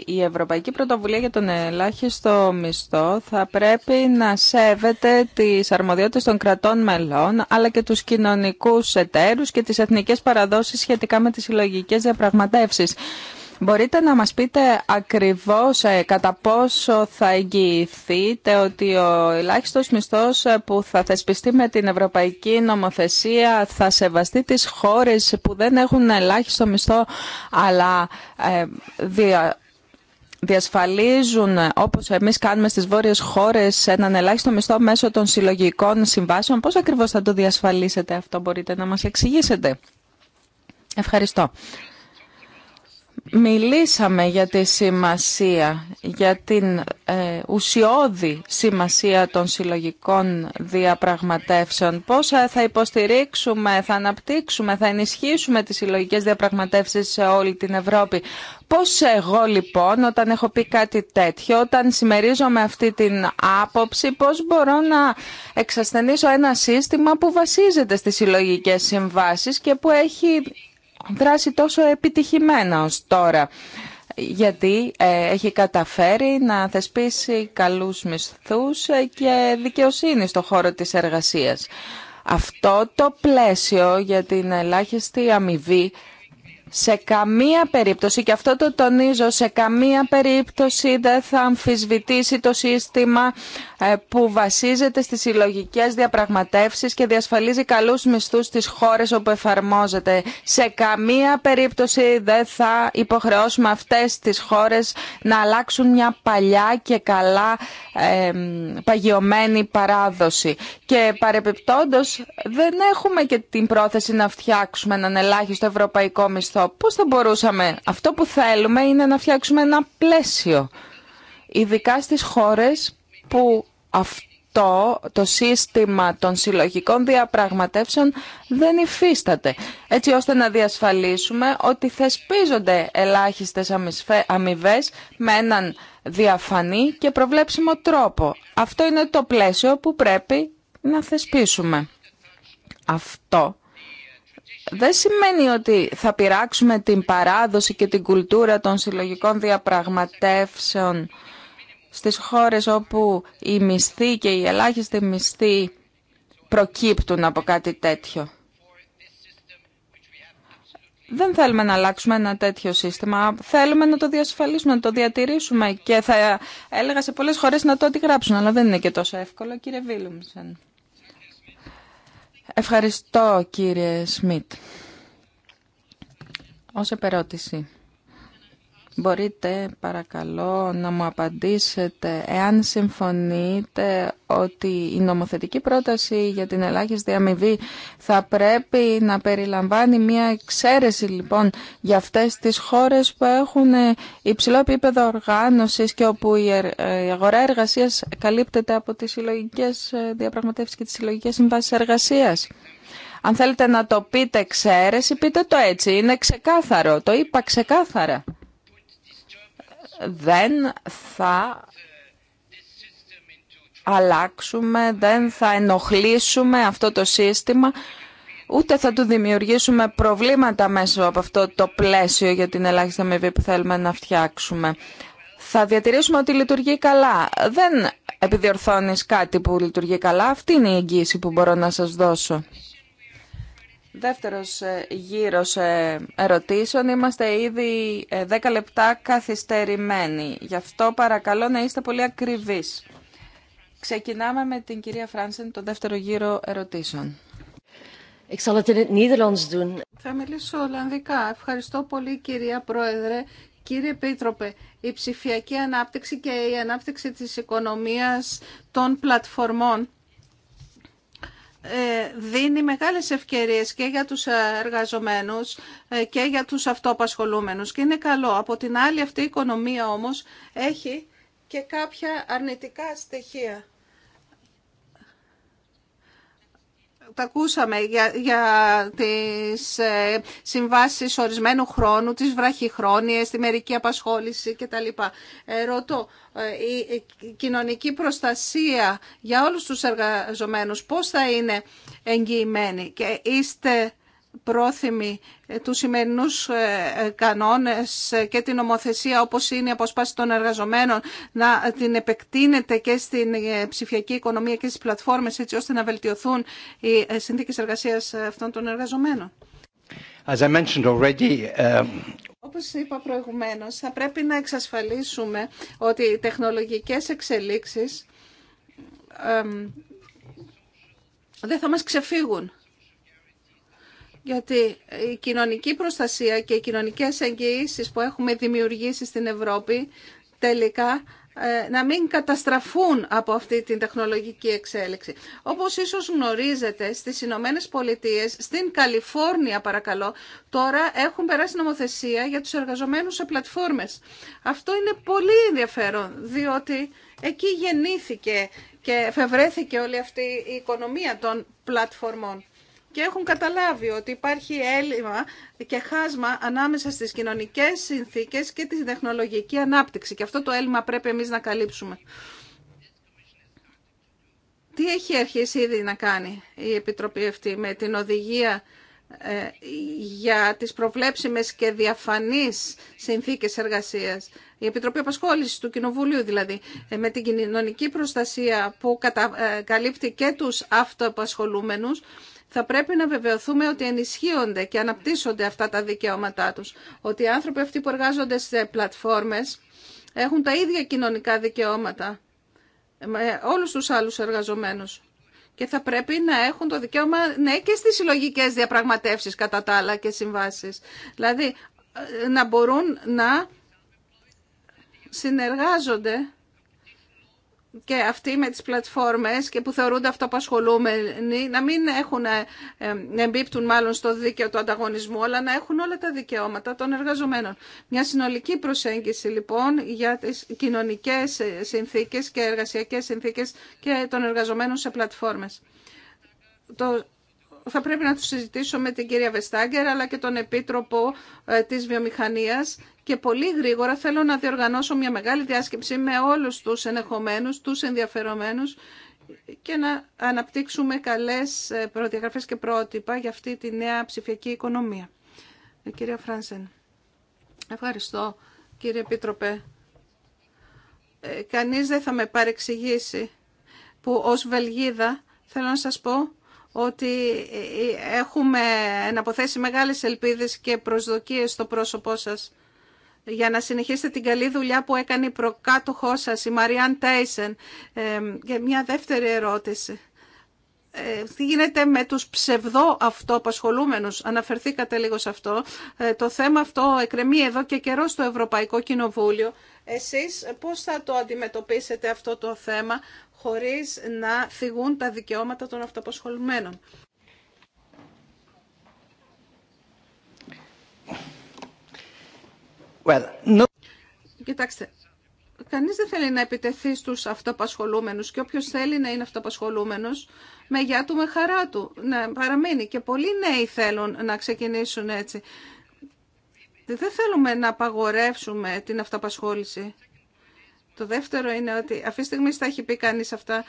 η Ευρωπαϊκή Πρωτοβουλία για τον Ελάχιστο Μισθό θα πρέπει να σέβεται τις αρμοδιότητες των κρατών μελών αλλά και τους κοινωνικούς εταίρους και τις εθνικές παραδόσεις σχετικά με τις συλλογικέ διαπραγματεύσεις. Μπορείτε να μας πείτε ακριβώς ε, κατά πόσο θα εγγυηθείτε ότι ο ελάχιστος μισθός ε, που θα θεσπιστεί με την Ευρωπαϊκή Νομοθεσία θα σεβαστεί τις χώρες που δεν έχουν ελάχιστο μισθό αλλά ε, δια, διασφαλίζουν όπως εμείς κάνουμε στις βόρειες χώρες έναν ελάχιστο μισθό μέσω των συλλογικών συμβάσεων. Πώς ακριβώς θα το διασφαλίσετε αυτό μπορείτε να μας εξηγήσετε. Ευχαριστώ. Μιλήσαμε για τη σημασία, για την ε, ουσιώδη σημασία των συλλογικών διαπραγματεύσεων. Πώς ε, θα υποστηρίξουμε, θα αναπτύξουμε, θα ενισχύσουμε τις συλλογικές διαπραγματεύσεις σε όλη την Ευρώπη. Πώς εγώ λοιπόν όταν έχω πει κάτι τέτοιο, όταν συμμερίζομαι αυτή την άποψη, πώς μπορώ να εξασθενήσω ένα σύστημα που βασίζεται στις συλλογικές συμβάσεις και που έχει δράσει τόσο επιτυχημένα ως τώρα γιατί ε, έχει καταφέρει να θεσπίσει καλούς μισθούς ε, και δικαιοσύνη στο χώρο της εργασίας. Αυτό το πλαίσιο για την ελάχιστη αμοιβή σε καμία περίπτωση, και αυτό το τονίζω, σε καμία περίπτωση δεν θα αμφισβητήσει το σύστημα ε, που βασίζεται στις συλλογικέ διαπραγματεύσεις και διασφαλίζει καλούς μισθούς στις χώρες όπου εφαρμόζεται. Σε καμία περίπτωση δεν θα υποχρεώσουμε αυτές τις χώρες να αλλάξουν μια παλιά και καλά παγιωμένη παράδοση. Και παρεπιπτόντως δεν έχουμε και την πρόθεση να φτιάξουμε έναν ελάχιστο ευρωπαϊκό μισθό. Πώς θα μπορούσαμε. Αυτό που θέλουμε είναι να φτιάξουμε ένα πλαίσιο. Ειδικά στις χώρες που αυτό το σύστημα των συλλογικών διαπραγματεύσεων δεν υφίσταται, έτσι ώστε να διασφαλίσουμε ότι θεσπίζονται ελάχιστες αμοιβέ με έναν διαφανή και προβλέψιμο τρόπο. Αυτό είναι το πλαίσιο που πρέπει να θεσπίσουμε. Αυτό δεν σημαίνει ότι θα πειράξουμε την παράδοση και την κουλτούρα των συλλογικών διαπραγματεύσεων στις χώρες όπου οι μισθοί και οι ελάχιστοι μισθοί προκύπτουν από κάτι τέτοιο. Δεν θέλουμε να αλλάξουμε ένα τέτοιο σύστημα. Θέλουμε να το διασφαλίσουμε, να το διατηρήσουμε και θα έλεγα σε πολλές χώρες να το αντιγράψουν, αλλά δεν είναι και τόσο εύκολο, κύριε Βίλουμσεν. Ευχαριστώ, κύριε Σμιτ. Ως επερώτηση. Μπορείτε παρακαλώ να μου απαντήσετε εάν συμφωνείτε ότι η νομοθετική πρόταση για την ελάχιστη αμοιβή θα πρέπει να περιλαμβάνει μια εξαίρεση λοιπόν για αυτές τις χώρες που έχουν υψηλό επίπεδο οργάνωσης και όπου η ε, αγορά εργασίας καλύπτεται από τις συλλογικέ ε, διαπραγματεύσεις και τις συλλογικέ συμβάσεις εργασίας. Αν θέλετε να το πείτε εξαίρεση, πείτε το έτσι. Είναι ξεκάθαρο. Το είπα ξεκάθαρα δεν θα αλλάξουμε, δεν θα ενοχλήσουμε αυτό το σύστημα, ούτε θα του δημιουργήσουμε προβλήματα μέσα από αυτό το πλαίσιο για την ελάχιστη αμοιβή που θέλουμε να φτιάξουμε. Θα διατηρήσουμε ότι λειτουργεί καλά. Δεν επιδιορθώνεις κάτι που λειτουργεί καλά. Αυτή είναι η εγγύηση που μπορώ να σας δώσω. Δεύτερος ε, γύρος ε, ερωτήσεων. Είμαστε ήδη ε, δέκα λεπτά καθυστερημένοι. Γι' αυτό παρακαλώ να είστε πολύ ακριβείς. Ξεκινάμε με την κυρία Φράνσεν το δεύτερο γύρο ερωτήσεων.
Θα μιλήσω Ολλανδικά. Ευχαριστώ πολύ κυρία Πρόεδρε. Κύριε Πίτροπε, η ψηφιακή ανάπτυξη και η ανάπτυξη της οικονομίας των πλατφορμών ε, δίνει μεγάλες ευκαιρίες και για τους εργαζομένους ε, και για τους αυτοπασχολούμενους και είναι καλό. Από την άλλη αυτή η οικονομία όμως έχει και κάποια αρνητικά στοιχεία. τα ακούσαμε για, για τις ε, συμβάσεις ορισμένου χρόνου, τις βραχυχρόνιες, τη μερική απασχόληση κτλ. Ε, ρωτώ, ε, η κοινωνική προστασία για όλους τους εργαζομένους πώς θα είναι εγγυημένη και είστε πρόθυμοι ε, του σημερινούς ε, ε, κανόνες και την ομοθεσία, όπως είναι η αποσπάση των εργαζομένων να την επεκτείνεται και στην ψηφιακή οικονομία και στις πλατφόρμες έτσι ώστε να βελτιωθούν οι συνθήκες εργασίας αυτών των εργαζομένων. As um, Όπως είπα προηγουμένως, θα πρέπει να εξασφαλίσουμε ότι οι τεχνολογικές εξελίξεις um, δεν θα μας ξεφύγουν γιατί η κοινωνική προστασία και οι κοινωνικές εγγυήσεις που έχουμε δημιουργήσει στην Ευρώπη τελικά ε, να μην καταστραφούν από αυτή την τεχνολογική εξέλιξη. Όπως ίσως γνωρίζετε, στις Ηνωμένε Πολιτείες, στην Καλιφόρνια παρακαλώ, τώρα έχουν περάσει νομοθεσία για τους εργαζομένους σε πλατφόρμες. Αυτό είναι πολύ ενδιαφέρον, διότι εκεί γεννήθηκε και εφευρέθηκε όλη αυτή η οικονομία των πλατφορμών και έχουν καταλάβει ότι υπάρχει έλλειμμα και χάσμα ανάμεσα στις κοινωνικές συνθήκες και την τεχνολογική ανάπτυξη. Και αυτό το έλλειμμα πρέπει εμείς να καλύψουμε. Τι έχει αρχίσει ήδη να κάνει η Επιτροπή αυτή με την οδηγία ε, για τις προβλέψιμες και διαφανείς συνθήκες εργασίας. Η Επιτροπή Απασχόλησης του Κοινοβουλίου δηλαδή, ε, με την κοινωνική προστασία που ε, καλύπτει και τους αυτοαπασχολούμενους, θα πρέπει να βεβαιωθούμε ότι ενισχύονται και αναπτύσσονται αυτά τα δικαιώματά τους. Ότι οι άνθρωποι αυτοί που εργάζονται σε πλατφόρμες έχουν τα ίδια κοινωνικά δικαιώματα με όλους τους άλλους εργαζομένους. Και θα πρέπει να έχουν το δικαίωμα, ναι, και στις συλλογικέ διαπραγματεύσεις κατά τα άλλα και συμβάσεις. Δηλαδή, ε, να μπορούν να συνεργάζονται και αυτοί με τις πλατφόρμες και που θεωρούνται αυτοπασχολούμενοι να μην έχουν, να ε, ε, εμπίπτουν μάλλον στο δίκαιο του ανταγωνισμού αλλά να έχουν όλα τα δικαιώματα των εργαζομένων. Μια συνολική προσέγγιση λοιπόν για τις κοινωνικές ε, συνθήκες και εργασιακές συνθήκες και των εργαζομένων σε πλατφόρμες. Το θα πρέπει να το συζητήσω με την κυρία Βεστάγκερ αλλά και τον Επίτροπο ε, της Βιομηχανίας και πολύ γρήγορα θέλω να διοργανώσω μια μεγάλη διάσκεψη με όλους τους ενεχομένους, τους ενδιαφερομένους και να αναπτύξουμε καλές ε, προδιαγραφές και πρότυπα για αυτή τη νέα ψηφιακή οικονομία. Ε, κυρία Φράνσεν. Ευχαριστώ κύριε Επίτροπε. Ε, κανείς δεν θα με παρεξηγήσει που ως Βελγίδα θέλω να σας πω ότι έχουμε να αποθέσει μεγάλες ελπίδες και προσδοκίες στο πρόσωπό σας για να συνεχίσετε την καλή δουλειά που έκανε η προκάτοχό σας, η Μαριάν Τέισεν. Ε, και μια δεύτερη ερώτηση. Ε, τι γίνεται με τους ψευδό αυτοαπασχολούμενους. Αναφερθήκατε λίγο σε αυτό. Ε, το θέμα αυτό εκρεμεί εδώ και καιρό στο Ευρωπαϊκό Κοινοβούλιο. Εσείς πώς θα το αντιμετωπίσετε αυτό το θέμα χωρίς να θυγούν τα δικαιώματα των αυτοπασχολουμένων. Well, no... Κοιτάξτε, κανείς δεν θέλει να επιτεθεί στους αυτοπασχολούμενους και όποιος θέλει να είναι αυτοπασχολούμενος, με γεια του, με χαρά του, να παραμείνει. Και πολλοί νέοι θέλουν να ξεκινήσουν έτσι. Δεν θέλουμε να απαγορεύσουμε την αυτοπασχόληση. Το δεύτερο είναι ότι αυτή τη στιγμή τα έχει πει κανείς αυτά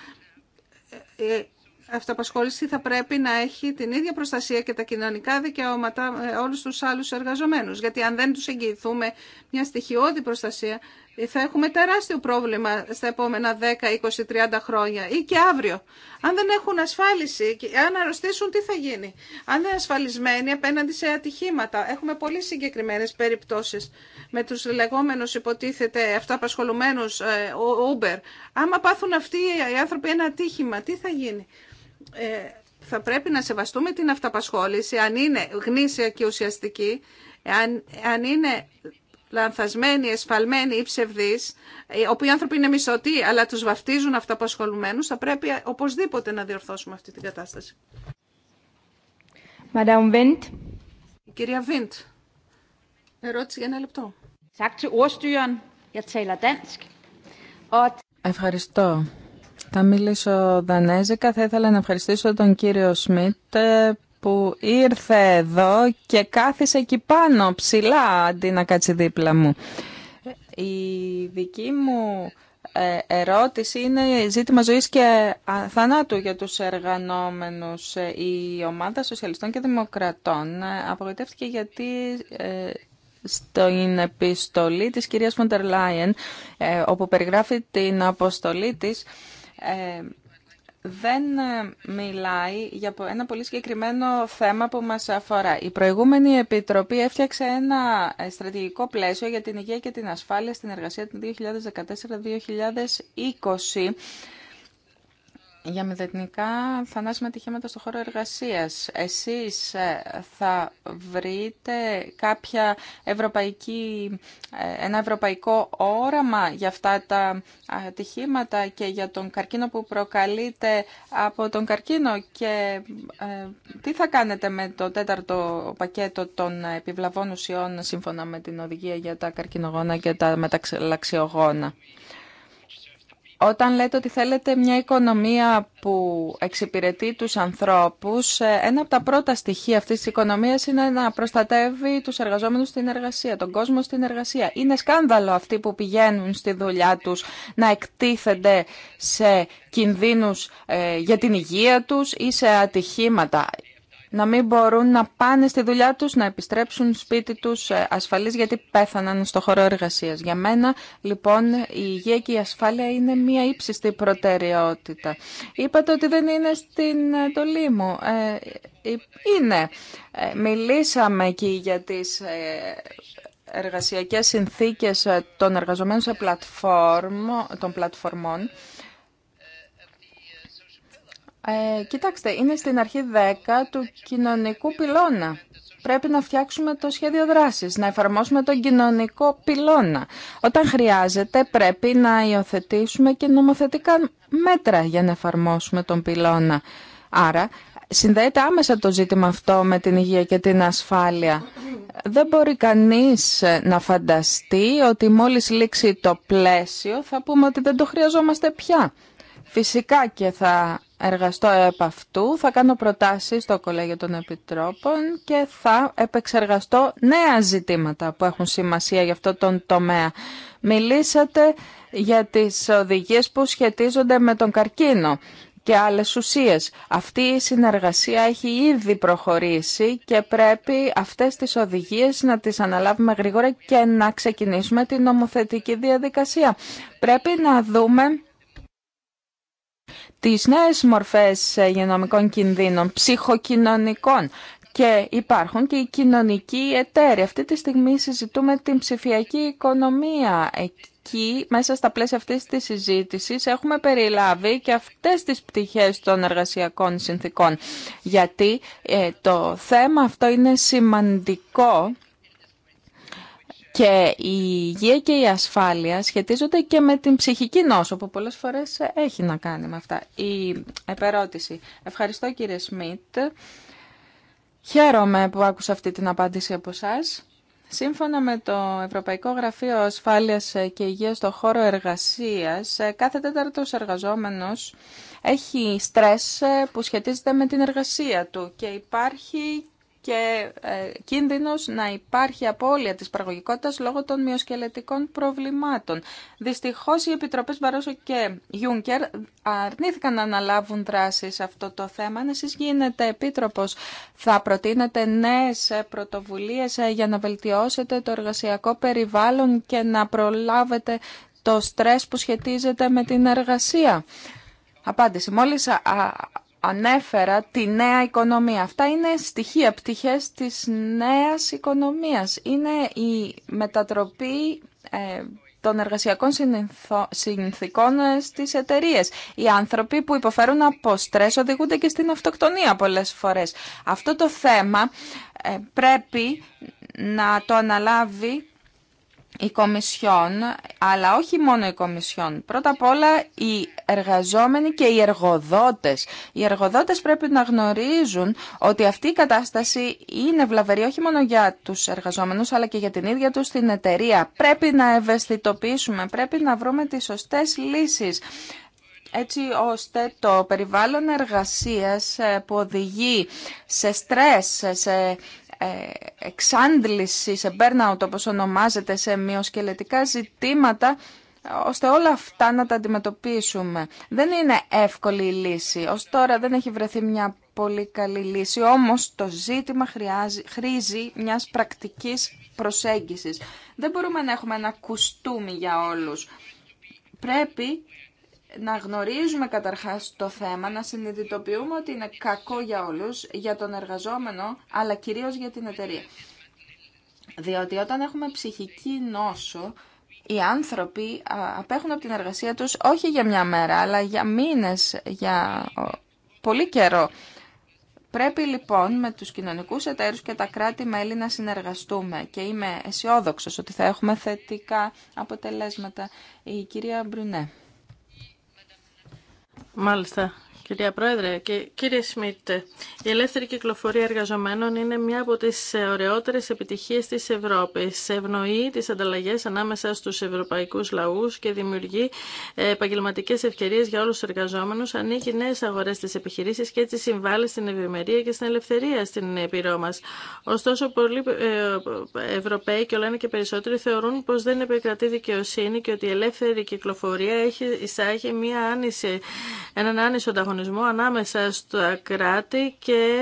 ε, ε, αυτοπασχόληση θα πρέπει να έχει την ίδια προστασία και τα κοινωνικά δικαιώματα με όλους τους άλλους εργαζομένους. Γιατί αν δεν τους εγγυηθούμε μια στοιχειώδη προστασία, θα έχουμε τεράστιο πρόβλημα στα επόμενα 10, 20, 30 χρόνια ή και αύριο. Αν δεν έχουν ασφάλιση, αν αρρωστήσουν, τι θα γίνει. Αν δεν ασφαλισμένοι απέναντι σε ατυχήματα. Έχουμε πολύ συγκεκριμένες περιπτώσεις με τους λεγόμενους υποτίθεται αυταπασχολουμένους ε, Uber. Άμα πάθουν αυτοί οι άνθρωποι ένα ατύχημα, τι θα γίνει. Ε, θα πρέπει να σεβαστούμε την αυταπασχόληση, αν είναι γνήσια και ουσιαστική, αν, αν είναι λανθασμένοι, εσφαλμένοι ή ψευδείς, ε, όπου οι άνθρωποι είναι μισοτοί, αλλά τους βαφτίζουν αυτοαπασχολουμένου, θα πρέπει οπωσδήποτε να διορθώσουμε αυτή την κατάσταση. Madame κυρία Βίντ. Ερώτηση για ένα λεπτό.
Ευχαριστώ. Θα μιλήσω δανέζικα. Θα ήθελα να ευχαριστήσω τον κύριο Σμιτ ε, που ήρθε εδώ και κάθισε εκεί πάνω ψηλά αντί να κάτσει δίπλα μου. Η δική μου ε, ερώτηση είναι ζήτημα ζωής και θανάτου για τους εργανόμενους. Ε, η ομάδα Σοσιαλιστών και Δημοκρατών ε, απογοητεύτηκε γιατί στην επιστολή της κυρίας Φοντερ Λάιεν, όπου περιγράφει την αποστολή της, δεν ε, μιλάει για ένα πολύ συγκεκριμένο θέμα που μας αφορά. Η προηγούμενη Επιτροπή έφτιαξε ένα ε, στρατηγικό πλαίσιο για την υγεία και την ασφάλεια στην εργασία του 2014-2020 για μηδενικά θανάσιμα ατυχήματα στο χώρο εργασίας. Εσείς ε, θα βρείτε κάποια ευρωπαϊκή, ε, ένα ευρωπαϊκό όραμα για αυτά τα ατυχήματα και για τον καρκίνο που προκαλείται από τον καρκίνο και ε, τι θα κάνετε με το τέταρτο πακέτο των επιβλαβών ουσιών σύμφωνα με την οδηγία για τα καρκινογόνα και τα μεταξυλαξιογόνα. Όταν λέτε ότι θέλετε μια οικονομία που εξυπηρετεί τους ανθρώπους, ε, ένα από τα πρώτα στοιχεία αυτής της οικονομίας είναι να προστατεύει τους εργαζόμενους στην εργασία, τον κόσμο στην εργασία. Είναι σκάνδαλο αυτοί που πηγαίνουν στη δουλειά τους να εκτίθενται σε κινδύνους ε, για την υγεία τους ή σε ατυχήματα να μην μπορούν να πάνε στη δουλειά τους, να επιστρέψουν σπίτι τους ε, ασφαλείς γιατί πέθαναν στο χώρο εργασίας. Για μένα λοιπόν η υγεία και η ασφάλεια είναι μια ύψιστη προτεραιότητα. Είπατε ότι δεν είναι στην ε, εντολή μου. Ε, είναι. μιλήσαμε εκεί για τις εργασιακές συνθήκες των εργαζομένων σε των πλατφορμών ε, κοιτάξτε, είναι στην αρχή 10 του κοινωνικού πυλώνα. Πρέπει να φτιάξουμε το σχέδιο δράσης, να εφαρμόσουμε τον κοινωνικό πυλώνα. Όταν χρειάζεται πρέπει να υιοθετήσουμε και νομοθετικά μέτρα για να εφαρμόσουμε τον πυλώνα. Άρα συνδέεται άμεσα το ζήτημα αυτό με την υγεία και την ασφάλεια. Δεν μπορεί κανείς ε, να φανταστεί ότι μόλις λήξει το πλαίσιο θα πούμε ότι δεν το χρειαζόμαστε πια. Φυσικά και θα εργαστώ επ' αυτού, θα κάνω προτάσεις στο Κολέγιο των Επιτρόπων και θα επεξεργαστώ νέα ζητήματα που έχουν σημασία για αυτό τον τομέα. Μιλήσατε για τις οδηγίες που σχετίζονται με τον καρκίνο και άλλες ουσίες. Αυτή η συνεργασία έχει ήδη προχωρήσει και πρέπει αυτές τις οδηγίες να τις αναλάβουμε γρήγορα και να ξεκινήσουμε την νομοθετική διαδικασία. Πρέπει να δούμε τις νέες μορφές υγειονομικών κινδύνων, ψυχοκοινωνικών και υπάρχουν και οι κοινωνικοί εταίροι. Αυτή τη στιγμή συζητούμε την ψηφιακή οικονομία. Εκεί, μέσα στα πλαίσια αυτής της συζήτησης, έχουμε περιλάβει και αυτές τις πτυχές των εργασιακών συνθήκων. Γιατί ε, το θέμα αυτό είναι σημαντικό και η υγεία και η ασφάλεια σχετίζονται και με την ψυχική νόσο που πολλές φορές έχει να κάνει με αυτά. Η επερώτηση. Ευχαριστώ κύριε Σμιτ. Χαίρομαι που άκουσα αυτή την απάντηση από εσά. Σύμφωνα με το Ευρωπαϊκό Γραφείο Ασφάλειας και Υγείας στον χώρο εργασίας, κάθε τέταρτος εργαζόμενος έχει στρες που σχετίζεται με την εργασία του και υπάρχει και ε, κίνδυνος να υπάρχει απώλεια της παραγωγικότητας λόγω των μειοσκελετικών προβλημάτων. Δυστυχώς οι Επιτροπές Μπαρόσο και Γιούνκερ αρνήθηκαν να αναλάβουν δράση σε αυτό το θέμα. Αν εσείς γίνετε επίτροπος, θα προτείνετε νέες πρωτοβουλίες ε, για να βελτιώσετε το εργασιακό περιβάλλον και να προλάβετε το στρες που σχετίζεται με την εργασία. Απάντηση. Μόλις ανέφερα τη νέα οικονομία. Αυτά είναι στοιχεία πτυχές της νέας οικονομίας. Είναι η μετατροπή ε, των εργασιακών συνθήκων ε, στις εταιρείες. Οι άνθρωποι που υποφέρουν από στρες οδηγούνται και στην αυτοκτονία πολλές φορές. Αυτό το θέμα ε, πρέπει να το αναλάβει η Κομισιόν, αλλά όχι μόνο η Κομισιόν. Πρώτα απ' όλα οι εργαζόμενοι και οι εργοδότες. Οι εργοδότες πρέπει να γνωρίζουν ότι αυτή η κατάσταση είναι βλαβερή όχι μόνο για τους εργαζόμενους, αλλά και για την ίδια τους την εταιρεία. Πρέπει να ευαισθητοποιήσουμε, πρέπει να βρούμε τις σωστές λύσεις έτσι ώστε το περιβάλλον εργασίας ε, που οδηγεί σε στρες, σε ε, εξάντληση, σε burnout όπως ονομάζεται, σε μειοσκελετικά ζητήματα, ώστε όλα αυτά να τα αντιμετωπίσουμε. Δεν είναι εύκολη η λύση. Ως τώρα δεν έχει βρεθεί μια πολύ καλή λύση, όμως το ζήτημα χρειάζει, χρήζει μιας πρακτικής προσέγγισης. Δεν μπορούμε να έχουμε ένα κουστούμι για όλους. Πρέπει να γνωρίζουμε καταρχάς το θέμα, να συνειδητοποιούμε ότι είναι κακό για όλους, για τον εργαζόμενο, αλλά κυρίως για την εταιρεία. Διότι όταν έχουμε ψυχική νόσο, οι άνθρωποι απέχουν από την εργασία τους όχι για μια μέρα, αλλά για μήνες, για πολύ καιρό. Πρέπει λοιπόν με τους κοινωνικούς εταίρους και τα κράτη-μέλη να συνεργαστούμε και είμαι αισιόδοξο ότι θα έχουμε θετικά αποτελέσματα. Η κυρία Μπρουνέ. Μάλιστα.
Κυρία Πρόεδρε και κύριε Σμιτ, η ελεύθερη κυκλοφορία εργαζομένων είναι μια από τις ωραιότερες επιτυχίες της Ευρώπης. Ευνοεί τις ανταλλαγές ανάμεσα στους ευρωπαϊκούς λαούς και δημιουργεί ε, επαγγελματικές ευκαιρίες για όλους τους εργαζόμενους, ανήκει νέες αγορές στις επιχειρήσεις και έτσι συμβάλλει στην ευημερία και στην ελευθερία στην Επιρώμα. Ωστόσο, πολλοί ε, Ευρωπαίοι και όλα και περισσότεροι θεωρούν πως δεν επικρατεί δικαιοσύνη και ότι η ελεύθερη κυκλοφορία έχει εισάγει μια άνηση, έναν άνισο ανάμεσα στο κράτη και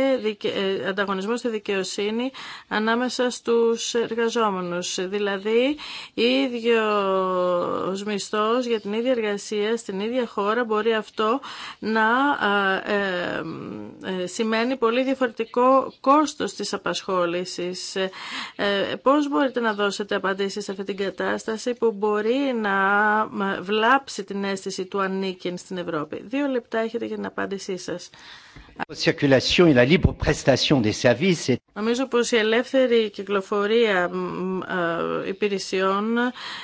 ε, ανταγωνισμό στη δικαιοσύνη ανάμεσα στους εργαζόμενους. Δηλαδή, ίδιος μισθός για την ίδια εργασία στην ίδια χώρα μπορεί αυτό να ε, ε, σημαίνει πολύ διαφορετικό κόστος της απασχόλησης. Πώς μπορείτε να δώσετε απαντήσεις σε αυτή την κατάσταση που μπορεί να βλάψει την αίσθηση του ανήκειν στην Ευρώπη. Δύο λεπτά έχετε για την απάντησή σας. Νομίζω πως η ελεύθερη κυκλοφορία ε, υπηρεσιών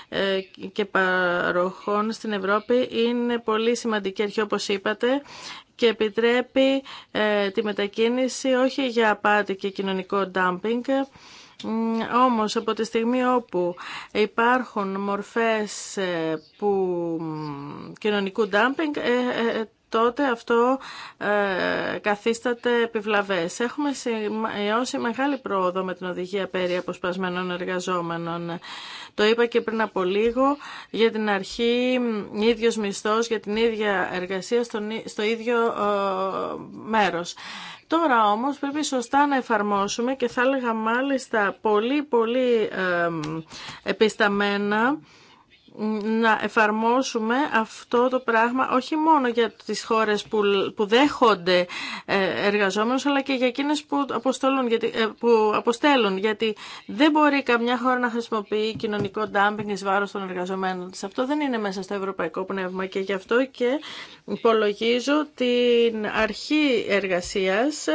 ε, και παροχών στην Ευρώπη είναι πολύ σημαντική αρχή όπως είπατε και επιτρέπει ε, τη μετακίνηση όχι για απάτη και κοινωνικό ντάμπινγκ όμως από τη στιγμή όπου υπάρχουν μορφές που κοινωνικού ντάμπινγκ τότε αυτό ε, καθίσταται επιβλαβές. Έχουμε σημειώσει μεγάλη πρόοδο με την οδηγία περί αποσπασμένων εργαζόμενων. Το είπα και πριν από λίγο για την αρχή ίδιος μισθός για την ίδια εργασία στο ίδιο ε, μέρος. Τώρα όμως πρέπει σωστά να εφαρμόσουμε και θα έλεγα μάλιστα πολύ πολύ ε, επισταμένα να εφαρμόσουμε αυτό το πράγμα όχι μόνο για τις χώρες που, που δέχονται ε, εργαζόμενους αλλά και για εκείνες που αποστέλουν, γιατί, ε, που αποστέλουν γιατί δεν μπορεί καμιά χώρα να χρησιμοποιεί κοινωνικό ντάμπινγκ εις βάρος των εργαζομένων της. Αυτό δεν είναι μέσα στο ευρωπαϊκό πνεύμα και γι' αυτό και υπολογίζω την αρχή εργασίας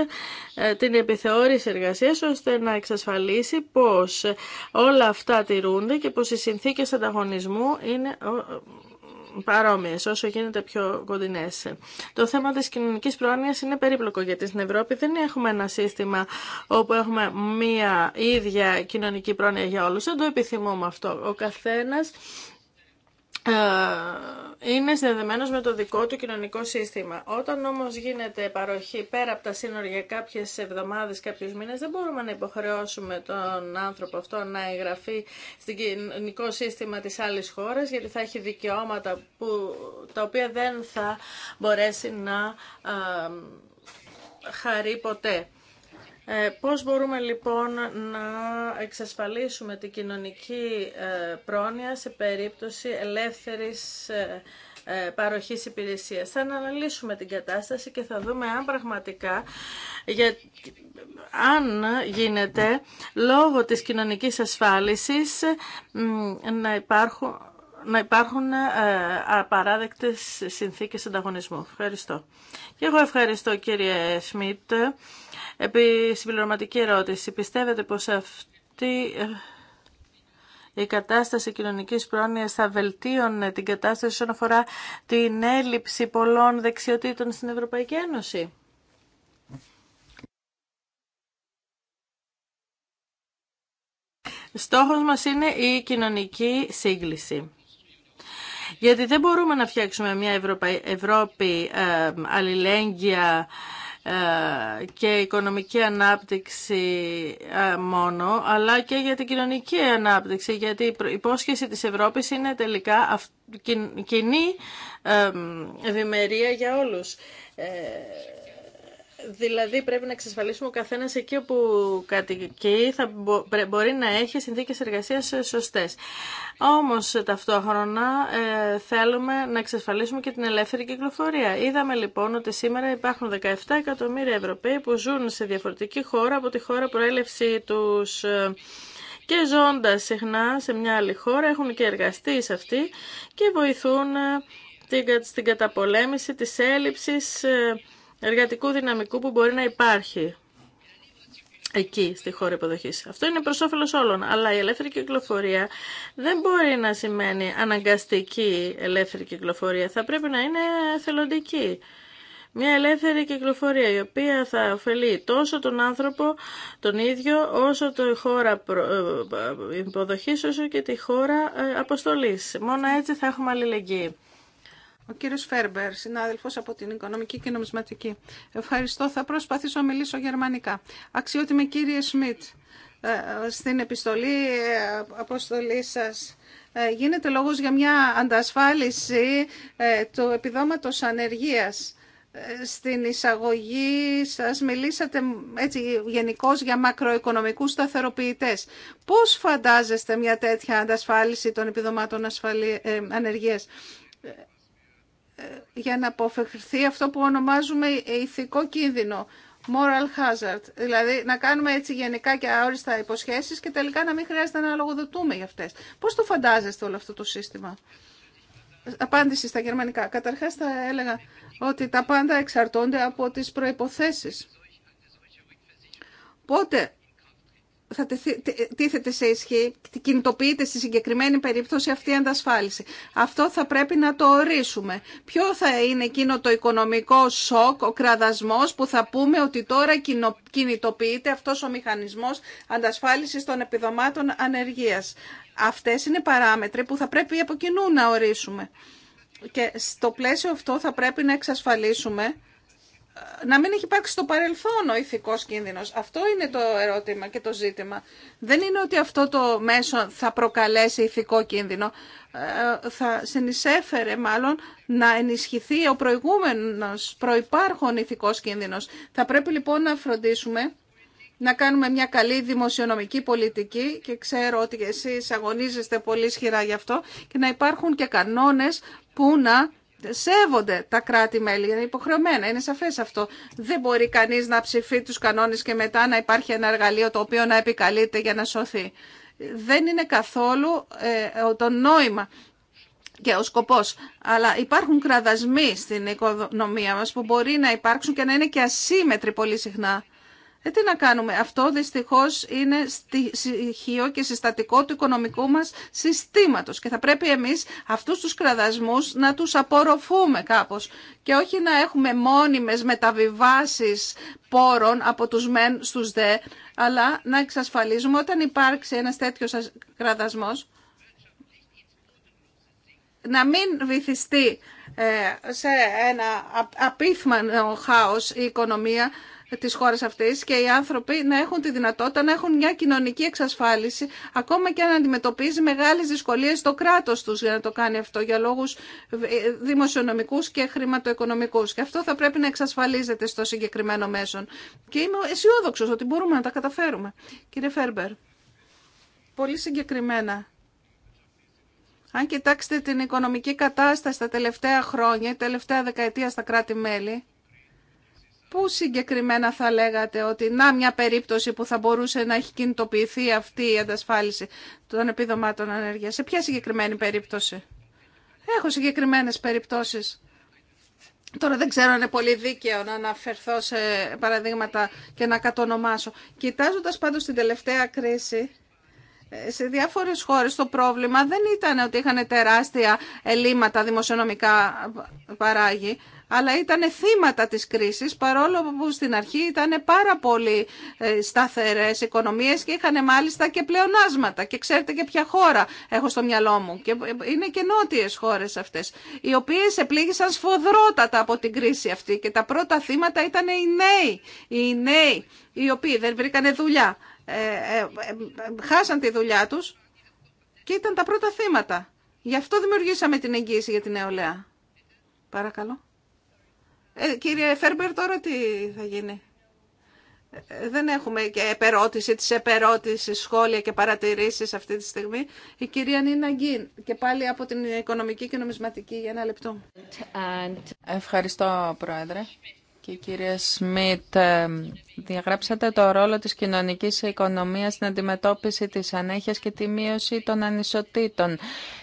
ε, την επιθεώρηση εργασίας ώστε να εξασφαλίσει πως όλα αυτά τηρούνται και πως οι συνθήκες ανταγωνισμού είναι παρόμοιε, όσο γίνεται πιο κοντινέ. Το θέμα τη κοινωνική πρόνοια είναι περίπλοκο γιατί στην Ευρώπη δεν έχουμε ένα σύστημα όπου έχουμε μία ίδια κοινωνική πρόνοια για όλου. Δεν το επιθυμούμε αυτό. Ο καθένα ε, είναι συνδεδεμένος με το δικό του κοινωνικό σύστημα. Όταν όμως γίνεται παροχή πέρα από τα σύνορα για κάποιες εβδομάδες, κάποιους μήνες, δεν μπορούμε να υποχρεώσουμε τον άνθρωπο αυτό να εγγραφεί στο κοινωνικό σύστημα της άλλης χώρας, γιατί θα έχει δικαιώματα που, τα οποία δεν θα μπορέσει να ε, χαρεί ποτέ. Ε, πώς μπορούμε λοιπόν να εξασφαλίσουμε την κοινωνική ε, πρόνοια σε περίπτωση ελεύθερης ε, παροχής υπηρεσίας. Θα αναλύσουμε την κατάσταση και θα δούμε αν πραγματικά, για, αν γίνεται, λόγω της κοινωνικής ασφάλισης να υπάρχουν να υπάρχουν ε, απαράδεκτες συνθήκες ανταγωνισμού. Ευχαριστώ. Και εγώ ευχαριστώ κύριε Σμιτ. Επί συμπληρωματική ερώτηση, πιστεύετε πως αυτή ε, η κατάσταση κοινωνικής πρόνοιας θα βελτίωνε την κατάσταση όσον αφορά την έλλειψη πολλών δεξιοτήτων στην Ευρωπαϊκή Ένωση. Στόχος μας είναι η κοινωνική σύγκληση. Γιατί δεν μπορούμε να φτιάξουμε μια Ευρώπη ε, αλληλέγγυα ε, και οικονομική ανάπτυξη ε, μόνο, αλλά και για την κοινωνική ανάπτυξη, γιατί η υπόσχεση της Ευρώπης είναι τελικά κοινή ευημερία για όλους. Δηλαδή πρέπει να εξασφαλίσουμε ο καθένα εκεί όπου κατοικεί θα μπορεί να έχει συνθήκε εργασία ε, σωστέ. Όμω ταυτόχρονα ε, θέλουμε να εξασφαλίσουμε και την ελεύθερη κυκλοφορία. Είδαμε λοιπόν ότι σήμερα υπάρχουν 17 εκατομμύρια Ευρωπαίοι που ζουν σε διαφορετική χώρα από τη χώρα προέλευση του και ζώντα συχνά σε μια άλλη χώρα έχουν και εργαστεί σε αυτή και βοηθούν ε, στην καταπολέμηση της έλλειψης εργατικού δυναμικού που μπορεί να υπάρχει εκεί στη χώρα υποδοχή. Αυτό είναι προ όφελο όλων. Αλλά η ελεύθερη κυκλοφορία δεν μπορεί να σημαίνει αναγκαστική ελεύθερη κυκλοφορία. Θα πρέπει να είναι θελοντική. Μια ελεύθερη κυκλοφορία η οποία θα ωφελεί τόσο τον άνθρωπο τον ίδιο όσο το χώρα ε, ε, υποδοχής όσο και τη χώρα ε, αποστολής. Μόνο έτσι θα έχουμε αλληλεγγύη. Ο κύριο Φέρμπερ, συνάδελφο από την Οικονομική
και Νομισματική. Ευχαριστώ. Θα προσπαθήσω να μιλήσω γερμανικά. Αξιότιμη κύριε Σμιτ, ε, στην επιστολή ε, αποστολή σα, ε, γίνεται λόγο για μια αντασφάλιση του επιδόματο ανεργία στην εισαγωγή σας μιλήσατε έτσι γενικώ για μακροοικονομικούς σταθεροποιητές. Πώς φαντάζεστε μια τέτοια αντασφάλιση των επιδομάτων ανεργία, για να αποφευχθεί αυτό που ονομάζουμε ηθικό κίνδυνο, moral hazard. Δηλαδή να κάνουμε έτσι γενικά και αόριστα υποσχέσεις και τελικά να μην χρειάζεται να λογοδοτούμε για αυτές. Πώς το φαντάζεστε όλο αυτό το σύστημα. Απάντηση στα γερμανικά. Καταρχάς θα έλεγα ότι τα πάντα εξαρτώνται από τις προϋποθέσεις. Πότε θα ε, τίθεται σε ισχύ, κινητοποιείται στη συγκεκριμένη περίπτωση αυτή η αντασφάλιση. Αυτό θα πρέπει να το ορίσουμε. Ποιο θα είναι εκείνο το οικονομικό σοκ, ο κραδασμός που θα πούμε ότι τώρα κινητοποιείται αυτός ο μηχανισμός αντασφάλισης των επιδομάτων ανεργίας. Αυτές είναι παράμετροι που θα πρέπει από κοινού να ορίσουμε. Και στο πλαίσιο αυτό θα πρέπει να εξασφαλίσουμε να μην έχει υπάρξει στο παρελθόν ο ηθικός κίνδυνος. Αυτό είναι το ερώτημα και το ζήτημα. Δεν είναι ότι αυτό το μέσο θα προκαλέσει ηθικό κίνδυνο. Ε, θα συνεισέφερε μάλλον να ενισχυθεί ο προηγούμενος προϋπάρχον ηθικός κίνδυνος. Θα πρέπει λοιπόν να φροντίσουμε να κάνουμε μια καλή δημοσιονομική πολιτική και ξέρω ότι εσείς αγωνίζεστε πολύ σχηρά γι' αυτό και να υπάρχουν και κανόνες που να σέβονται τα κράτη-μέλη, είναι υποχρεωμένα, είναι σαφές αυτό. Δεν μπορεί κανείς να ψηφεί τους κανόνες και μετά να υπάρχει ένα εργαλείο το οποίο να επικαλείται για να σωθεί. Δεν είναι καθόλου ε, το νόημα και ο σκοπός. Αλλά υπάρχουν κραδασμοί στην οικονομία μας που μπορεί να υπάρξουν και να είναι και ασύμετροι πολύ συχνά. Ε, τι να κάνουμε. Αυτό δυστυχώς είναι στοιχείο και συστατικό του οικονομικού μας συστήματος και θα πρέπει εμείς αυτούς τους κραδασμούς να τους απορροφούμε κάπως και όχι να έχουμε μόνιμες μεταβιβάσεις πόρων από τους μεν στους δε, αλλά να εξασφαλίζουμε όταν υπάρξει ένας τέτοιος κραδασμός να μην βυθιστεί ε, σε ένα απίθμανο χάος η οικονομία Τη χώρας αυτή και οι άνθρωποι να έχουν τη δυνατότητα να έχουν μια κοινωνική εξασφάλιση ακόμα και αν αντιμετωπίζει μεγάλε δυσκολίε το κράτο του για να το κάνει αυτό για λόγου δημοσιονομικού και χρηματοοικονομικούς και αυτό θα πρέπει να εξασφαλίζεται στο συγκεκριμένο μέσο. και είμαι αισιόδοξο ότι μπορούμε να τα καταφέρουμε κύριε Φέρμπερ πολύ συγκεκριμένα αν κοιτάξετε την οικονομική κατάσταση τα τελευταία χρόνια, τελευταία δεκαετία στα κράτη-μέλη, Πού συγκεκριμένα θα λέγατε ότι να μια περίπτωση που θα μπορούσε να έχει κινητοποιηθεί αυτή η αντασφάλιση των επιδομάτων ανεργία. Σε ποια συγκεκριμένη περίπτωση. Έχω συγκεκριμένε περιπτώσεις. Τώρα δεν ξέρω αν είναι πολύ δίκαιο να αναφερθώ σε παραδείγματα και να κατονομάσω. Κοιτάζοντα πάντω την τελευταία κρίση, ε, σε διάφορες χώρες το πρόβλημα δεν ήταν ότι είχαν τεράστια ελλείμματα δημοσιονομικά παράγει, αλλά ήταν θύματα της κρίσης παρόλο που στην αρχή ήταν πάρα πολύ ε, σταθερές οικονομίες και είχαν μάλιστα και πλεονάσματα και ξέρετε και ποια χώρα έχω στο μυαλό μου και ε, είναι και νότιες χώρες αυτές οι οποίες επλήγησαν σφοδρότατα από την κρίση αυτή και τα πρώτα θύματα ήταν οι νέοι, οι νέοι οι οποίοι δεν βρήκανε δουλειά. Ε, ε χάσαν τη δουλειά τους και ήταν τα πρώτα θύματα. Γι' αυτό δημιουργήσαμε την εγγύηση για την νεολαία. Παρακαλώ. Ε, κύριε Φέρμπερ, τώρα τι θα γίνει. Ε, δεν έχουμε και επερώτηση της επερώτησης, σχόλια και παρατηρήσεις αυτή τη στιγμή. Η κυρία Νίνα Γκίν και πάλι από την Οικονομική και Νομισματική για ένα λεπτό. Ευχαριστώ, Πρόεδρε.
Και κύριε Σμιτ, ε, Διαγράψατε το ρόλο της κοινωνικής οικονομίας στην αντιμετώπιση της ανέχειας και τη μείωση των ανισοτήτων.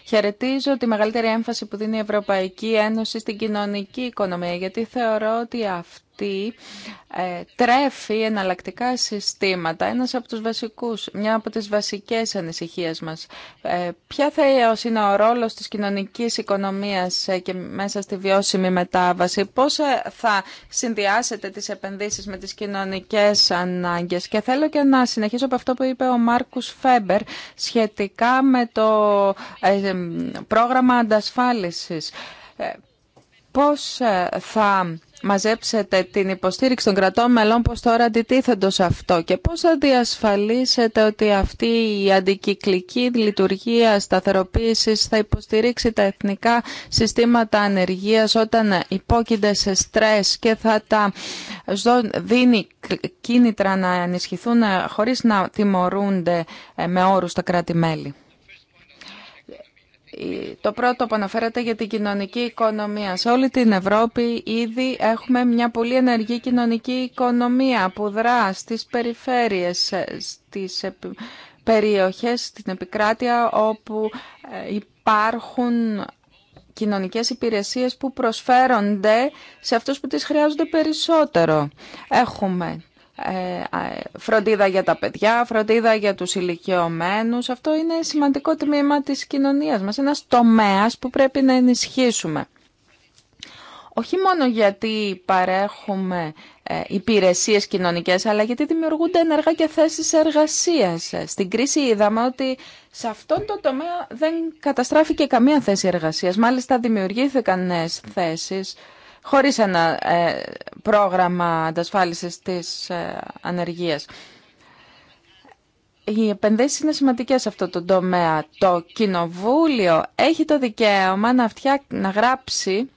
Χαιρετίζω τη μεγαλύτερη έμφαση που δίνει η Ευρωπαϊκή Ένωση στην κοινωνική οικονομία, γιατί θεωρώ ότι αυτή ε, τρέφει εναλλακτικά συστήματα. Ένας από τους βασικούς, μια από τις βασικές ανησυχίες μας. Ε, ποια θα ε, είναι ο ρόλος της κοινωνικής οικονομίας ε, και μέσα στη βιώσιμη μετάβαση. Πώς θα συνδυάσετε τις επενδύσεις με τις κοινωνικές κοινωνικές ανάγκες. Και θέλω και να συνεχίσω από αυτό που είπε ο Μάρκους Φέμπερ σχετικά με το ε, ε, πρόγραμμα αντασφάλισης. Ε, πώς θα μαζέψετε την υποστήριξη των κρατών μελών πως τώρα αντιτίθεντο αυτό και πώς θα διασφαλίσετε ότι αυτή η αντικυκλική λειτουργία σταθεροποίησης θα υποστηρίξει τα εθνικά συστήματα ανεργίας όταν υπόκεινται σε στρες και θα τα δίνει κίνητρα να ενισχυθούν χωρίς να τιμωρούνται ε, με όρους τα κράτη-μέλη. Το πρώτο που αναφέρατε για την κοινωνική οικονομία. Σε όλη την Ευρώπη ήδη έχουμε μια πολύ ενεργή κοινωνική οικονομία που δρά στις περιφέρειες, ε, στις περιοχές, στην επικράτεια όπου ε, υπάρχουν κοινωνικές υπηρεσίες που προσφέρονται σε αυτούς που τις χρειάζονται περισσότερο. Έχουμε ε, φροντίδα για τα παιδιά, φροντίδα για τους ηλικιωμένους. Αυτό είναι σημαντικό τμήμα της κοινωνίας μας, ένας τομέας που πρέπει να ενισχύσουμε. Όχι μόνο γιατί παρέχουμε ε, υπηρεσίες κοινωνικές, αλλά γιατί δημιουργούνται ενεργά και θέσεις εργασίας. Στην κρίση είδαμε ότι σε αυτόν τον τομέα δεν καταστράφηκε καμία θέση εργασίας. Μάλιστα δημιουργήθηκαν νέες θέσεις χωρίς ένα ε, πρόγραμμα αντασφάλισης της ε, ανεργίας. Οι επενδύσεις είναι σημαντικές σε αυτό το τομέα. Το Κοινοβούλιο έχει το δικαίωμα να, να γράψει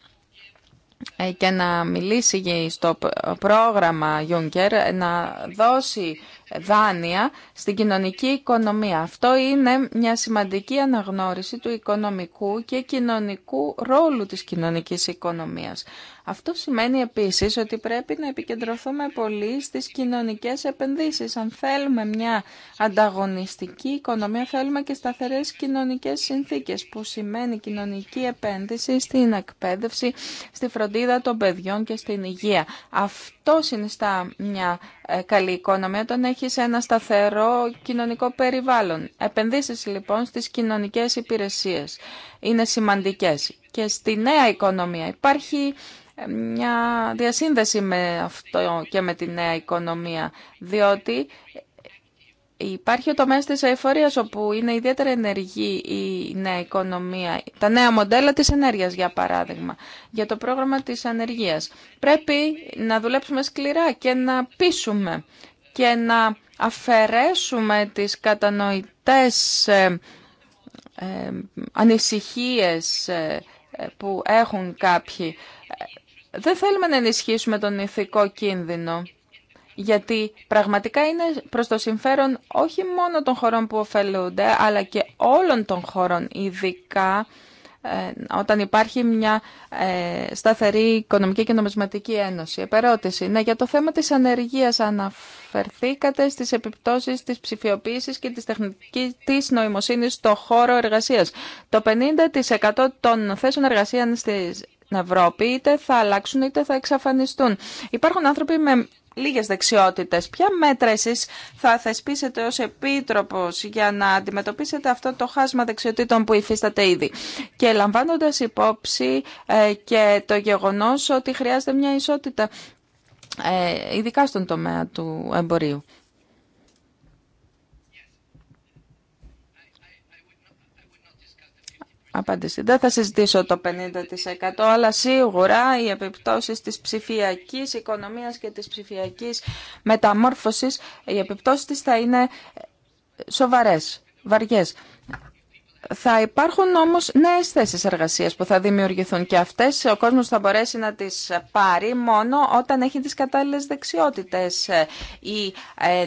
ε, και να μιλήσει στο πρόγραμμα Juncker, να δώσει δάνεια στην κοινωνική οικονομία. Αυτό είναι μια σημαντική αναγνώριση του οικονομικού και κοινωνικού ρόλου της κοινωνικής οικονομίας. Αυτό σημαίνει επίσης ότι πρέπει να επικεντρωθούμε πολύ στις κοινωνικές επενδύσεις. Αν θέλουμε μια ανταγωνιστική οικονομία, θέλουμε και σταθερές κοινωνικές συνθήκες, που σημαίνει κοινωνική επένδυση στην εκπαίδευση, στη φροντίδα των παιδιών και στην υγεία. Αυτό συνιστά μια ε, καλή οικονομία όταν έχει ένα σταθερό κοινωνικό περιβάλλον. Επενδύσεις λοιπόν στις κοινωνικές υπηρεσίες είναι σημαντικές. Και στη νέα οικονομία υπάρχει ε, μια διασύνδεση με αυτό και με τη νέα οικονομία, διότι υπάρχει το τομέας της αεφορίας όπου είναι ιδιαίτερα ενεργή η νέα οικονομία, τα νέα μοντέλα της ενέργειας για παράδειγμα, για το πρόγραμμα της ανεργίας. Πρέπει να δουλέψουμε σκληρά και να πείσουμε και να αφαιρέσουμε τις κατανοητές ε, ε, ανησυχίες ε, που έχουν κάποιοι. Δεν θέλουμε να ενισχύσουμε τον ηθικό κίνδυνο, γιατί πραγματικά είναι προς το συμφέρον όχι μόνο των χωρών που ωφελούνται, αλλά και όλων των χωρών, ειδικά ε, όταν υπάρχει μια ε, σταθερή οικονομική και νομισματική ένωση. Επερώτηση. Ναι, για το θέμα της ανεργίας αναφερθήκατε στις επιπτώσεις της ψηφιοποίησης και της τεχνικής νοημοσύνης στο χώρο εργασίας. Το 50% των θέσεων εργασίας στην Ευρώπη είτε θα αλλάξουν είτε θα εξαφανιστούν. Υπάρχουν άνθρωποι με λίγες δεξιότητες. Ποια μέτρα εσείς θα θεσπίσετε ως επίτροπος για να αντιμετωπίσετε αυτό το χάσμα δεξιοτήτων που υφίσταται ήδη. Και λαμβάνοντας υπόψη ε, και το γεγονός ότι χρειάζεται μια ισότητα, ε, ειδικά στον τομέα του εμπορίου. απάντηση. Δεν θα συζητήσω το 50% αλλά σίγουρα οι επιπτώσεις της ψηφιακής οικονομίας και της ψηφιακής μεταμόρφωσης, οι επιπτώσεις της θα είναι σοβαρές, βαριές. Θα υπάρχουν όμως νέες θέσεις εργασίας που θα δημιουργηθούν και αυτές ο κόσμος θα μπορέσει να τις πάρει μόνο όταν έχει τις κατάλληλες δεξιότητες. Η ε,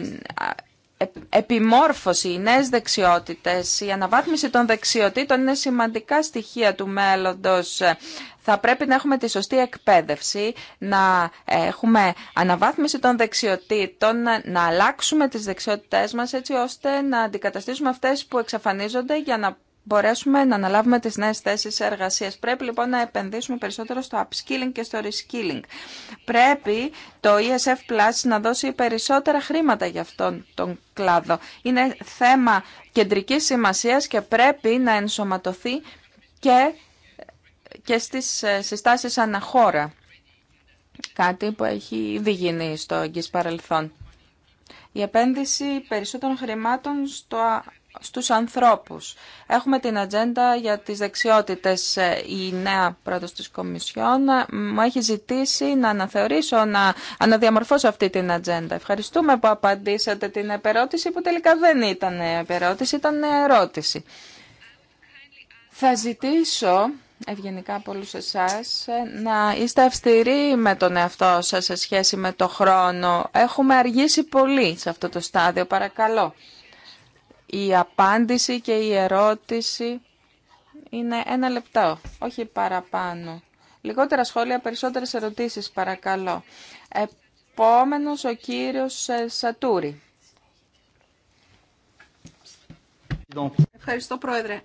επιμόρφωση, οι νέες δεξιότητες, η αναβάθμιση των δεξιοτήτων είναι σημαντικά στοιχεία του μέλλοντος. Θα πρέπει να έχουμε τη σωστή εκπαίδευση, να έχουμε αναβάθμιση των δεξιοτήτων, να αλλάξουμε τις δεξιότητές μας έτσι ώστε να αντικαταστήσουμε αυτές που εξαφανίζονται για να μπορέσουμε να αναλάβουμε τις νέες θέσεις εργασίας. Πρέπει λοιπόν να επενδύσουμε περισσότερο στο upskilling και στο reskilling. Πρέπει το ESF Plus να δώσει περισσότερα χρήματα για αυτόν τον κλάδο. Είναι θέμα κεντρικής σημασίας και πρέπει να ενσωματωθεί και, και στις ε, συστάσεις αναχώρα. Κάτι που έχει ήδη γίνει στο εγγύς παρελθόν. Η επένδυση περισσότερων χρημάτων στο στους ανθρώπους. Έχουμε την ατζέντα για τις δεξιότητες ε, η νέα πρόεδρος της Κομισιόν. Ε, μου έχει ζητήσει να αναθεωρήσω, να αναδιαμορφώσω αυτή την ατζέντα. Ευχαριστούμε που απαντήσατε την επερώτηση που τελικά δεν ήταν επερώτηση, ήταν ερώτηση. Θα ζητήσω ευγενικά από όλους εσάς ε, να είστε αυστηροί με τον εαυτό σας σε σχέση με το χρόνο. Έχουμε αργήσει πολύ σε αυτό το στάδιο, παρακαλώ. Η απάντηση και η ερώτηση είναι ένα λεπτό, όχι παραπάνω. Λιγότερα σχόλια, περισσότερες ερωτήσεις παρακαλώ. Επόμενος ο κύριος ε, Σατούρη.
Ευχαριστώ Πρόεδρε.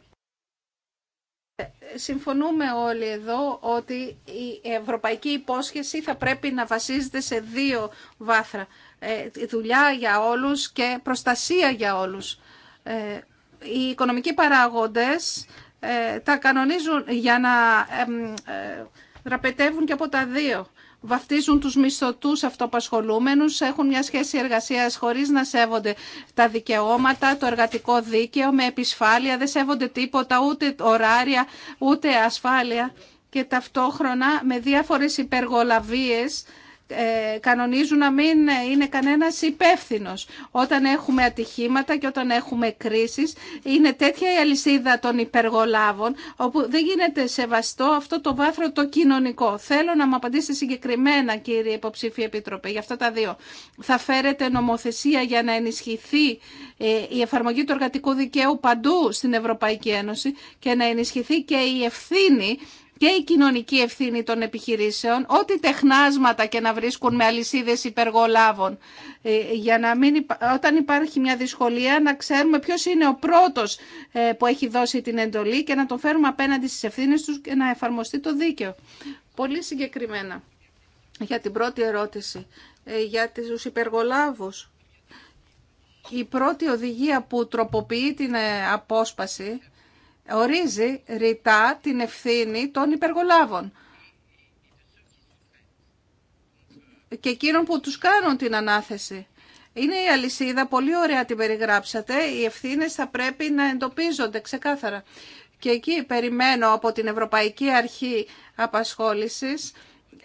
Ε, συμφωνούμε όλοι εδώ ότι η ευρωπαϊκή υπόσχεση θα πρέπει να βασίζεται σε δύο βάθρα. Ε, δουλειά για όλους και προστασία για όλους. Ε, οι οικονομικοί παράγοντες ε, τα κανονίζουν για να ε, ραπετεύουν και από τα δύο. Βαφτίζουν τους μισθωτούς αυτοπασχολούμενους, έχουν μια σχέση εργασίας χωρίς να σέβονται τα δικαιώματα, το εργατικό δίκαιο με επισφάλεια, δεν σέβονται τίποτα, ούτε ωράρια, ούτε ασφάλεια και ταυτόχρονα με διάφορες υπεργολαβίες ε, κανονίζουν να μην είναι κανένας υπεύθυνο. Όταν έχουμε ατυχήματα και όταν έχουμε κρίσεις, είναι τέτοια η αλυσίδα των υπεργολάβων, όπου δεν γίνεται σεβαστό αυτό το βάθρο το κοινωνικό. Θέλω να μου απαντήσετε συγκεκριμένα, κύριε υποψήφια Επίτροπε, για αυτά τα δύο. Θα φέρετε νομοθεσία για να ενισχυθεί ε, η εφαρμογή του εργατικού δικαίου παντού στην Ευρωπαϊκή Ένωση και να ενισχυθεί και η ευθύνη και η κοινωνική ευθύνη των επιχειρήσεων, ό,τι τεχνάσματα και να βρίσκουν με αλυσίδες υπεργολάβων, ε, για να μην όταν υπάρχει μια δυσκολία να ξέρουμε ποιο είναι ο πρώτος ε, που έχει δώσει την εντολή και να τον φέρουμε απέναντι στι ευθύνε του και να εφαρμοστεί το δίκαιο. Πολύ συγκεκριμένα για την πρώτη ερώτηση, ε, για τους υπεργολάβους. Η πρώτη οδηγία που τροποποιεί την απόσπαση ορίζει ρητά την ευθύνη των υπεργολάβων και εκείνων που τους κάνουν την ανάθεση. Είναι η αλυσίδα, πολύ ωραία την περιγράψατε, οι ευθύνε θα πρέπει να εντοπίζονται ξεκάθαρα. Και εκεί περιμένω από την Ευρωπαϊκή Αρχή Απασχόλησης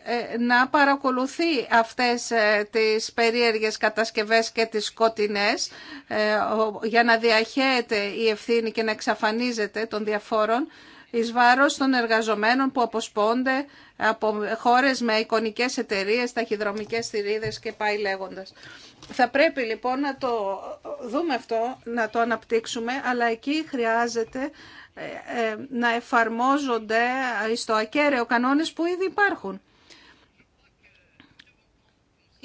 ε, να παρακολουθεί αυτές ε, τις περίεργες κατασκευές και τις σκοτεινές ε, για να διαχέεται η ευθύνη και να εξαφανίζεται των διαφόρων εις βάρος των εργαζομένων που αποσπώνται από χώρες με εικονικές εταιρείες, ταχυδρομικές θηρίδες και πάει λέγοντας. Θα πρέπει λοιπόν να το δούμε αυτό, να το αναπτύξουμε, αλλά εκεί χρειάζεται να εφαρμόζονται στο ακέραιο κανόνες που ήδη υπάρχουν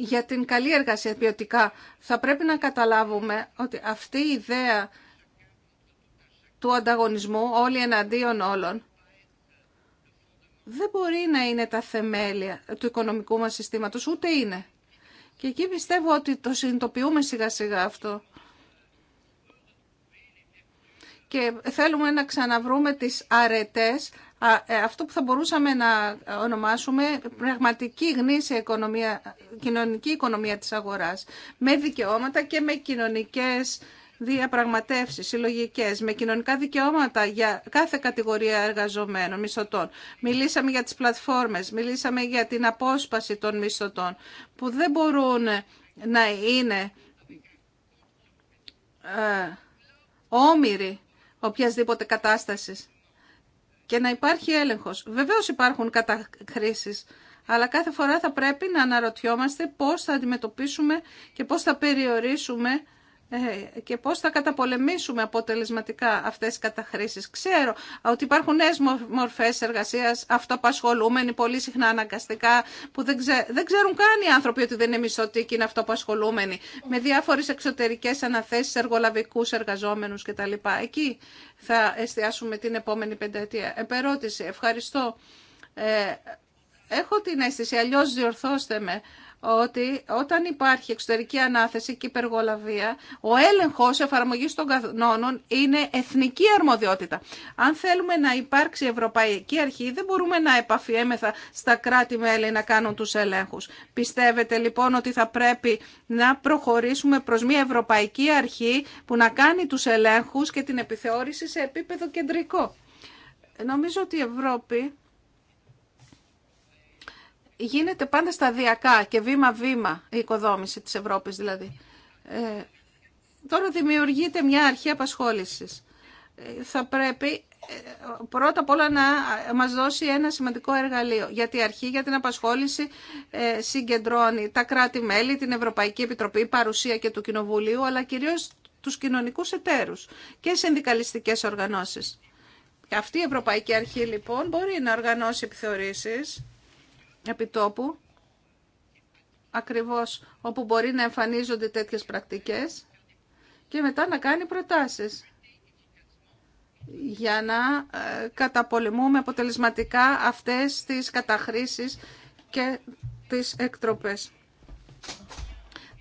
για την καλή εργασία ποιοτικά. Θα πρέπει να καταλάβουμε ότι αυτή η ιδέα του ανταγωνισμού όλοι εναντίον όλων δεν μπορεί να είναι τα θεμέλια του οικονομικού μας συστήματος, ούτε είναι. Και εκεί πιστεύω ότι το συνειδητοποιούμε σιγά σιγά αυτό. Και θέλουμε να ξαναβρούμε τις αρετές ε, αυτό που θα μπορούσαμε να ονομάσουμε πραγματική γνήσια οικονομία, κοινωνική οικονομία της αγοράς, με δικαιώματα και με κοινωνικές διαπραγματεύσεις συλλογικέ με κοινωνικά δικαιώματα για κάθε κατηγορία εργαζομένων, μισθωτών. Μιλήσαμε για τις πλατφόρμες, μιλήσαμε για την απόσπαση των μισθωτών, που δεν μπορούν να είναι ε, όμοιροι οποιασδήποτε κατάστασης και να υπάρχει έλεγχος. Βεβαίως υπάρχουν κατακρίσεις, αλλά κάθε φορά θα πρέπει να αναρωτιόμαστε πώς θα αντιμετωπίσουμε και πώς θα περιορίσουμε ε, και πώς θα καταπολεμήσουμε αποτελεσματικά αυτές τις καταχρήσεις. Ξέρω ότι υπάρχουν νέες μορφές εργασίας, αυτοπασχολούμενοι πολύ συχνά αναγκαστικά, που δεν, δεν ξέρουν καν οι άνθρωποι ότι δεν είναι μισθωτοί και είναι αυτοπασχολούμενοι, με διάφορες εξωτερικές αναθέσεις εργολαβικούς εργαζόμενους κτλ. Εκεί θα εστιάσουμε την επόμενη πενταετία. Επερώτηση, ευχαριστώ. Ε, έχω την αίσθηση, αλλιώς διορθώστε με, ότι όταν υπάρχει εξωτερική ανάθεση και υπεργολαβία, ο έλεγχο εφαρμογή των κανόνων είναι εθνική αρμοδιότητα. Αν θέλουμε να υπάρξει ευρωπαϊκή αρχή, δεν μπορούμε να επαφιέμεθα στα κράτη-μέλη να κάνουν του ελέγχου. Πιστεύετε λοιπόν ότι θα πρέπει να προχωρήσουμε προς μια ευρωπαϊκή αρχή που να κάνει τους ελέγχου και την επιθεώρηση σε επίπεδο κεντρικό. Νομίζω ότι η Ευρώπη γίνεται πάντα σταδιακά και βήμα-βήμα η οικοδόμηση της Ευρώπης δηλαδή. Ε, τώρα δημιουργείται μια αρχή απασχόλησης. Ε, θα πρέπει ε, πρώτα απ' όλα να ε, μας δώσει ένα σημαντικό εργαλείο. Γιατί η αρχή για την απασχόληση συγκεντρώνει τα κράτη-μέλη, την Ευρωπαϊκή Επιτροπή, παρουσία και του Κοινοβουλίου, αλλά κυρίως τους κοινωνικούς εταίρους και συνδικαλιστικές οργανώσεις. Αυτή η Ευρωπαϊκή Αρχή λοιπόν μπορεί να οργανώσει επιθεωρήσεις επιτόπου, ακριβώς όπου μπορεί να εμφανίζονται τέτοιες πρακτικές και μετά να κάνει προτάσεις για να ε, καταπολεμούμε αποτελεσματικά αυτές τις καταχρήσεις και τις εκτροπές.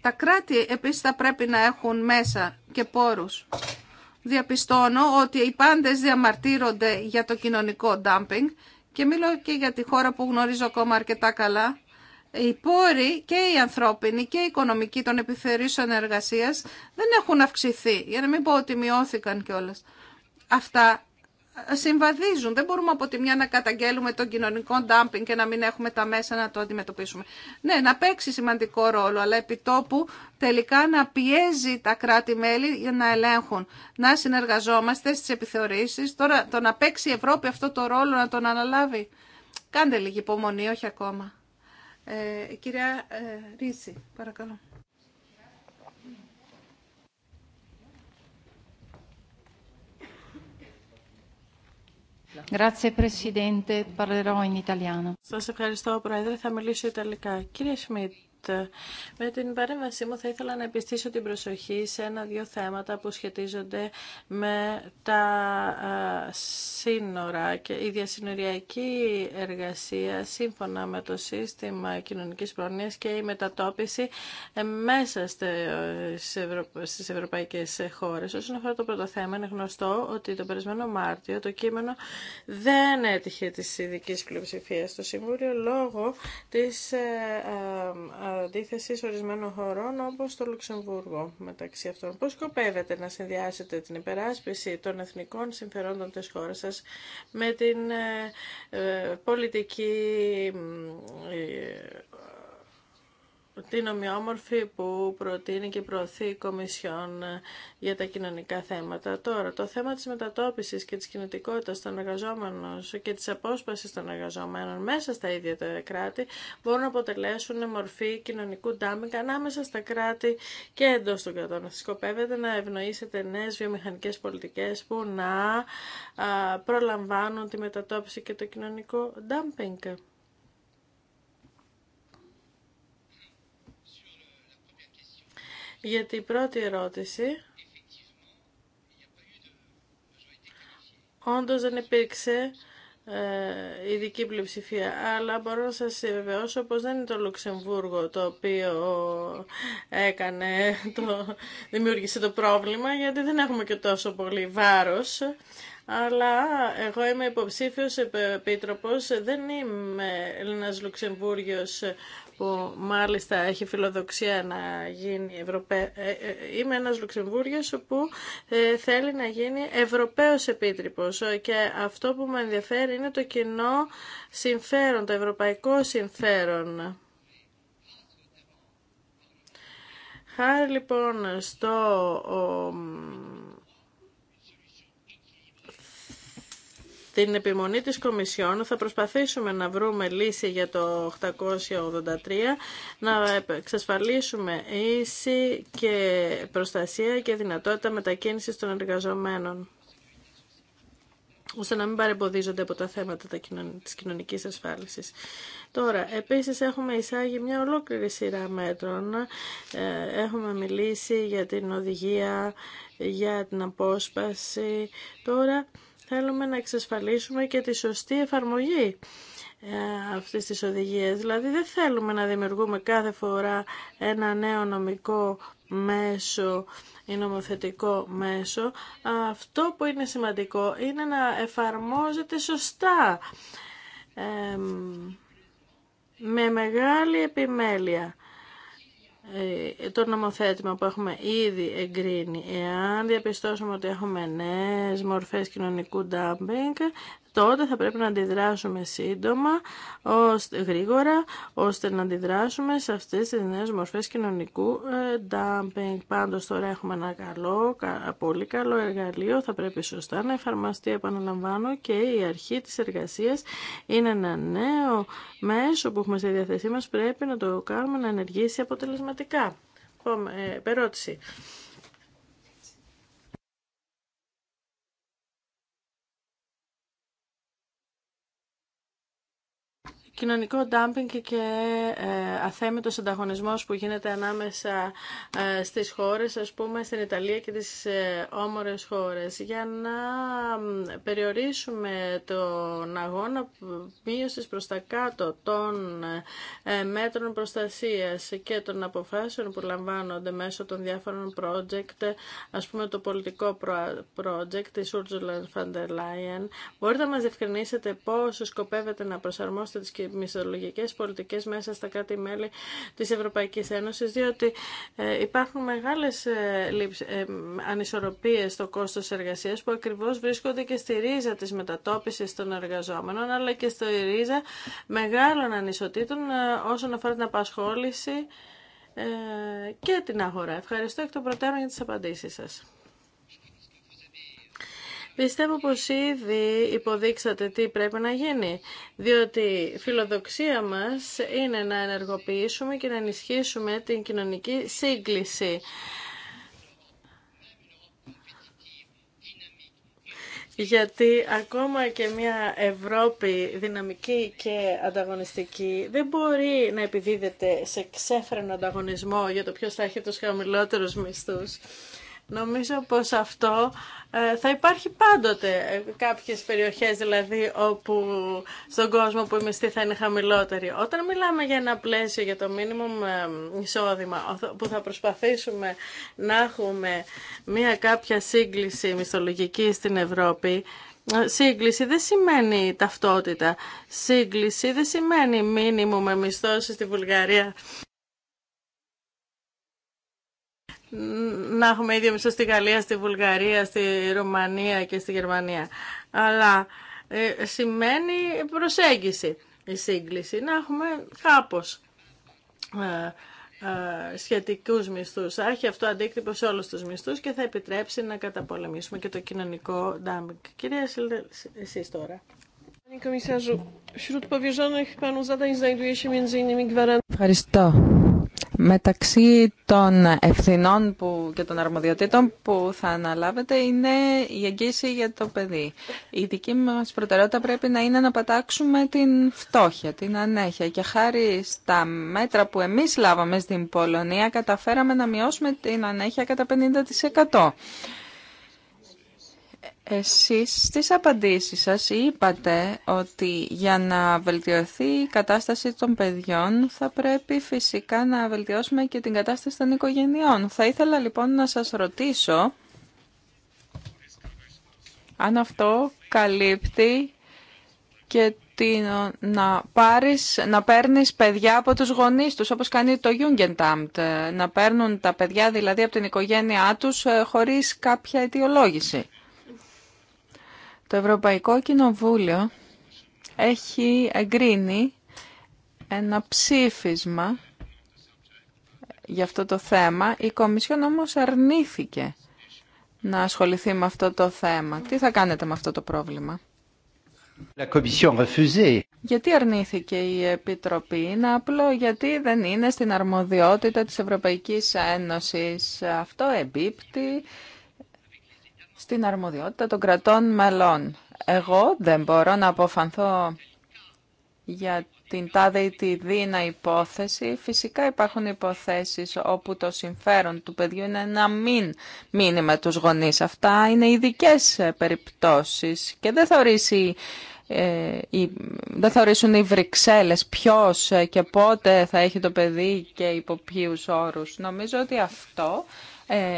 Τα κράτη επίσης θα πρέπει να έχουν μέσα και πόρους. Διαπιστώνω ότι οι πάντες διαμαρτύρονται για το κοινωνικό ντάμπινγκ και μιλώ και για τη χώρα που γνωρίζω ακόμα αρκετά καλά, οι πόροι και οι ανθρώπινοι και οι οικονομικοί των επιθερήσεων εργασίας δεν έχουν αυξηθεί, για να μην πω ότι μειώθηκαν κιόλας. Αυτά συμβαδίζουν. Δεν μπορούμε από τη μια να καταγγέλουμε τον κοινωνικό ντάμπινγκ και να μην έχουμε τα μέσα να το αντιμετωπίσουμε. Ναι, να παίξει σημαντικό ρόλο, αλλά επί τόπου τελικά να πιέζει τα κράτη-μέλη για να ελέγχουν, να συνεργαζόμαστε στις επιθεωρήσεις. Τώρα το να παίξει η Ευρώπη αυτό το ρόλο, να τον αναλάβει. Κάντε λίγη υπομονή, όχι ακόμα. Ε, κυρία ε, Ρίση, παρακαλώ.
Σας ευχαριστώ, Πρόεδρε. Θα μιλήσω Ιταλικά. Κύριε Σμιτ, με την παρέμβασή μου θα ήθελα να επιστήσω την προσοχή σε ένα-δύο θέματα που σχετίζονται με τα σύνορα και η διασυνοριακή εργασία σύμφωνα με το σύστημα κοινωνικής πρόνοιας και η μετατόπιση ε, μέσα στις ευρωπαϊκές χώρες. Όσον αφορά το πρώτο θέμα, είναι γνωστό ότι το περασμένο Μάρτιο το κείμενο δεν έτυχε της ειδική πλειοψηφία στο Συμβούλιο λόγω της ε, ε, αντίθεση ορισμένων χωρών όπως το Λουξεμβούργο μεταξύ αυτών. Πώς σκοπεύετε να συνδυάσετε την υπεράσπιση των εθνικών συμφερόντων της χώρας σας με την ε, ε, πολιτική ε, την ομοιόμορφη που προτείνει και προωθεί η Κομισιόν ε, για τα κοινωνικά θέματα. Τώρα, το θέμα της μετατόπισης και της κινητικότητας των εργαζόμενων και της απόσπασης των εργαζομένων μέσα στα ίδια τα κράτη μπορούν να αποτελέσουν μορφή κοινωνικού ντάμικα ανάμεσα στα κράτη και εντός των κρατών. Σκοπεύετε να ευνοήσετε νέες βιομηχανικές πολιτικές που να προλαμβάνουν τη μετατόπιση και το κοινωνικό ντάμπινγκ. για την πρώτη ερώτηση. Όντως δεν υπήρξε ε, ειδική πλειοψηφία. Αλλά μπορώ να σας βεβαιώσω πως δεν είναι το Λουξεμβούργο το οποίο έκανε, το, δημιούργησε το πρόβλημα, γιατί δεν έχουμε και τόσο πολύ βάρος αλλά εγώ είμαι υποψήφιος επίτροπος, δεν είμαι Έλληνας Λουξεμβούργιος που μάλιστα έχει φιλοδοξία να γίνει Ευρωπαίος. Ε, ε, ε, είμαι ένας Λουξεμβούργιος που θέλει να γίνει Ευρωπαίος επίτροπος και αυτό που με ενδιαφέρει είναι το κοινό συμφέρον, το ευρωπαϊκό συμφέρον. Χάρη λοιπόν στο Στην επιμονή της Κομισιόν θα προσπαθήσουμε να βρούμε λύση για το 883, να εξασφαλίσουμε ίση και προστασία και δυνατότητα μετακίνησης των εργαζομένων ώστε να μην παρεμποδίζονται από τα θέματα της κοινωνικής ασφάλισης. Τώρα, επίσης έχουμε εισάγει μια ολόκληρη σειρά μέτρων. Ε, έχουμε μιλήσει για την οδηγία, για την απόσπαση. Τώρα θέλουμε να εξασφαλίσουμε και τη σωστή εφαρμογή ε, αυτής της οδηγίας. Δηλαδή δεν θέλουμε να δημιουργούμε κάθε φορά ένα νέο νομικό μέσο ή νομοθετικό μέσο. Αυτό που είναι σημαντικό είναι να εφαρμόζεται σωστά, ε, με μεγάλη επιμέλεια. Ε, το νομοθέτημα που έχουμε ήδη εγκρίνει, εάν διαπιστώσουμε ότι έχουμε νέες μορφές κοινωνικού ντάμπινγκ, τότε θα πρέπει να αντιδράσουμε σύντομα, ώστε, γρήγορα, ώστε να αντιδράσουμε σε αυτές τις νέες μορφές κοινωνικού ε, dumping. Πάντως τώρα έχουμε ένα καλό, πολύ καλό εργαλείο, θα πρέπει σωστά να εφαρμαστεί, επαναλαμβάνω, και η αρχή της εργασίας είναι ένα νέο μέσο που έχουμε στη διαθεσή μας, πρέπει να το κάνουμε να ενεργήσει αποτελεσματικά. Περώτηση. κοινωνικό ντάμπινγκ και ε, αθέμητος ανταγωνισμός που γίνεται ανάμεσα ε, στις χώρες, ας πούμε στην Ιταλία και τις ε, όμορες χώρες. Για να περιορίσουμε τον αγώνα μείωσης προς τα κάτω των μέτρων προστασίας και των αποφάσεων που λαμβάνονται μέσω των διάφορων project, ας πούμε το πολιτικό project της Ursula von der Leyen, μπορείτε να μας διευκρινίσετε πώς σκοπεύετε να προσαρμόσετε τις μισθολογικές πολιτικές μέσα στα κάτι μελη τη Ευρωπαϊκή Ένωση, διότι ε, υπάρχουν μεγάλες ε, ε, ανισορροπίες στο κόστος εργασία που ακριβώς βρίσκονται και στη ρίζα της μετατόπισης των εργαζόμενων, αλλά και στη ρίζα μεγάλων ανισοτήτων όσον αφορά την απασχόληση και την αγορά. Ευχαριστώ εκ των προτέρων για τις απαντήσεις σας. Πιστεύω πως ήδη υποδείξατε τι πρέπει να γίνει, διότι φιλοδοξία μας είναι να ενεργοποιήσουμε και να ενισχύσουμε την κοινωνική σύγκληση. γιατί ακόμα και μια Ευρώπη δυναμική και ανταγωνιστική δεν μπορεί να επιδίδεται σε ξέφρενο ανταγωνισμό για το ποιος θα έχει τους χαμηλότερους μισθούς. Νομίζω πως αυτό ε, θα υπάρχει πάντοτε ε, κάποιες περιοχές δηλαδή όπου στον κόσμο που η μισθή θα είναι χαμηλότερη. Όταν μιλάμε για ένα πλαίσιο για το μίνιμουμ ε, εισόδημα που θα προσπαθήσουμε να έχουμε μια κάποια σύγκληση μισθολογική στην Ευρώπη, Σύγκληση δεν σημαίνει ταυτότητα. Σύγκληση δεν σημαίνει μήνυμο με μισθώσεις στη Βουλγαρία να έχουμε ίδιο μισθό στη Γαλλία, στη Βουλγαρία, στη Ρουμανία και στη Γερμανία. Αλλά ε, σημαίνει προσέγγιση η σύγκληση. Να έχουμε κάπως ε, ε, σχετικούς μισθούς. έχει αυτό αντίκτυπο σε όλους τους μισθούς και θα επιτρέψει να καταπολεμήσουμε και το κοινωνικό ντάμπινγκ. Κυρία Σιλδε, εσείς τώρα.
Ευχαριστώ μεταξύ των ευθυνών που και των αρμοδιοτήτων που θα αναλάβετε είναι η εγγύηση για το παιδί. Η δική μας προτεραιότητα πρέπει να είναι να πατάξουμε την φτώχεια, την ανέχεια και χάρη στα μέτρα που εμείς λάβαμε στην Πολωνία καταφέραμε να μειώσουμε την ανέχεια κατά 50%. Εσείς στις απαντήσεις σας είπατε ότι για να βελτιωθεί η κατάσταση των παιδιών θα πρέπει φυσικά να βελτιώσουμε και την κατάσταση των οικογενειών. Θα ήθελα λοιπόν να σας ρωτήσω αν αυτό καλύπτει και να, πάρεις, να παίρνεις παιδιά από τους γονείς τους, όπως κάνει το Jungentamt, να παίρνουν τα παιδιά δηλαδή από την οικογένειά τους ε, χωρίς κάποια αιτιολόγηση. Το Ευρωπαϊκό Κοινοβούλιο έχει εγκρίνει ένα ψήφισμα για αυτό το θέμα. Η Κομισιόν όμως αρνήθηκε να ασχοληθεί με αυτό το θέμα. Τι θα κάνετε με αυτό το πρόβλημα.
La
γιατί αρνήθηκε η Επιτροπή, είναι απλό γιατί δεν είναι στην αρμοδιότητα της Ευρωπαϊκής Ένωσης. Αυτό εμπίπτει στην αρμοδιότητα των κρατών μελών. Εγώ δεν μπορώ να αποφανθώ για την τάδε ή τη δίνα υπόθεση. Φυσικά υπάρχουν υποθέσεις όπου το συμφέρον του παιδιού είναι να μην μείνει με τους γονείς. Αυτά είναι ειδικέ ε, περιπτώσεις και δεν θα ορίσει ε, δεν θα ορίσουν οι Βρυξέλλες ποιος ε, και πότε θα έχει το παιδί και υπό ποιους όρους. Νομίζω ότι αυτό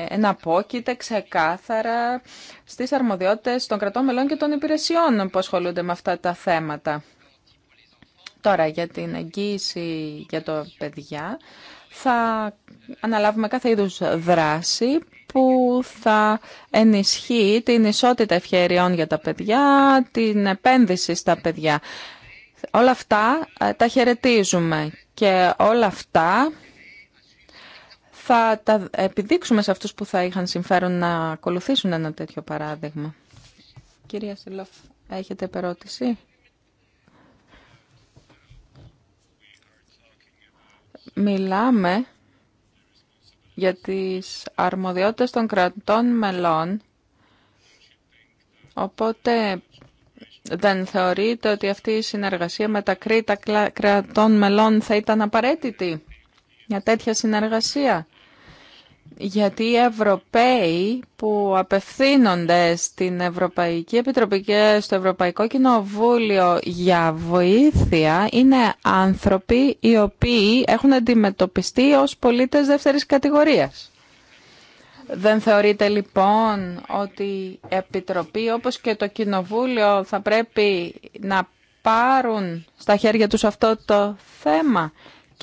εναπόκειται ξεκάθαρα στις αρμοδιότητες των κρατών μελών και των υπηρεσιών που ασχολούνται με αυτά τα θέματα. Τώρα για την εγγύηση για το παιδιά θα αναλάβουμε κάθε είδους δράση που θα ενισχύει την ισότητα ευκαιριών για τα παιδιά, την επένδυση στα παιδιά. Όλα αυτά ε, τα χαιρετίζουμε και όλα αυτά θα τα επιδείξουμε σε αυτούς που θα είχαν συμφέρον να ακολουθήσουν ένα τέτοιο παράδειγμα. Κυρία Σιλόφ, έχετε επερώτηση. Μιλάμε για τις αρμοδιότητες των κρατών μελών, οπότε δεν θεωρείτε ότι αυτή η συνεργασία με τα κρήτα κρατών μελών θα ήταν απαραίτητη μια τέτοια συνεργασία. Γιατί οι Ευρωπαίοι που απευθύνονται στην Ευρωπαϊκή Επιτροπή και στο Ευρωπαϊκό Κοινοβούλιο για βοήθεια είναι άνθρωποι οι οποίοι έχουν αντιμετωπιστεί ως πολίτες δεύτερης κατηγορίας. Δεν θεωρείτε λοιπόν ότι η Επιτροπή όπως και το Κοινοβούλιο θα πρέπει να πάρουν στα χέρια τους αυτό το θέμα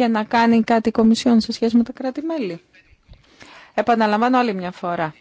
και να κάνει κάτι η Κομισιόν σε σχέση με τα κράτη-μέλη. Επαναλαμβάνω όλη μια φορά.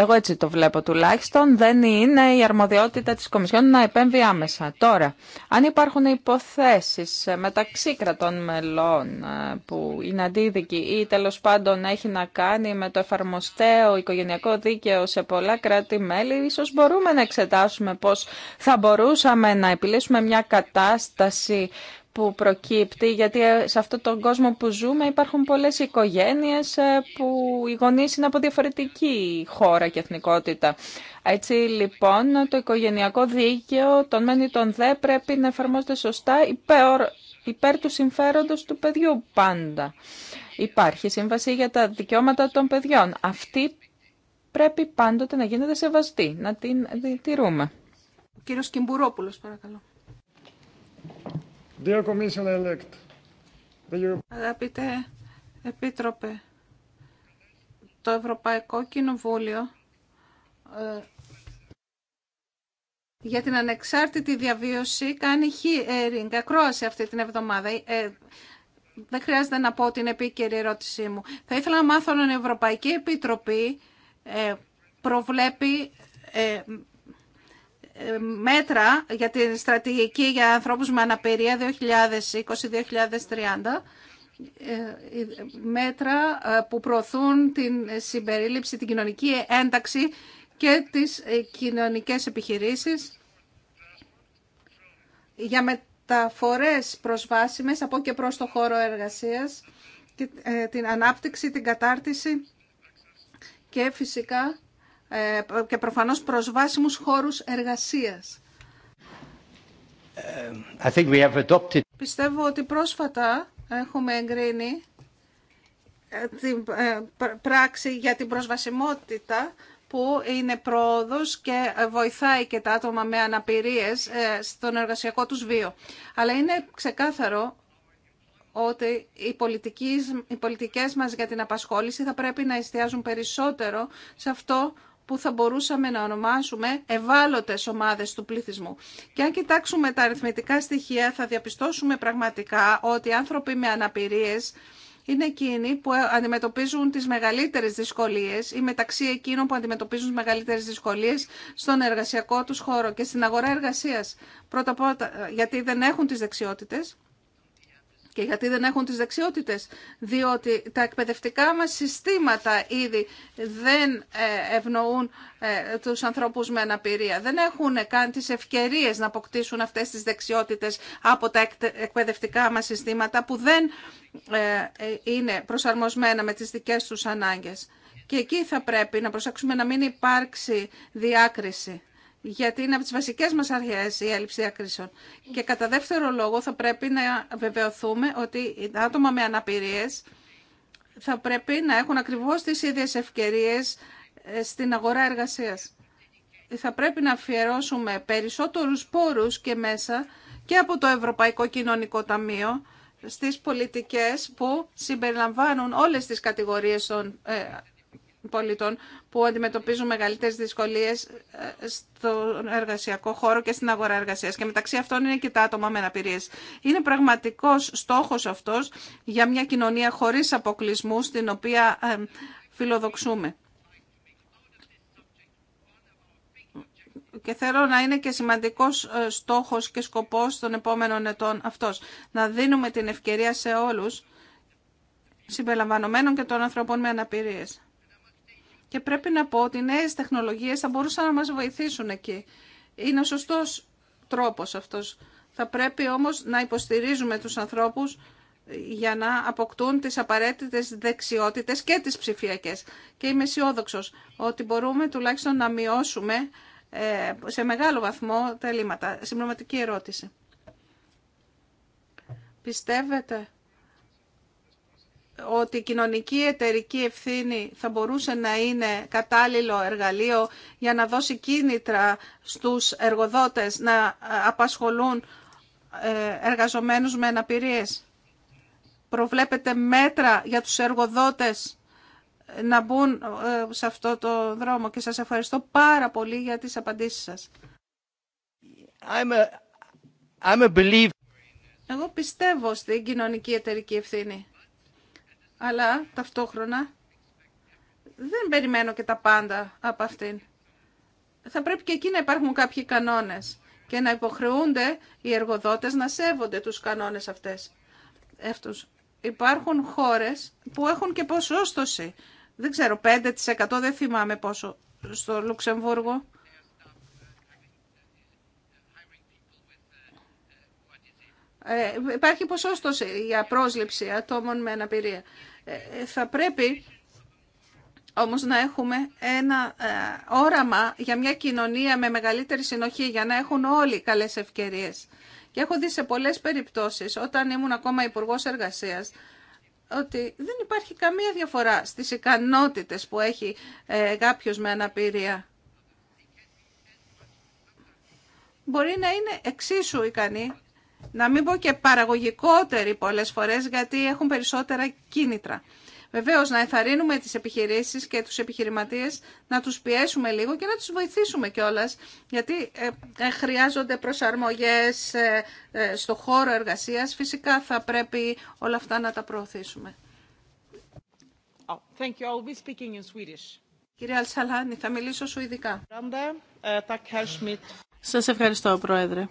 Εγώ έτσι το βλέπω τουλάχιστον. Δεν είναι η αρμοδιότητα της Κομισιόν να επέμβει άμεσα. Τώρα, αν υπάρχουν υποθέσεις μεταξύ κρατών μελών ε, που είναι αντίδικοι ή τέλος πάντων έχει να κάνει με το εφαρμοστέο οικογενειακό δίκαιο σε πολλά κράτη-μέλη, ίσως μπορούμε να εξετάσουμε πώς θα μπορούσαμε να επιλύσουμε μια κατάσταση που προκύπτει, γιατί ε, σε αυτόν τον κόσμο που ζούμε υπάρχουν πολλές οικογένειες ε, που οι γονείς είναι από διαφορετική χώρα και εθνικότητα. Έτσι λοιπόν το οικογενειακό δίκαιο των μεν ή των δε πρέπει να εφαρμόζεται σωστά υπέρ, υπέρ του συμφέροντος του παιδιού πάντα. Υπάρχει σύμβαση για τα δικαιώματα των παιδιών. Αυτή πρέπει πάντοτε να γίνεται σεβαστή, να την τηρούμε.
κύριος παρακαλώ. Αγαπητέ Επίτροπε, το Ευρωπαϊκό Κοινοβούλιο ε, για την ανεξάρτητη διαβίωση κάνει hearing, ακρόαση αυτή την εβδομάδα. Ε, δεν χρειάζεται να πω την επίκαιρη ερώτησή μου. Θα ήθελα να μάθω αν η Ευρωπαϊκή Επιτροπή ε, προβλέπει ε, μέτρα για την στρατηγική για ανθρώπους με αναπηρία 2020-2030 ε, ε, μέτρα ε, που προωθούν την συμπερίληψη, την κοινωνική ένταξη και τις κοινωνικές επιχειρήσεις για μεταφορές προσβάσιμες από και προς το χώρο εργασίας, την ανάπτυξη, την κατάρτιση και φυσικά ε, και προφανώς προσβάσιμους χώρους εργασίας.
Ε, I think we
Πιστεύω ότι πρόσφατα έχουμε εγκρίνει ε, την πράξη για την προσβασιμότητα που είναι πρόοδος και βοηθάει και τα άτομα με αναπηρίες στον εργασιακό τους βίο. Αλλά είναι ξεκάθαρο ότι οι, πολιτικές, οι πολιτικές μας για την απασχόληση θα πρέπει να εστιάζουν περισσότερο σε αυτό που θα μπορούσαμε να ονομάσουμε ευάλωτες ομάδες του πληθυσμού. Και αν κοιτάξουμε τα αριθμητικά στοιχεία θα διαπιστώσουμε πραγματικά ότι άνθρωποι με αναπηρίες είναι εκείνοι που αντιμετωπίζουν τις μεγαλύτερες δυσκολίες ή μεταξύ εκείνων που αντιμετωπίζουν τις μεγαλύτερες δυσκολίες στον εργασιακό τους χώρο και στην αγορά εργασίας. Πρώτα απ' όλα γιατί δεν έχουν τις δεξιότητες και γιατί δεν έχουν τις δεξιότητες, διότι τα εκπαιδευτικά μας συστήματα ήδη δεν ε, ευνοούν ε, τους ανθρώπους με αναπηρία. Δεν έχουν καν τις ευκαιρίες να αποκτήσουν αυτές τις δεξιότητες από τα εκπαιδευτικά μας συστήματα που δεν ε, είναι προσαρμοσμένα με τις δικές τους ανάγκες. Και εκεί θα πρέπει να προσέξουμε να μην υπάρξει διάκριση γιατί είναι από τις βασικές μας αρχές η έλλειψη διακρίσεων. Και κατά δεύτερο λόγο θα πρέπει να βεβαιωθούμε ότι τα άτομα με αναπηρίες θα πρέπει να έχουν ακριβώς τις ίδιες ευκαιρίες ε, στην αγορά εργασίας. Θα πρέπει να αφιερώσουμε περισσότερους πόρους και μέσα και από το Ευρωπαϊκό Κοινωνικό Ταμείο στις πολιτικές που συμπεριλαμβάνουν όλες τις κατηγορίες των ε, πολιτών που αντιμετωπίζουν μεγαλύτερες δυσκολίες ε, στον εργασιακό χώρο και στην αγορά εργασίας. Και μεταξύ αυτών είναι και τα άτομα με αναπηρίες. Είναι πραγματικός στόχος αυτός για μια κοινωνία χωρίς αποκλεισμού στην οποία ε, φιλοδοξούμε. και θέλω να είναι και σημαντικός ε, στόχος και σκοπός των επόμενων ετών αυτός. Να δίνουμε την ευκαιρία σε όλους, συμπεριλαμβανομένων και των ανθρώπων με αναπηρίες. Και πρέπει να πω ότι οι νέες τεχνολογίες θα μπορούσαν να μας βοηθήσουν εκεί. Είναι ο σωστός τρόπος αυτός. Θα πρέπει όμως να υποστηρίζουμε τους ανθρώπους για να αποκτούν τις απαραίτητες δεξιότητες και τις ψηφιακές. Και είμαι αισιόδοξο ότι μπορούμε τουλάχιστον να μειώσουμε ε, σε μεγάλο βαθμό τα ελλείμματα. Συμπληρωματική ερώτηση. Πιστεύετε ότι η κοινωνική εταιρική ευθύνη θα μπορούσε να είναι κατάλληλο εργαλείο για να δώσει κίνητρα στους εργοδότες να ε, απασχολούν ε, εργαζομένους με αναπηρίες. Προβλέπετε μέτρα για τους εργοδότες να μπουν ε, σε αυτό το δρόμο και σας ευχαριστώ πάρα πολύ για τις απαντήσεις σας. I'm I'm a believer. Εγώ πιστεύω στην κοινωνική εταιρική ευθύνη αλλά ταυτόχρονα δεν περιμένω και τα πάντα από αυτήν. Θα πρέπει και εκεί να υπάρχουν κάποιοι κανόνες και να υποχρεούνται οι εργοδότες να σέβονται τους κανόνες αυτές. Υπάρχουν χώρες που έχουν και ποσόστοση. Δεν ξέρω, 5% δεν θυμάμαι πόσο στο Λουξεμβούργο. Ε, υπάρχει ποσόστοση για πρόσληψη ατόμων με αναπηρία. Ε, θα πρέπει όμως να έχουμε ένα ε, όραμα για μια κοινωνία με μεγαλύτερη συνοχή, για να έχουν όλοι καλές ευκαιρίες. Και έχω δει σε πολλές περιπτώσεις, όταν ήμουν ακόμα υπουργό Εργασίας, ότι δεν υπάρχει καμία διαφορά στις ικανότητες που έχει ε, κάποιος με αναπηρία. Μπορεί να είναι εξίσου ικανή να μην πω και παραγωγικότεροι πολλές φορές γιατί έχουν περισσότερα κίνητρα. Βεβαίω, να εθαρρύνουμε τι επιχειρήσει και του επιχειρηματίε, να τους πιέσουμε λίγο και να του βοηθήσουμε κιόλα, γιατί ε, ε, χρειάζονται προσαρμογέ ε, στο χώρο εργασίας. Φυσικά θα πρέπει όλα αυτά να τα προωθήσουμε. Oh, thank Κύριε Αλσαλάνη, θα μιλήσω σου ειδικά.
Σας ευχαριστώ, Πρόεδρε.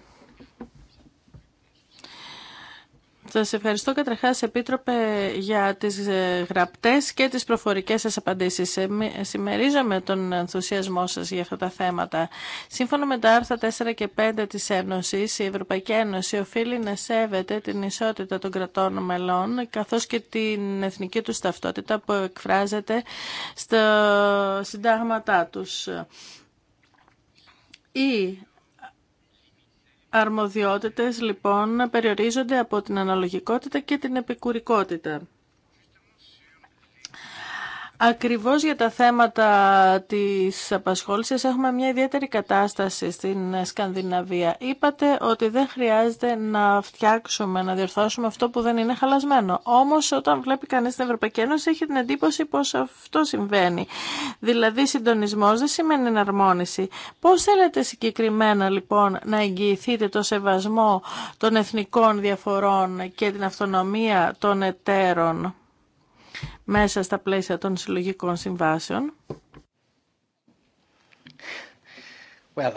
Σα ευχαριστώ καταρχά Επίτροπε για τις ε, γραπτές και τις προφορικές σα απαντήσεις. Ε, ε, συμμερίζομαι τον ενθουσιασμό σας για αυτά τα θέματα. Σύμφωνα με τα άρθρα 4 και 5 της Ένωσης, η Ευρωπαϊκή Ένωση οφείλει να σέβεται την ισότητα των κρατών μελών, καθώς και την εθνική τους ταυτότητα που εκφράζεται στα συντάγματά του. Η αρμοδιότητες λοιπόν περιορίζονται από την αναλογικότητα και την επικουρικότητα. Ακριβώς για τα θέματα της απασχόλησης έχουμε μια ιδιαίτερη κατάσταση στην Σκανδιναβία. Είπατε ότι δεν χρειάζεται να φτιάξουμε, να διορθώσουμε αυτό που δεν είναι χαλασμένο. Όμως όταν βλέπει κανείς την Ευρωπαϊκή Ένωση έχει την εντύπωση πως αυτό συμβαίνει. Δηλαδή συντονισμός δεν σημαίνει εναρμόνιση. Πώς θέλετε συγκεκριμένα λοιπόν να εγγυηθείτε το σεβασμό των εθνικών διαφορών και την αυτονομία των εταίρων μέσα στα πλαίσια των συλλογικών συμβάσεων.
Well,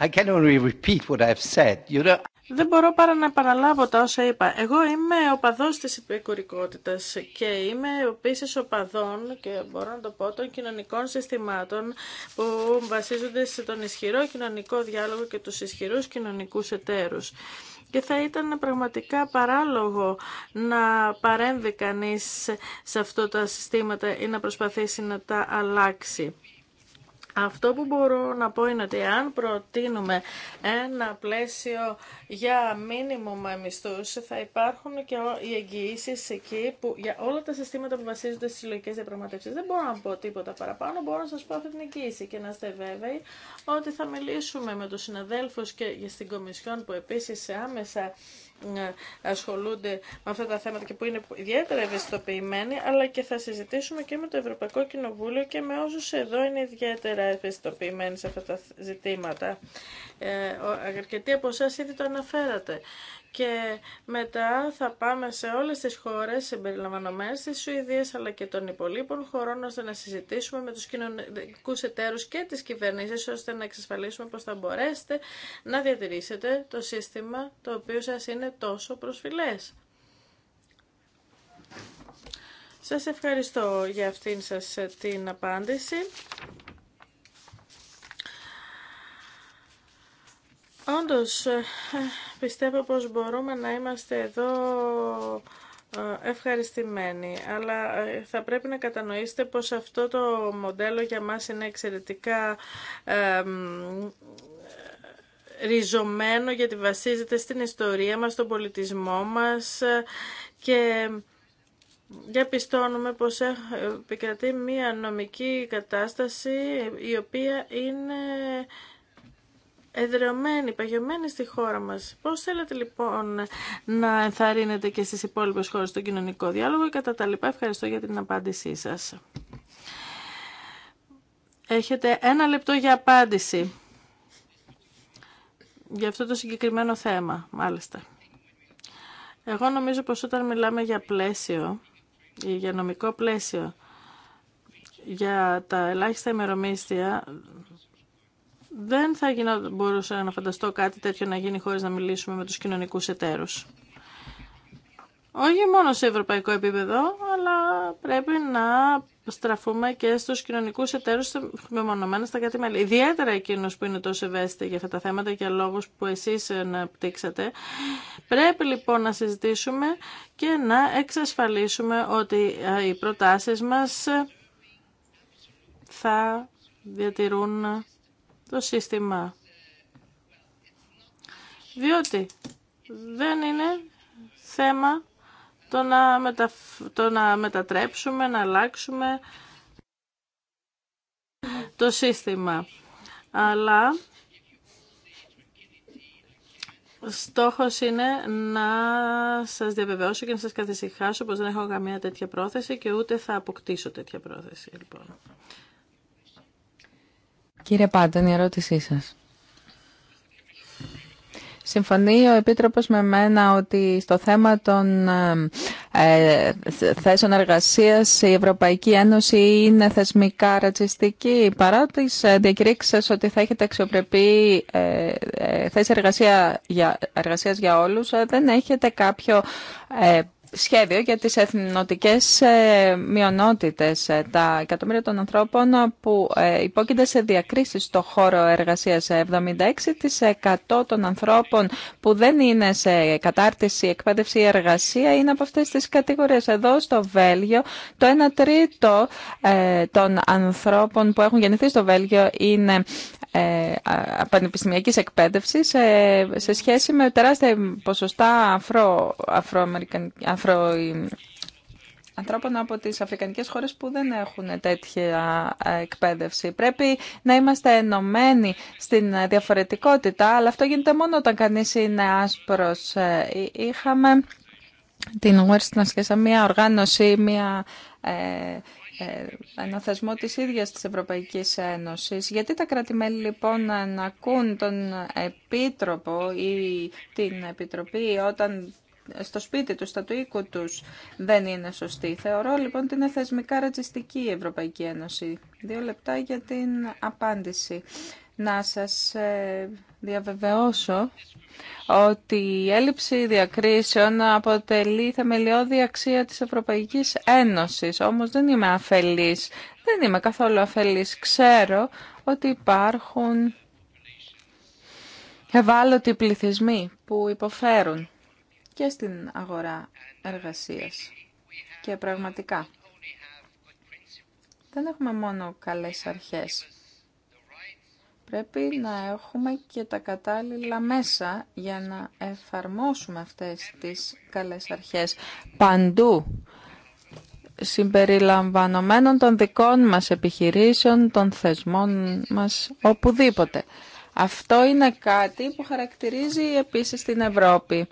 I can only repeat what I've said. You know...
Δεν μπορώ παρά να παραλάβω τα όσα είπα. Εγώ είμαι ο οπαδός της υπηκουρικότητας και είμαι ο παδόν και μπορώ να το πω των κοινωνικών συστημάτων που βασίζονται σε τον ισχυρό κοινωνικό διάλογο και τους ισχυρούς κοινωνικούς εταίρους και θα ήταν πραγματικά παράλογο να παρέμβει κανείς σε αυτά τα συστήματα ή να προσπαθήσει να τα αλλάξει. Αυτό που μπορώ να πω είναι ότι αν προτείνουμε ένα πλαίσιο για μήνυμο μισθούς, θα υπάρχουν και οι εγγυήσει εκεί που, για όλα τα συστήματα που βασίζονται στι συλλογικέ διαπραγματεύσει. Δεν μπορώ να πω τίποτα παραπάνω, μπορώ να σα πω αυτή την εγγύηση και να είστε βέβαιοι ότι θα μιλήσουμε με του συναδέλφου και στην Κομισιόν που επίση άμεσα ε, ασχολούνται με αυτά τα θέματα και που είναι ιδιαίτερα ευαισθητοποιημένοι, αλλά και θα συζητήσουμε και με το Ευρωπαϊκό Κοινοβούλιο και με όσους εδώ είναι ιδιαίτερα ευαισθητοποιημένοι σε αυτά τα ζητήματα. Ε, αρκετοί από εσά ήδη το αναφέρατε και μετά θα πάμε σε όλες τις χώρες συμπεριλαμβανομένες της Σουηδίας αλλά και των υπολείπων χωρών ώστε να συζητήσουμε με τους κοινωνικούς εταίρους και τις κυβερνήσεις ώστε να εξασφαλίσουμε πως θα μπορέσετε να διατηρήσετε το σύστημα το οποίο σας είναι τόσο προσφυλές. Σας ευχαριστώ για αυτήν σας την απάντηση. Όντως, ε, πιστεύω πως μπορούμε να είμαστε εδώ ε, ευχαριστημένοι, αλλά ε, θα πρέπει να κατανοήσετε πως αυτό το μοντέλο για μας είναι εξαιρετικά ριζωμένο γιατί βασίζεται στην ιστορία μας, στον πολιτισμό μας και διαπιστώνουμε πως επικρατεί μία νομική κατάσταση η οποία είναι εδρεωμένη, παγιωμένη στη χώρα μας. Πώς θέλετε λοιπόν να ενθαρρύνετε και στις υπόλοιπες χώρες τον κοινωνικό διάλογο. Κατά τα λοιπά, ευχαριστώ για την απάντησή σας. Έχετε ένα λεπτό για απάντηση για αυτό το συγκεκριμένο θέμα, μάλιστα. Εγώ νομίζω πως όταν μιλάμε για πλαίσιο, για νομικό πλαίσιο, για τα ελάχιστα ημερομίσθια, δεν θα γινω, μπορούσα να φανταστώ κάτι τέτοιο να γίνει χωρίς να μιλήσουμε με τους κοινωνικούς εταίρους. Όχι μόνο σε ευρωπαϊκό επίπεδο, αλλά πρέπει να στραφούμε και στους κοινωνικούς εταίρους μεμονωμένα στα κάτι μέλη. Ιδιαίτερα εκείνος που είναι τόσο ευαίσθητη για αυτά τα θέματα και λόγους που εσείς αναπτύξατε. Πρέπει λοιπόν να συζητήσουμε και να εξασφαλίσουμε ότι οι προτάσεις μας θα διατηρούν το σύστημα. Διότι δεν είναι θέμα το να, μετα... το να μετατρέψουμε, να αλλάξουμε το σύστημα. Αλλά στόχος είναι να σας διαβεβαιώσω και να σας καθησυχάσω πως δεν έχω καμία τέτοια πρόθεση και ούτε θα αποκτήσω τέτοια πρόθεση. Λοιπόν.
Κύριε Πάντων, η ερώτησή σας. Συμφωνεί ο Επίτροπος με μένα ότι στο θέμα των ε, ε θέσεων εργασίας η Ευρωπαϊκή Ένωση είναι θεσμικά ρατσιστική παρά τις σα ε, ότι θα έχετε αξιοπρεπή ε, ε, θέση εργασία για, εργασίας για όλους δεν έχετε κάποιο σχέδιο για τις εθνοτικές ε, μειονότητες, ε, τα εκατομμύρια των ανθρώπων που ε, υπόκεινται σε διακρίσεις στο χώρο εργασίας. 76% των ανθρώπων που δεν είναι σε κατάρτιση, εκπαίδευση ή εργασία είναι από αυτές τις κατηγορίες. Εδώ στο Βέλγιο το 1 τρίτο των ανθρώπων που έχουν γεννηθεί στο Βέλγιο είναι πανεπιστημιακής εκπαίδευσης σε σχέση με τεράστια ποσοστά αφρο, αφροαμερικανικών ανθρώπων από τις αφρικανικές χώρες που δεν έχουν τέτοια εκπαίδευση. Πρέπει να είμαστε ενωμένοι στην διαφορετικότητα, αλλά αυτό γίνεται μόνο όταν κανείς είναι άσπρος. Είχαμε την Western και μια οργάνωση, μια ε, ε, ένα θεσμό της ίδιας της Ευρωπαϊκής Ένωσης. Γιατί τα κράτη-μέλη λοιπόν να ακούν τον Επίτροπο ή την Επιτροπή όταν στο σπίτι τους, στα του οίκου τους, δεν είναι σωστή. Θεωρώ λοιπόν ότι είναι θεσμικά ρατσιστική η Ευρωπαϊκή Ένωση. Δύο λεπτά για την απάντηση. Να σας ε, διαβεβαιώσω ότι η έλλειψη διακρίσεων αποτελεί θεμελιώδη αξία της Ευρωπαϊκής Ένωσης. Όμως δεν είμαι αφελής. Δεν είμαι καθόλου αφελής. Ξέρω ότι υπάρχουν ευάλωτοι πληθυσμοί που υποφέρουν και στην αγορά εργασίας. Και πραγματικά, δεν έχουμε μόνο καλές αρχές. Πρέπει να έχουμε και τα κατάλληλα μέσα για να εφαρμόσουμε αυτές τις καλές αρχές παντού συμπεριλαμβανομένων των δικών μας επιχειρήσεων, των θεσμών μας, οπουδήποτε. Αυτό είναι κάτι που χαρακτηρίζει επίσης την Ευρώπη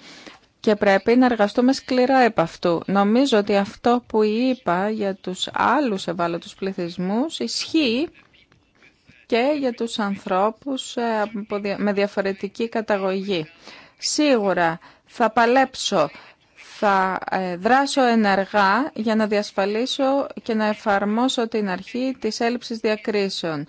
και πρέπει να εργαστούμε σκληρά επ' αυτού. Νομίζω ότι αυτό που είπα για τους άλλους ευάλωτους πληθυσμούς ισχύει και για τους ανθρώπους ε, με διαφορετική καταγωγή. Σίγουρα θα παλέψω, θα ε, δράσω ενεργά για να διασφαλίσω και να εφαρμόσω την αρχή της έλλειψης διακρίσεων.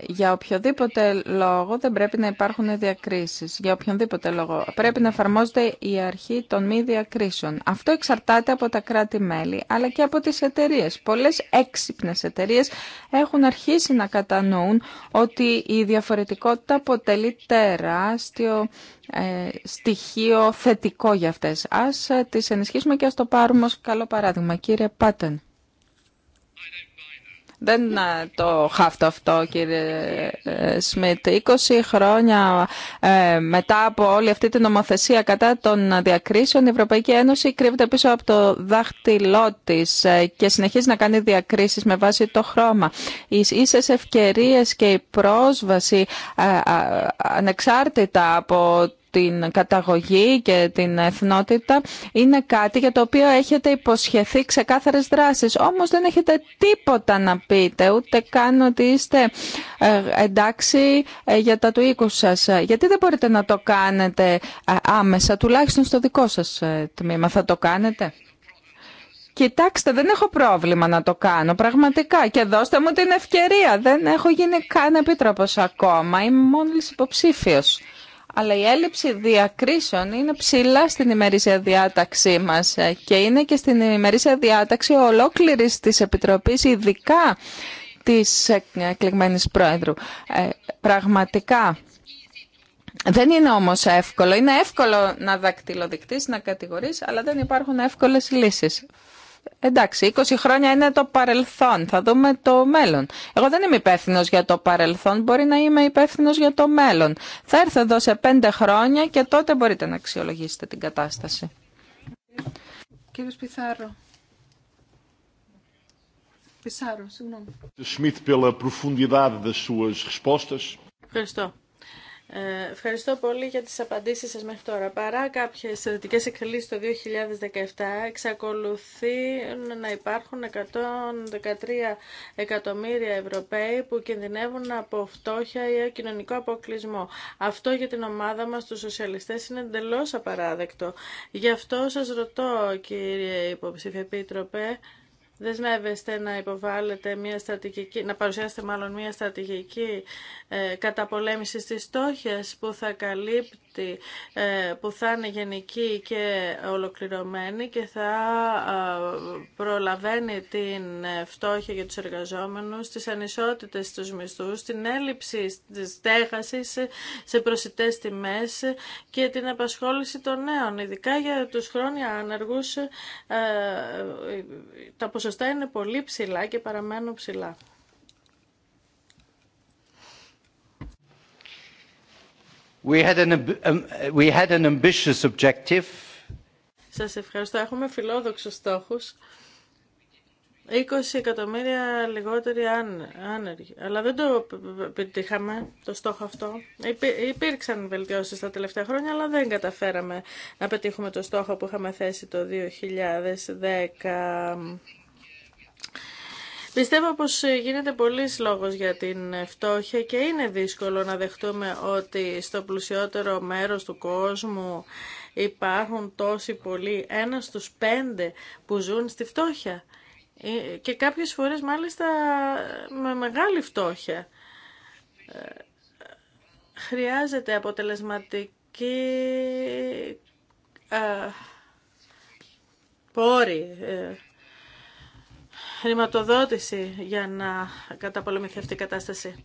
Για οποιοδήποτε λόγο δεν πρέπει να υπάρχουν διακρίσεις. Για οποιονδήποτε λόγο πρέπει να εφαρμόζεται η αρχή των μη διακρίσεων. Αυτό εξαρτάται από τα κράτη-μέλη αλλά και από τις εταιρείες. Πολλές έξυπνες εταιρείες έχουν αρχίσει να κατανοούν ότι η διαφορετικότητα αποτελεί τεράστιο ε, στοιχείο θετικό για αυτές. Ας ε, τις ενισχύσουμε και ας το πάρουμε ως καλό παράδειγμα. Κύριε Πάτεν. Δεν ε, το χάφτω αυτό κύριε ε, Σμιτ. 20 χρόνια ε, μετά από όλη αυτή την νομοθεσία κατά των διακρίσεων η Ευρωπαϊκή Ένωση κρύβεται πίσω από το δάχτυλό της και συνεχίζει να κάνει διακρίσεις με βάση το χρώμα. Οι ίσες ευκαιρίε και η πρόσβαση ανεξάρτητα από την καταγωγή και την εθνότητα είναι κάτι για το οποίο έχετε υποσχεθεί ξεκάθαρες δράσεις. Όμως δεν έχετε τίποτα να πείτε, ούτε καν ότι είστε ε, εντάξει ε, για τα του οίκου σας. Γιατί δεν μπορείτε να το κάνετε ε, άμεσα, τουλάχιστον στο δικό σας τμήμα. Θα το κάνετε. Κοιτάξτε, δεν έχω πρόβλημα να το κάνω πραγματικά και δώστε μου την ευκαιρία. Δεν έχω γίνει καν επίτροπος ακόμα, είμαι μόλις υποψήφιος αλλά η έλλειψη διακρίσεων είναι ψηλά στην ημερήσια διάταξή μας ε, και είναι και στην ημερήσια διάταξη ολόκληρης της Επιτροπής, ειδικά της ε, εκλεγμένης Πρόεδρου. Ε, πραγματικά, δεν είναι όμως εύκολο. Είναι εύκολο να δακτυλοδεικτείς, να κατηγορείς, αλλά δεν υπάρχουν εύκολες λύσεις εντάξει, 20 χρόνια είναι το παρελθόν, θα δούμε το μέλλον. Εγώ δεν είμαι υπεύθυνο για το παρελθόν, μπορεί να είμαι υπεύθυνο για το μέλλον. Θα έρθω εδώ σε 5 χρόνια και τότε μπορείτε να αξιολογήσετε την κατάσταση.
Κύριε Πιθάρο.
Πισάρο, συγγνώμη.
pela profundidade das suas respostas.
Ευχαριστώ. Ε, ευχαριστώ πολύ για τις απαντήσεις σας μέχρι τώρα. Παρά κάποιες θετικές εκκλήσεις το 2017, εξακολουθεί να υπάρχουν 113 εκατομμύρια Ευρωπαίοι που κινδυνεύουν από φτώχεια ή κοινωνικό αποκλεισμό. Αυτό για την ομάδα μας, τους σοσιαλιστές, είναι εντελώ απαράδεκτο. Γι' αυτό σας ρωτώ, κύριε Υποψήφια Επίτροπε, δεσμεύεστε να υποβάλλετε μια στρατηγική, να παρουσιάσετε μάλλον μια στρατηγική ε, καταπολέμησης της που θα καλύπτει ε, που θα είναι γενική και ολοκληρωμένη και θα ε, προλαβαίνει την ε, φτώχεια για τους εργαζόμενους, τις ανισότητες στους μισθούς, την έλλειψη της στέγασης σε προσιτές τιμές και την απασχόληση των νέων. Ειδικά για τους χρόνια άνεργους τα ποσοστά είναι πολύ ψηλά και παραμένουν ψηλά.
We um,
Σας ευχαριστώ. Έχουμε φιλόδοξους στόχους. 20 εκατομμύρια λιγότεροι άνεργοι. Αλλά δεν το πετύχαμε το στόχο αυτό. Υπήρξαν βελτιώσεις τα τελευταία χρόνια, αλλά δεν καταφέραμε να πετύχουμε το στόχο που είχαμε θέσει το 2010. Πιστεύω πως ε, γίνεται πολύς λόγος για την ε, φτώχεια και είναι δύσκολο να δεχτούμε ότι στο πλουσιότερο μέρος του κόσμου υπάρχουν τόσοι πολλοί, ένα στους πέντε που ζουν στη φτώχεια ε, και κάποιες φορές μάλιστα με μεγάλη φτώχεια. Χρειάζεται αποτελεσματική πόρη χρηματοδότηση για να καταπολεμηθεί αυτή η κατάσταση.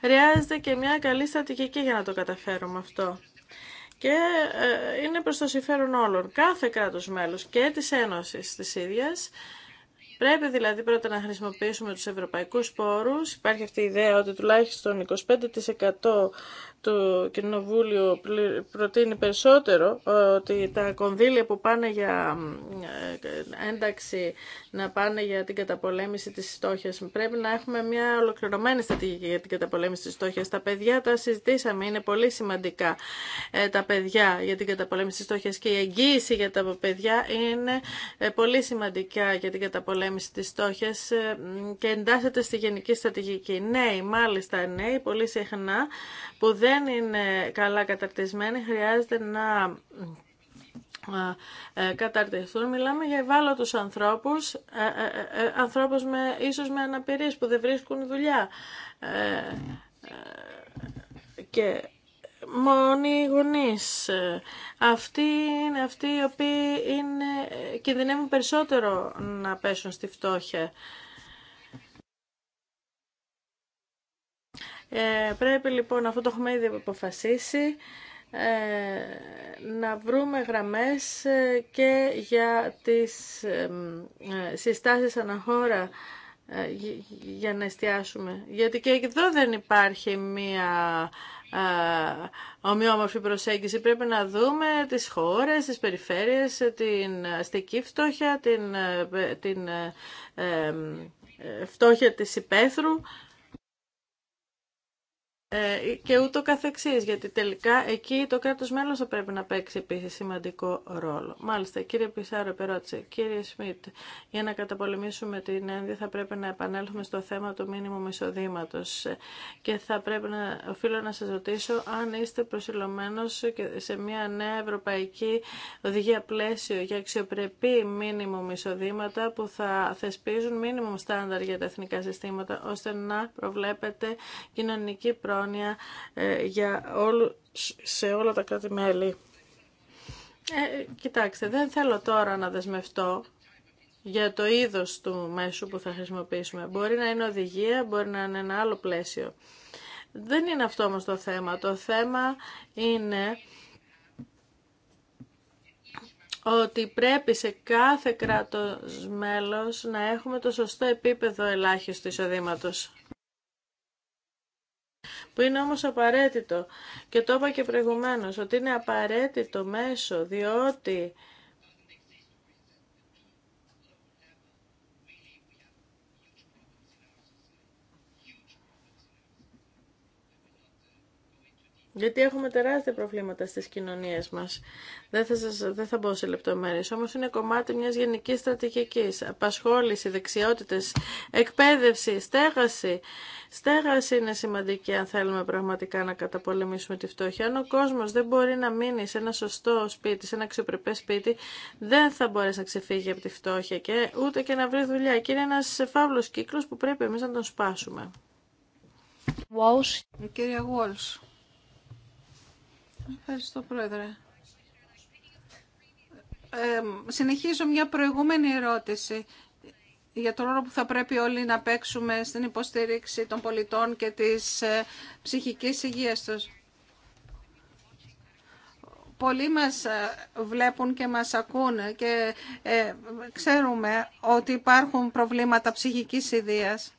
Χρειάζεται και μια καλή στρατηγική για να το καταφέρουμε αυτό. Και ε, είναι προς το συμφέρον όλων. Κάθε κράτος μέλος και της Ένωσης της ίδιας Πρέπει δηλαδή πρώτα να χρησιμοποιήσουμε τους ευρωπαϊκούς πόρους. Υπάρχει αυτή η ιδέα ότι τουλάχιστον 25% το Κοινοβούλιο προτείνει περισσότερο ε, ότι τα κονδύλια που πάνε για ε, ένταξη να πάνε για την καταπολέμηση της στόχιας. Πρέπει να έχουμε μια ολοκληρωμένη στρατηγική για την καταπολέμηση της στόχιας. Τα παιδιά τα συζητήσαμε, είναι πολύ σημαντικά ε, τα παιδιά για την καταπολέμηση της στόχιας και η εγγύηση για τα παιδιά είναι πολύ σημαντικά για την καταπολέμηση της στόχιας και εντάσσεται στη γενική στρατηγική. Νέοι, μάλιστα νέοι, πολύ συχνά δεν είναι καλά καταρτισμένοι, χρειάζεται να ε, καταρτιστούν. Μιλάμε για ευάλωτους ανθρώπους, ε, ε, ανθρώπους με, ίσως με αναπηρίες που δεν βρίσκουν δουλειά. Και μόνοι γονείς. Αυτοί είναι αυτοί οι οποίοι είναι, κινδυνεύουν περισσότερο να πέσουν στη φτώχεια. Ε, πρέπει λοιπόν, αυτό το έχουμε ήδη αποφασίσει, ε, να βρούμε γραμμές ε, και για τις ε, συστάσεις αναχώρα για να εστιάσουμε. Γιατί και εδώ δεν υπάρχει μία ομοιόμορφη προσέγγιση. Πρέπει να δούμε τις χώρες, τις περιφέρειες, την αστική φτώχεια, την, την φτώχεια της υπαίθρου ε, και ούτω καθεξής, γιατί τελικά εκεί το κράτος μέλος θα πρέπει να παίξει επίσης σημαντικό ρόλο. Μάλιστα, κύριε Πισάρο, ρώτησε κύριε Σμιτ, για να καταπολεμήσουμε την ένδυα θα πρέπει να επανέλθουμε στο θέμα του μήνυμου μισοδήματο. και θα πρέπει να οφείλω να σας ρωτήσω αν είστε προσιλωμένος σε μια νέα ευρωπαϊκή οδηγία πλαίσιο για αξιοπρεπή μήνυμου εισοδήματα που θα θεσπίζουν μήνυμου στάνταρ για τα εθνικά συστήματα ώστε να προβλέπετε κοινωνική ε, για όλ, σε όλα τα κράτη-μέλη. Ε, κοιτάξτε, δεν θέλω τώρα να δεσμευτώ για το είδος του μέσου που θα χρησιμοποιήσουμε. Μπορεί να είναι οδηγία, μπορεί να είναι ένα άλλο πλαίσιο. Δεν είναι αυτό όμως το θέμα. Το θέμα είναι ότι πρέπει σε κάθε κράτος μέλος να έχουμε το σωστό επίπεδο ελάχιστου εισοδήματος που είναι όμως απαραίτητο. Και το είπα και προηγουμένως, ότι είναι απαραίτητο μέσο, διότι Γιατί έχουμε τεράστια προβλήματα στις κοινωνίες μας. Δεν θα, σας, δεν θα μπω σε λεπτομέρειες, όμως είναι κομμάτι μιας γενικής στρατηγικής. Απασχόληση, δεξιότητες, εκπαίδευση, στέγαση. Στέγαση είναι σημαντική αν θέλουμε πραγματικά να καταπολεμήσουμε τη φτώχεια. Αν ο κόσμος δεν μπορεί να μείνει σε ένα σωστό σπίτι, σε ένα αξιοπρεπέ σπίτι, δεν θα μπορέσει να ξεφύγει από τη φτώχεια και ούτε και να βρει δουλειά. Και είναι ένας φαύλος κύκλος που πρέπει εμείς να τον σπάσουμε. Η κυρία Ευχαριστώ, Πρόεδρε.
Ε, συνεχίζω μια προηγούμενη ερώτηση για τον ρόλο που θα πρέπει όλοι να παίξουμε στην υποστήριξη των πολιτών και της ε, ψυχικής υγείας τους. Πολλοί μας ε, βλέπουν και μας ακούν και ξέρουμε ότι υπάρχουν προβλήματα ψυχικής υγείας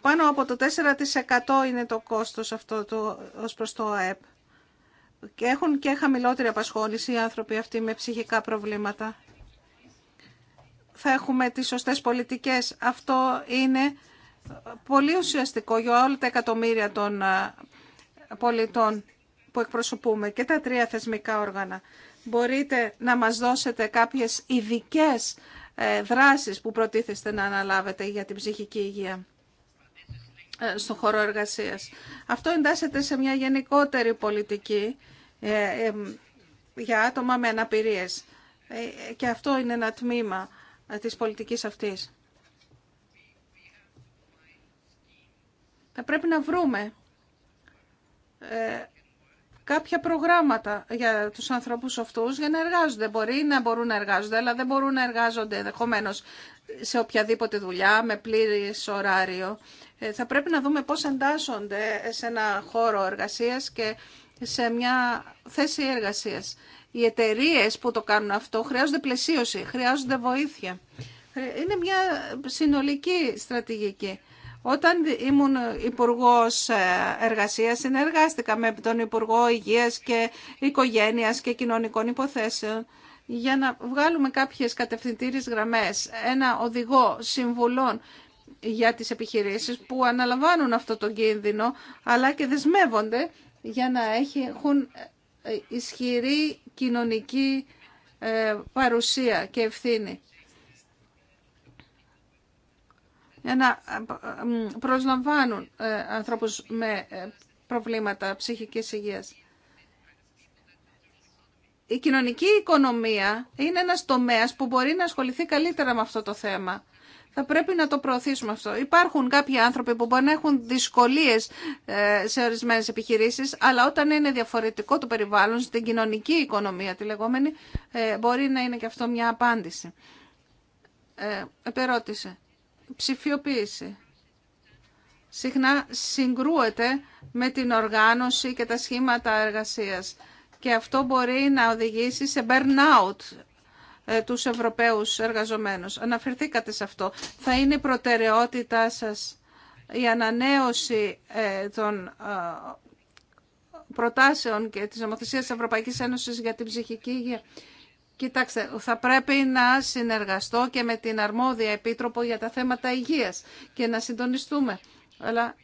πάνω από το 4% είναι το κόστος αυτό το, ως προς το ΑΕΠ. Και έχουν και χαμηλότερη απασχόληση οι άνθρωποι αυτοί με ψυχικά προβλήματα. Θα έχουμε τις σωστές πολιτικές. Αυτό είναι πολύ ουσιαστικό για όλα τα εκατομμύρια των πολιτών που εκπροσωπούμε και τα τρία θεσμικά όργανα. Μπορείτε να μας δώσετε κάποιες ειδικέ ε, δράσεις που προτίθεστε να αναλάβετε για την ψυχική υγεία. Ε, στον χώρο εργασίας. Αυτό εντάσσεται σε μια γενικότερη πολιτική ε, ε, για άτομα με αναπηρίες. Και αυτό είναι ένα τμήμα της πολιτικής αυτής. Θα πρέπει να βρούμε κάποια προγράμματα για τους ανθρώπους αυτούς για να εργάζονται. Μπορεί να μπορούν να εργάζονται, αλλά δεν μπορούν να εργάζονται ενδεχομένω σε οποιαδήποτε δουλειά, με πλήρης ωράριο. Ε, θα πρέπει να δούμε πώς εντάσσονται σε ένα χώρο εργασίας και σε μια θέση εργασίας. Οι εταιρείε που το κάνουν αυτό χρειάζονται πλαισίωση, χρειάζονται βοήθεια. Ε, είναι μια συνολική στρατηγική. Όταν ήμουν υπουργό ε, εργασία, συνεργάστηκα με τον Υπουργό Υγεία και Οικογένεια και Κοινωνικών Υποθέσεων για να βγάλουμε κάποιε κατευθυντήριες γραμμέ ένα οδηγό συμβουλών για τις επιχειρήσεις που αναλαμβάνουν αυτό το κίνδυνο αλλά και δεσμεύονται για να έχουν ισχυρή κοινωνική ε, παρουσία και ευθύνη. Για να ε, ε, προσλαμβάνουν ανθρώπους με προβλήματα ψυχικής υγείας. Η κοινωνική οικονομία είναι ένας τομέας που μπορεί να ασχοληθεί καλύτερα με αυτό το θέμα. Θα πρέπει να το προωθήσουμε αυτό. Υπάρχουν κάποιοι άνθρωποι που μπορεί να έχουν δυσκολίε ε, σε ορισμένες επιχειρήσεις, αλλά όταν είναι διαφορετικό το περιβάλλον, στην κοινωνική οικονομία τη λεγόμενη, ε, μπορεί να είναι και αυτό μια απάντηση. Ε, επερώτησε. Ψηφιοποίηση. Συχνά συγκρούεται με την οργάνωση και τα σχήματα εργασίας. Και αυτό μπορεί να οδηγήσει σε burnout ε, τους Ευρωπαίους εργαζομένους. Αναφερθήκατε σε αυτό. Θα είναι η προτεραιότητά σας η ανανέωση ε, των ε, προτάσεων και της νομοθεσίας της Ευρωπαϊκής Ένωσης για την ψυχική υγεία. Κοιτάξτε, θα πρέπει να συνεργαστώ και με την αρμόδια επίτροπο για τα θέματα υγείας και να συντονιστούμε. Αλλά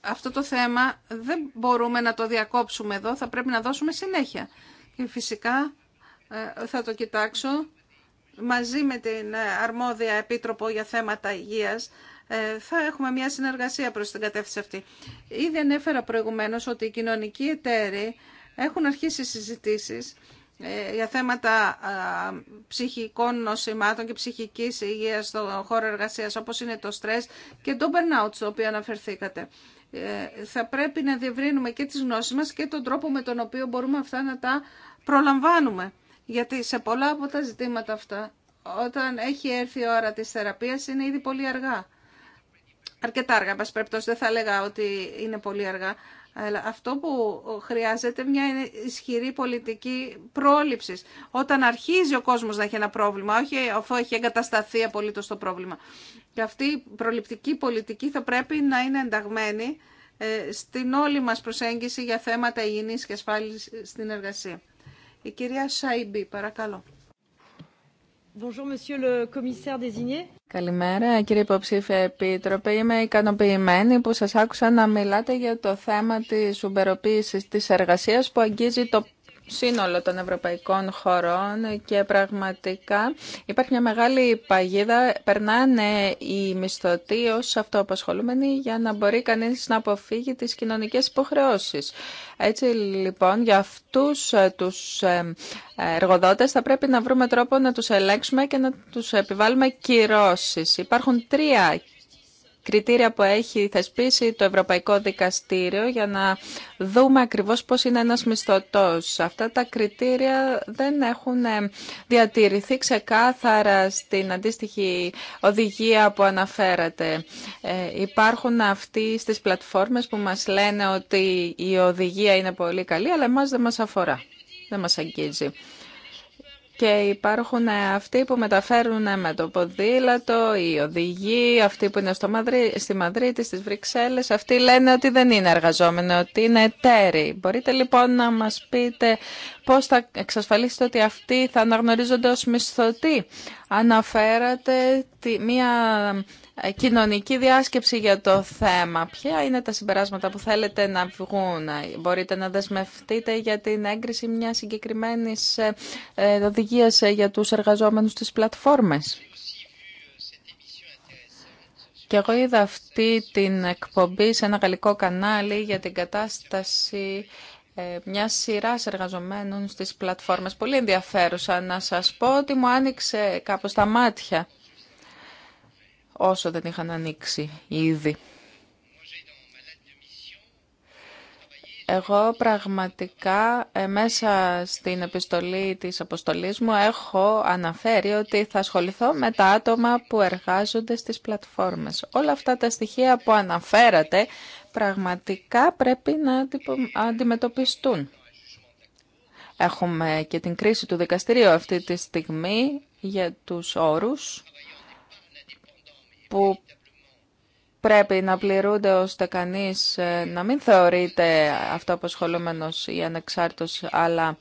αυτό το θέμα δεν μπορούμε να το διακόψουμε εδώ, θα πρέπει να δώσουμε συνέχεια. Και φυσικά ε, θα το κοιτάξω μαζί με την ε, αρμόδια επίτροπο για θέματα υγείας ε, θα έχουμε μια συνεργασία προς την κατεύθυνση αυτή. Ήδη ανέφερα προηγουμένως ότι οι κοινωνικοί εταίροι έχουν αρχίσει συζητήσεις για θέματα ψυχικών νοσημάτων και ψυχικής υγείας στον χώρο εργασίας, όπως είναι το στρες και το burnout, στο οποίο αναφερθήκατε. Θα πρέπει να διευρύνουμε και τις γνώσεις μας και τον τρόπο με τον οποίο μπορούμε αυτά να τα προλαμβάνουμε γιατί σε πολλά από τα ζητήματα αυτά, όταν έχει έρθει η ώρα της θεραπείας, είναι ήδη πολύ αργά. Αρκετά αργά, μας περιπτώσει, δεν θα έλεγα ότι είναι πολύ αργά. Αλλά αυτό που χρειάζεται μια ισχυρή πολιτική πρόληψη. Όταν αρχίζει ο κόσμο να έχει ένα πρόβλημα, όχι αφού έχει εγκατασταθεί απολύτω το πρόβλημα. Και αυτή η προληπτική πολιτική θα πρέπει να είναι ενταγμένη ε, στην όλη μα προσέγγιση για θέματα υγιεινής και ασφάλισης στην εργασία. Η κυρία Σαϊμπή, παρακαλώ.
Καλημέρα, κύριε υποψήφια επίτροπε. Είμαι ικανοποιημένη που σας άκουσα να μιλάτε για το θέμα της ουμπεροποίησης της εργασίας που αγγίζει το σύνολο των ευρωπαϊκών χωρών και πραγματικά υπάρχει μια μεγάλη παγίδα. Περνάνε οι μισθωτοί ω αυτοαπασχολούμενοι για να μπορεί κανεί να αποφύγει τι κοινωνικέ υποχρεώσει. Έτσι λοιπόν για αυτούς ε, του ε, εργοδότε θα πρέπει να βρούμε τρόπο να τους ελέγξουμε και να τους επιβάλλουμε κυρώσει. Υπάρχουν τρία κριτήρια που έχει θεσπίσει το Ευρωπαϊκό Δικαστήριο για να δούμε ακριβώς πώς είναι ένας μισθωτός. Αυτά τα κριτήρια δεν έχουν ε, διατηρηθεί ξεκάθαρα στην αντίστοιχη οδηγία που αναφέρατε. Ε, υπάρχουν αυτοί στις πλατφόρμες που μας λένε ότι η οδηγία είναι πολύ καλή, αλλά εμάς δεν μας αφορά, δεν μας αγγίζει και υπάρχουν ε, αυτοί που μεταφέρουν ε, με το ποδήλατο, οι οδηγοί, αυτοί που είναι στο Μαδρί, στη Μαδρίτη, στις Βρυξέλλες, αυτοί λένε ότι δεν είναι εργαζόμενοι, ότι είναι εταίροι. Μπορείτε λοιπόν να μας πείτε πώς θα εξασφαλίσετε ότι αυτοί θα αναγνωρίζονται ως μισθωτοί. Αναφέρατε τη, μία ε, κοινωνική διάσκεψη για το θέμα. Ποια είναι τα συμπεράσματα που θέλετε να βγουν. Ε, μπορείτε να δεσμευτείτε για την έγκριση μιας συγκεκριμένης ε, οδηγίας για τους εργαζόμενους στις πλατφόρμες. Και εγώ είδα αυτή την εκπομπή σε ένα γαλλικό κανάλι για την κατάσταση μια σειρά εργαζομένων στις πλατφόρμες. Πολύ ενδιαφέρουσα να σας πω ότι μου άνοιξε κάπως τα μάτια όσο δεν είχαν ανοίξει ήδη. Εγώ πραγματικά ε, μέσα στην επιστολή της αποστολής μου έχω αναφέρει ότι θα ασχοληθώ με τα άτομα που εργάζονται στις πλατφόρμες. Όλα αυτά τα στοιχεία που αναφέρατε πραγματικά πρέπει να αντιμετωπιστούν. Έχουμε και την κρίση του δικαστηρίου αυτή τη στιγμή για τους όρους που πρέπει να πληρούνται ώστε κανείς ε, να μην θεωρείται αυτό αποσχολούμενος ή ανεξάρτητος αλλά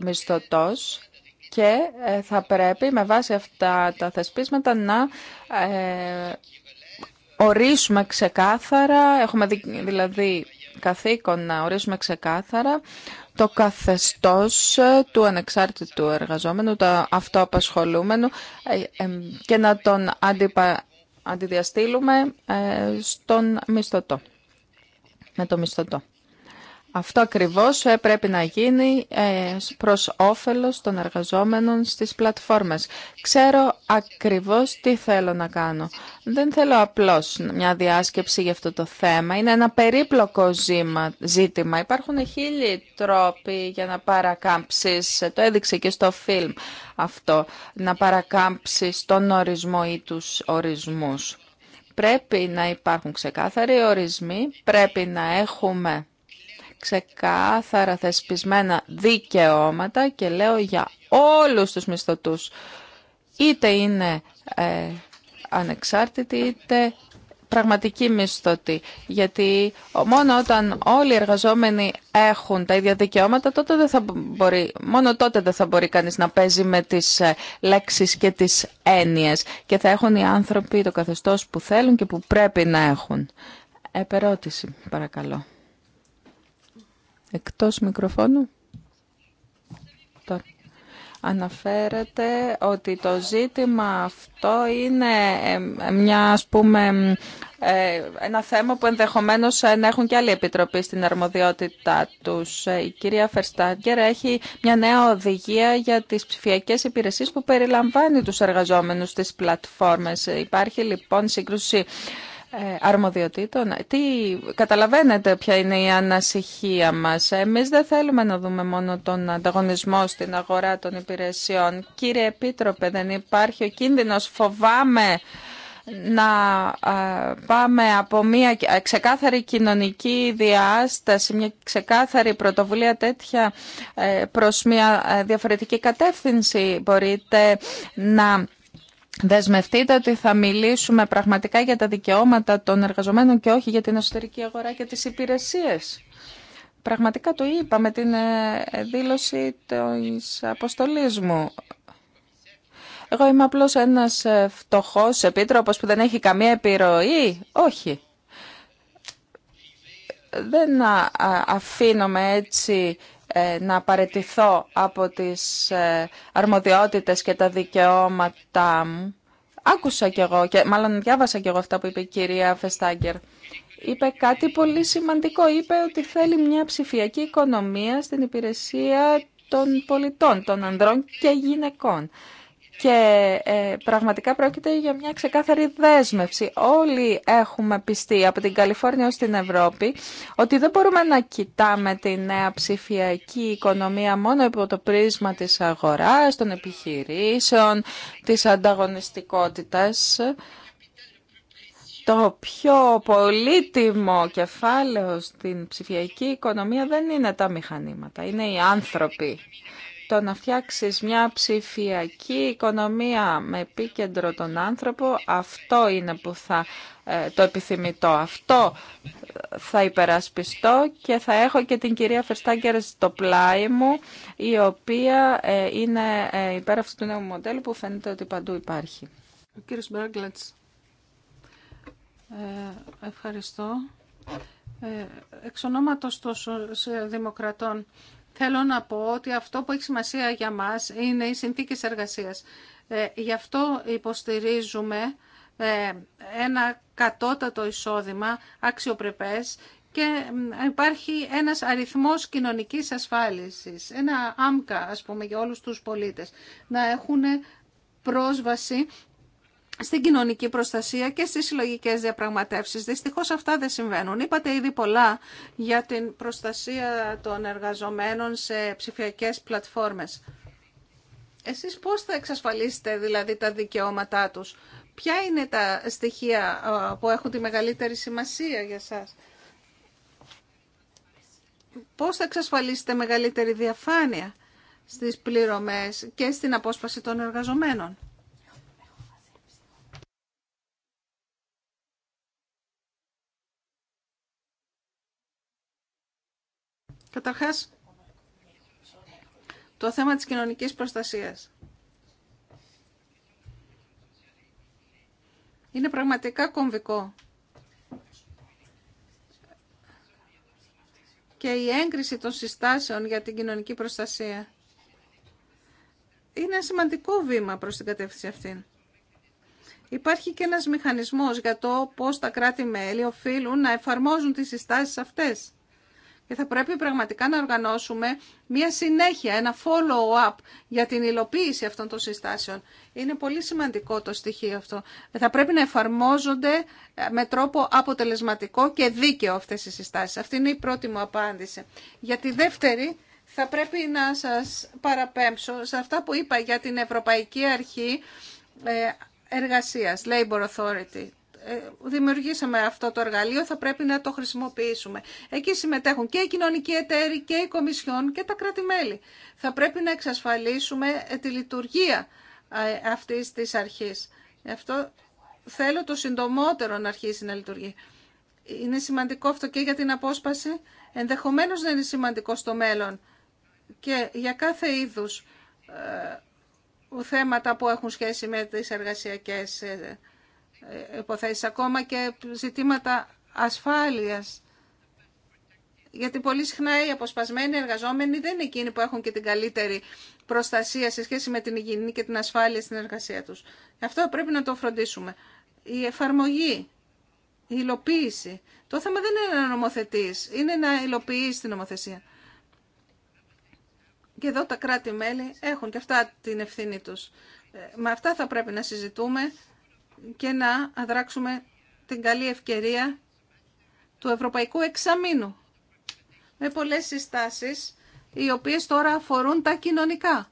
μισθωτός και ε, θα πρέπει με βάση αυτά τα θεσπίσματα να ε, ορίσουμε ξεκάθαρα, έχουμε δηλαδή καθήκον να ορίσουμε ξεκάθαρα το καθεστώς του ανεξάρτητου εργαζόμενου, το αυτοαπασχολούμενου και να τον αντιπα αντιδιαστήλουμε ε, στον μισθωτό, με το μισθωτό. Αυτό ακριβώς ε, πρέπει να γίνει ε, προς όφελος των εργαζόμενων στις πλατφόρμες. Ξέρω ακριβώς τι θέλω να κάνω. Δεν θέλω απλώς μια διάσκεψη για αυτό το θέμα. Είναι ένα περίπλοκο ζήτημα. Υπάρχουν χίλιοι τρόποι για να παρακάμψεις, ε, το έδειξε και στο φιλμ αυτό, να παρακάμψεις τον ορισμό ή τους ορισμούς. Πρέπει να υπάρχουν ξεκάθαροι ορισμοί, πρέπει να έχουμε ξεκάθαρα θεσπισμένα δικαιώματα και λέω για όλους τους μισθωτούς. Είτε είναι ε, ανεξάρτητοι είτε πραγματικοί μισθωτοί Γιατί μόνο όταν όλοι οι εργαζόμενοι έχουν τα ίδια δικαιώματα, τότε θα μπορεί, μόνο τότε δεν θα μπορεί κανείς να παίζει με τις ε, λέξεις και τις έννοιες. Και θα έχουν οι άνθρωποι το καθεστώς που θέλουν και που πρέπει να έχουν. Επερώτηση, παρακαλώ. Εκτός μικροφώνου. Τώρα. Αναφέρεται ότι το ζήτημα αυτό είναι μια, ας πούμε, ε, ένα θέμα που ενδεχομένως ε, να έχουν και άλλοι επιτροποί στην αρμοδιότητά τους. Ε, η κυρία Φερστάγκερ έχει μια νέα οδηγία για τις ψηφιακές υπηρεσίες που περιλαμβάνει τους εργαζόμενους στις πλατφόρμες. Υπάρχει λοιπόν σύγκρουση ε, αρμοδιοτήτων. Τι, καταλαβαίνετε ποια είναι η ανασυχία μας. Εμείς δεν θέλουμε να δούμε μόνο τον ανταγωνισμό στην αγορά των υπηρεσιών. Κύριε Επίτροπε, δεν υπάρχει ο κίνδυνος. Φοβάμαι να πάμε από μια ξεκάθαρη κοινωνική διάσταση, μια ξεκάθαρη πρωτοβουλία τέτοια ε, προς μια διαφορετική κατεύθυνση. Μπορείτε να δεσμευτείτε ότι θα μιλήσουμε πραγματικά για τα δικαιώματα των εργαζομένων και όχι για την εσωτερική αγορά και τις υπηρεσίες. Πραγματικά το είπα με την ε, δήλωση της αποστολής μου. Εγώ είμαι απλώς ένας ε, φτωχός επίτροπος που δεν έχει καμία επιρροή. Όχι. Δεν αφήνομαι έτσι ε, να παρετηθώ από τις ε, αρμοδιότητες και τα δικαιώματά μου. Άκουσα κι εγώ, και μάλλον διάβασα κι εγώ αυτά που είπε η κυρία Φεστάγκερ. Είπε κάτι πολύ σημαντικό. Είπε ότι θέλει μια ψηφιακή οικονομία στην υπηρεσία των πολιτών, των ανδρών και γυναικών. Και ε, πραγματικά πρόκειται για μια ξεκάθαρη δέσμευση. Όλοι έχουμε πιστεί από την Καλιφόρνια ως την Ευρώπη ότι δεν μπορούμε να κοιτάμε τη νέα ψηφιακή οικονομία μόνο υπό το πρίσμα της αγοράς, των επιχειρήσεων, της ανταγωνιστικότητας. Το πιο πολύτιμο κεφάλαιο στην ψηφιακή οικονομία δεν είναι τα μηχανήματα, είναι οι άνθρωποι το να φτιάξεις μια ψηφιακή οικονομία με επίκεντρο τον άνθρωπο, αυτό είναι που θα ε, το επιθυμητό. Αυτό θα υπερασπιστώ και θα έχω και την κυρία Φερστάγκερ στο πλάι μου, η οποία ε, είναι ε, υπέρ αυτού του νέου μοντέλου που
φαίνεται ότι παντού υπάρχει. Ο κύριος ευχαριστώ. Ε, εξ ονόματος των δημοκρατών, Θέλω να πω ότι αυτό που έχει σημασία για μας είναι οι συνθήκες εργασίας. Ε, γι' αυτό υποστηρίζουμε ε, ένα κατώτατο εισόδημα αξιοπρεπές και υπάρχει ένας αριθμός κοινωνικής ασφάλισης, ένα άμκα ας πούμε για όλους τους πολίτες, να έχουν πρόσβαση στην κοινωνική προστασία και στις συλλογικές διαπραγματεύσεις. Δυστυχώς αυτά δεν συμβαίνουν. Είπατε ήδη πολλά για την προστασία των εργαζομένων σε ψηφιακές πλατφόρμες. Εσείς πώς θα εξασφαλίσετε δηλαδή τα δικαιώματά τους. Ποια είναι τα στοιχεία που έχουν τη μεγαλύτερη σημασία για σας. Πώς θα εξασφαλίσετε μεγαλύτερη διαφάνεια στις πληρωμές και στην απόσπαση των εργαζομένων. Καταρχάς, το θέμα της κοινωνικής προστασίας. Είναι πραγματικά κομβικό. Και η έγκριση των συστάσεων για την κοινωνική προστασία είναι σημαντικό βήμα προς την κατεύθυνση αυτή. Υπάρχει και ένας μηχανισμός για το πώς τα κράτη-μέλη οφείλουν να εφαρμόζουν τις συστάσεις αυτές. Και θα πρέπει πραγματικά να οργανώσουμε μια συνέχεια, ένα follow-up για την υλοποίηση αυτών των συστάσεων. Είναι πολύ σημαντικό το στοιχείο αυτό. Θα πρέπει να εφαρμόζονται ε, με τρόπο αποτελεσματικό και δίκαιο αυτές οι συστάσεις. Αυτή είναι η πρώτη μου απάντηση. Για τη δεύτερη, θα πρέπει να σας παραπέμψω σε αυτά που είπα για την Ευρωπαϊκή Αρχή ε, Εργασίας, Labor Authority. Ε, δημιουργήσαμε αυτό το εργαλείο, θα πρέπει να το χρησιμοποιήσουμε. Εκεί συμμετέχουν και οι κοινωνικοί εταίροι και οι κομισιόν και τα κράτη-μέλη. Θα πρέπει να εξασφαλίσουμε ε, τη λειτουργία ε, αυτής της αρχής. Αυτό θέλω το συντομότερο να αρχίσει να λειτουργεί. Είναι σημαντικό αυτό και για την απόσπαση. Ενδεχομένως δεν είναι σημαντικό στο μέλλον και για κάθε είδους θέματα που έχουν σχέση με τις εργασιακές υποθέσεις, ακόμα και ζητήματα ασφάλειας. Γιατί πολύ συχνά οι αποσπασμένοι εργαζόμενοι δεν είναι εκείνοι που έχουν και την καλύτερη προστασία σε σχέση με την υγιεινή και την ασφάλεια στην εργασία τους. Αυτό πρέπει να το φροντίσουμε. Η εφαρμογή, η υλοποίηση. Το θέμα δεν είναι να νομοθετείς, είναι να υλοποιείς την νομοθεσία. Και εδώ τα κράτη-μέλη έχουν και αυτά την ευθύνη τους. Ε, με αυτά θα πρέπει να συζητούμε και να αδράξουμε την καλή ευκαιρία του Ευρωπαϊκού Εξαμήνου με πολλές συστάσεις οι οποίες τώρα αφορούν τα κοινωνικά.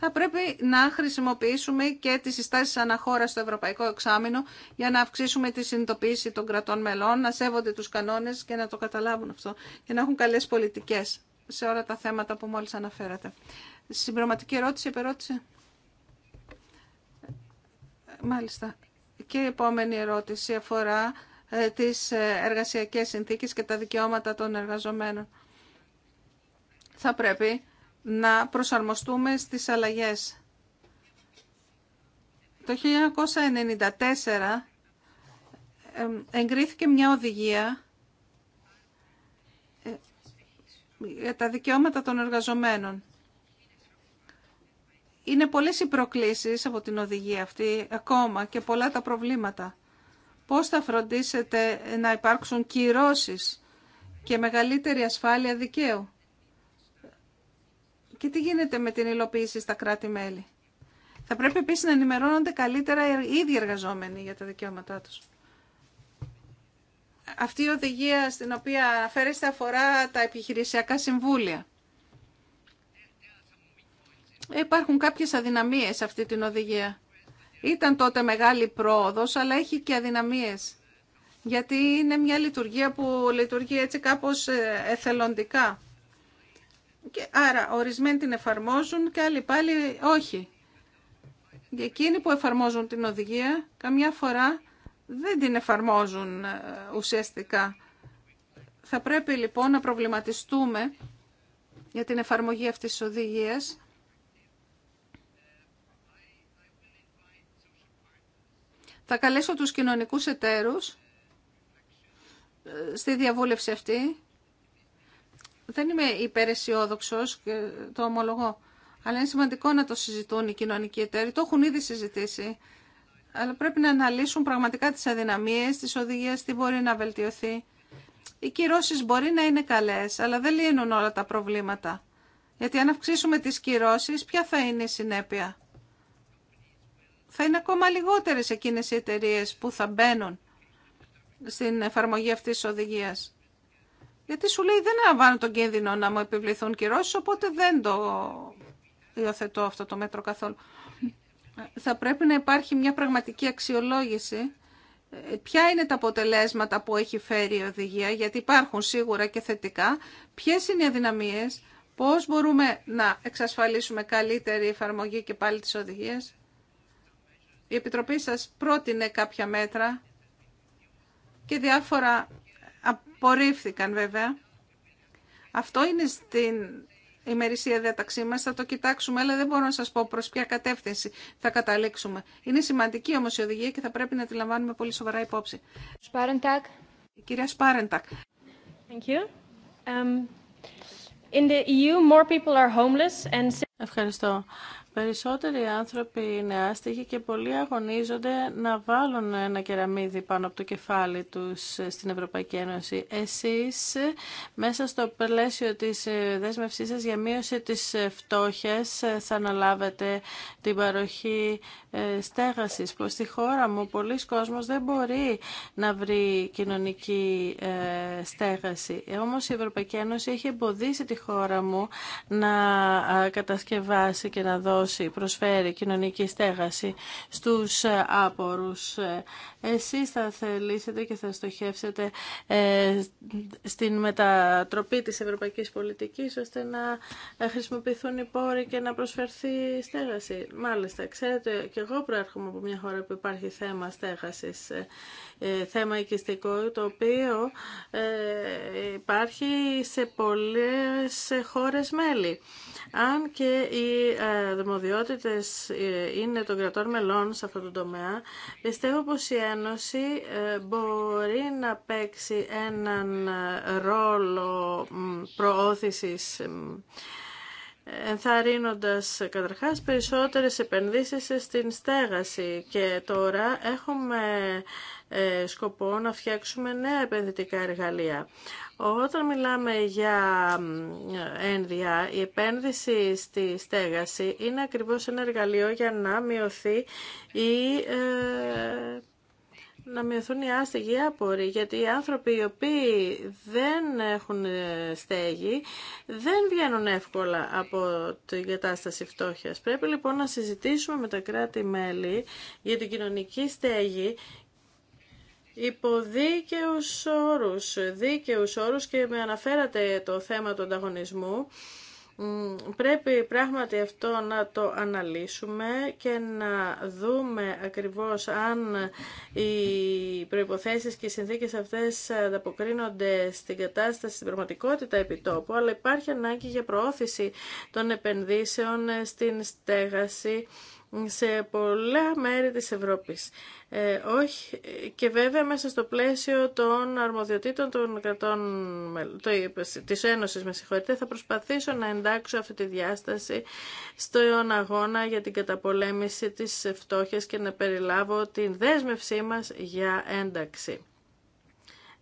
Θα πρέπει να χρησιμοποιήσουμε και τις συστάσεις αναχώρα στο Ευρωπαϊκό Εξάμεινο για να αυξήσουμε τη συνειδητοποίηση των κρατών μελών, να σέβονται τους κανόνες και να το καταλάβουν αυτό και να έχουν καλές πολιτικές σε όλα τα θέματα που μόλις αναφέρατε. Συμπληρωματική ερώτηση, επερώτηση. Μάλιστα. Και η επόμενη ερώτηση αφορά ε, τις ε, εργασιακές συνθήκες και τα δικαιώματα των εργαζομένων. Θα πρέπει να προσαρμοστούμε στις αλλαγές. Το 1994 εγκρίθηκε μια οδηγία ε, για τα δικαιώματα των εργαζομένων. Είναι πολλές οι προκλήσεις από την οδηγία αυτή ακόμα και πολλά τα προβλήματα. Πώς θα φροντίσετε να υπάρξουν κυρώσεις και μεγαλύτερη ασφάλεια δικαίου. Και τι γίνεται με την υλοποίηση στα κράτη-μέλη. Θα πρέπει επίσης να ενημερώνονται καλύτερα οι ίδιοι εργαζόμενοι για τα δικαιώματά τους. Αυτή η οδηγία στην οποία αναφέρεστε αφορά τα επιχειρησιακά συμβούλια. Υπάρχουν κάποιες αδυναμίες σε αυτή την οδηγία. Ήταν τότε μεγάλη πρόοδος, αλλά έχει και αδυναμίες. Γιατί είναι μια λειτουργία που λειτουργεί έτσι κάπως ε, εθελοντικά. Και άρα ορισμένοι την εφαρμόζουν και άλλοι πάλι όχι. Και εκείνοι που εφαρμόζουν την οδηγία, καμιά φορά δεν την εφαρμόζουν ε, ουσιαστικά. Θα πρέπει λοιπόν να προβληματιστούμε για την εφαρμογή αυτής της οδηγίας Θα καλέσω τους κοινωνικούς εταίρους ε, στη διαβούλευση αυτή. Δεν είμαι υπεραισιόδοξος το ομολογώ. Αλλά είναι σημαντικό να το συζητούν οι κοινωνικοί εταίροι. Το έχουν ήδη συζητήσει. Αλλά πρέπει να αναλύσουν πραγματικά τις αδυναμίες, τις οδηγίες, τι μπορεί να βελτιωθεί. Οι κυρώσεις μπορεί να είναι καλές, αλλά δεν λύνουν όλα τα προβλήματα. Γιατί αν αυξήσουμε τις κυρώσεις, ποια θα είναι η συνέπεια θα είναι ακόμα λιγότερες εκείνες οι εταιρείε που θα μπαίνουν στην εφαρμογή αυτής της οδηγίας. Γιατί σου λέει δεν αναβάνω τον κίνδυνο να μου επιβληθούν κυρώσεις, οπότε δεν το υιοθετώ αυτό το μέτρο καθόλου. Θα πρέπει να υπάρχει μια πραγματική αξιολόγηση ποια είναι τα αποτελέσματα που έχει φέρει η οδηγία, γιατί υπάρχουν σίγουρα και θετικά, ποιες είναι οι αδυναμίες, πώς μπορούμε να εξασφαλίσουμε καλύτερη εφαρμογή και πάλι της οδηγίας η Επιτροπή σας πρότεινε κάποια μέτρα και διάφορα απορρίφθηκαν βέβαια. Αυτό είναι στην ημερησία διαταξή μας, θα το κοιτάξουμε, αλλά δεν μπορώ να σας πω προς ποια κατεύθυνση θα καταλήξουμε. Είναι σημαντική όμως η οδηγία και θα πρέπει να τη λαμβάνουμε πολύ σοβαρά υπόψη. Σπάρεντακ.
Η κυρία Σπάρεντακ. Thank you. Um, in EU, e more people are homeless and... Ευχαριστώ. Περισσότεροι άνθρωποι είναι άστοιχοι και πολλοί αγωνίζονται να βάλουν ένα κεραμίδι πάνω από το κεφάλι τους στην Ευρωπαϊκή Ένωση. Εσείς, μέσα στο πλαίσιο της ε, δέσμευσής σας για μείωση της ε, φτώχειας, ε, θα αναλάβετε την παροχή στέγασης. Που στη χώρα μου, πολλοί κόσμος δεν μπορεί να βρει κοινωνική στέγαση. Όμως η Ευρωπαϊκή Ένωση έχει εμποδίσει τη χώρα μου να κατασκευάσει και να δώσει προσφέρει κοινωνική στέγαση στους ε, άπορους. Ε, εσείς θα θελήσετε και θα στοχεύσετε ε, στην μετατροπή της ευρωπαϊκής πολιτικής ώστε να χρησιμοποιηθούν οι πόροι και να προσφερθεί στέγαση. Μάλιστα, ξέρετε και εγώ προέρχομαι από μια χώρα που υπάρχει θέμα στέγασης, θέμα οικιστικό, το οποίο υπάρχει σε πολλές χώρες μέλη. Αν και η αρμοδιότητες ε, είναι των κρατών μελών σε αυτό το τομέα, πιστεύω πως η Ένωση ε, μπορεί να παίξει έναν ε, ρόλο προώθησης ενθαρρύνοντας καταρχάς περισσότερες επενδύσεις στην στέγαση και τώρα έχουμε σκοπό να φτιάξουμε νέα επενδυτικά εργαλεία. Όταν μιλάμε για ένδια, η επένδυση στη στέγαση είναι ακριβώς ένα εργαλείο για να μειωθεί η ε, να μειωθούν οι άστεγοι οι άποροι, γιατί οι άνθρωποι οι οποίοι δεν έχουν ε, στέγη δεν βγαίνουν εύκολα από την κατάσταση φτώχειας. Πρέπει λοιπόν να συζητήσουμε με τα κράτη-μέλη για την κοινωνική στέγη υπό δίκαιους όρους, και με αναφέρατε το θέμα του ανταγωνισμού. Πρέπει πράγματι αυτό να το αναλύσουμε και να δούμε ακριβώς αν οι προϋποθέσεις και οι συνθήκες αυτές ανταποκρίνονται στην κατάσταση, στην πραγματικότητα επιτόπου, αλλά υπάρχει ανάγκη για προώθηση των επενδύσεων στην στέγαση σε πολλά μέρη της Ευρώπης. Ε, όχι, και βέβαια μέσα στο πλαίσιο των αρμοδιοτήτων των κρατών το, της Ένωσης, με θα προσπαθήσω να εντάξω αυτή τη διάσταση στον αγώνα για την καταπολέμηση της φτώχειας και να περιλάβω την δέσμευσή μας για ένταξη.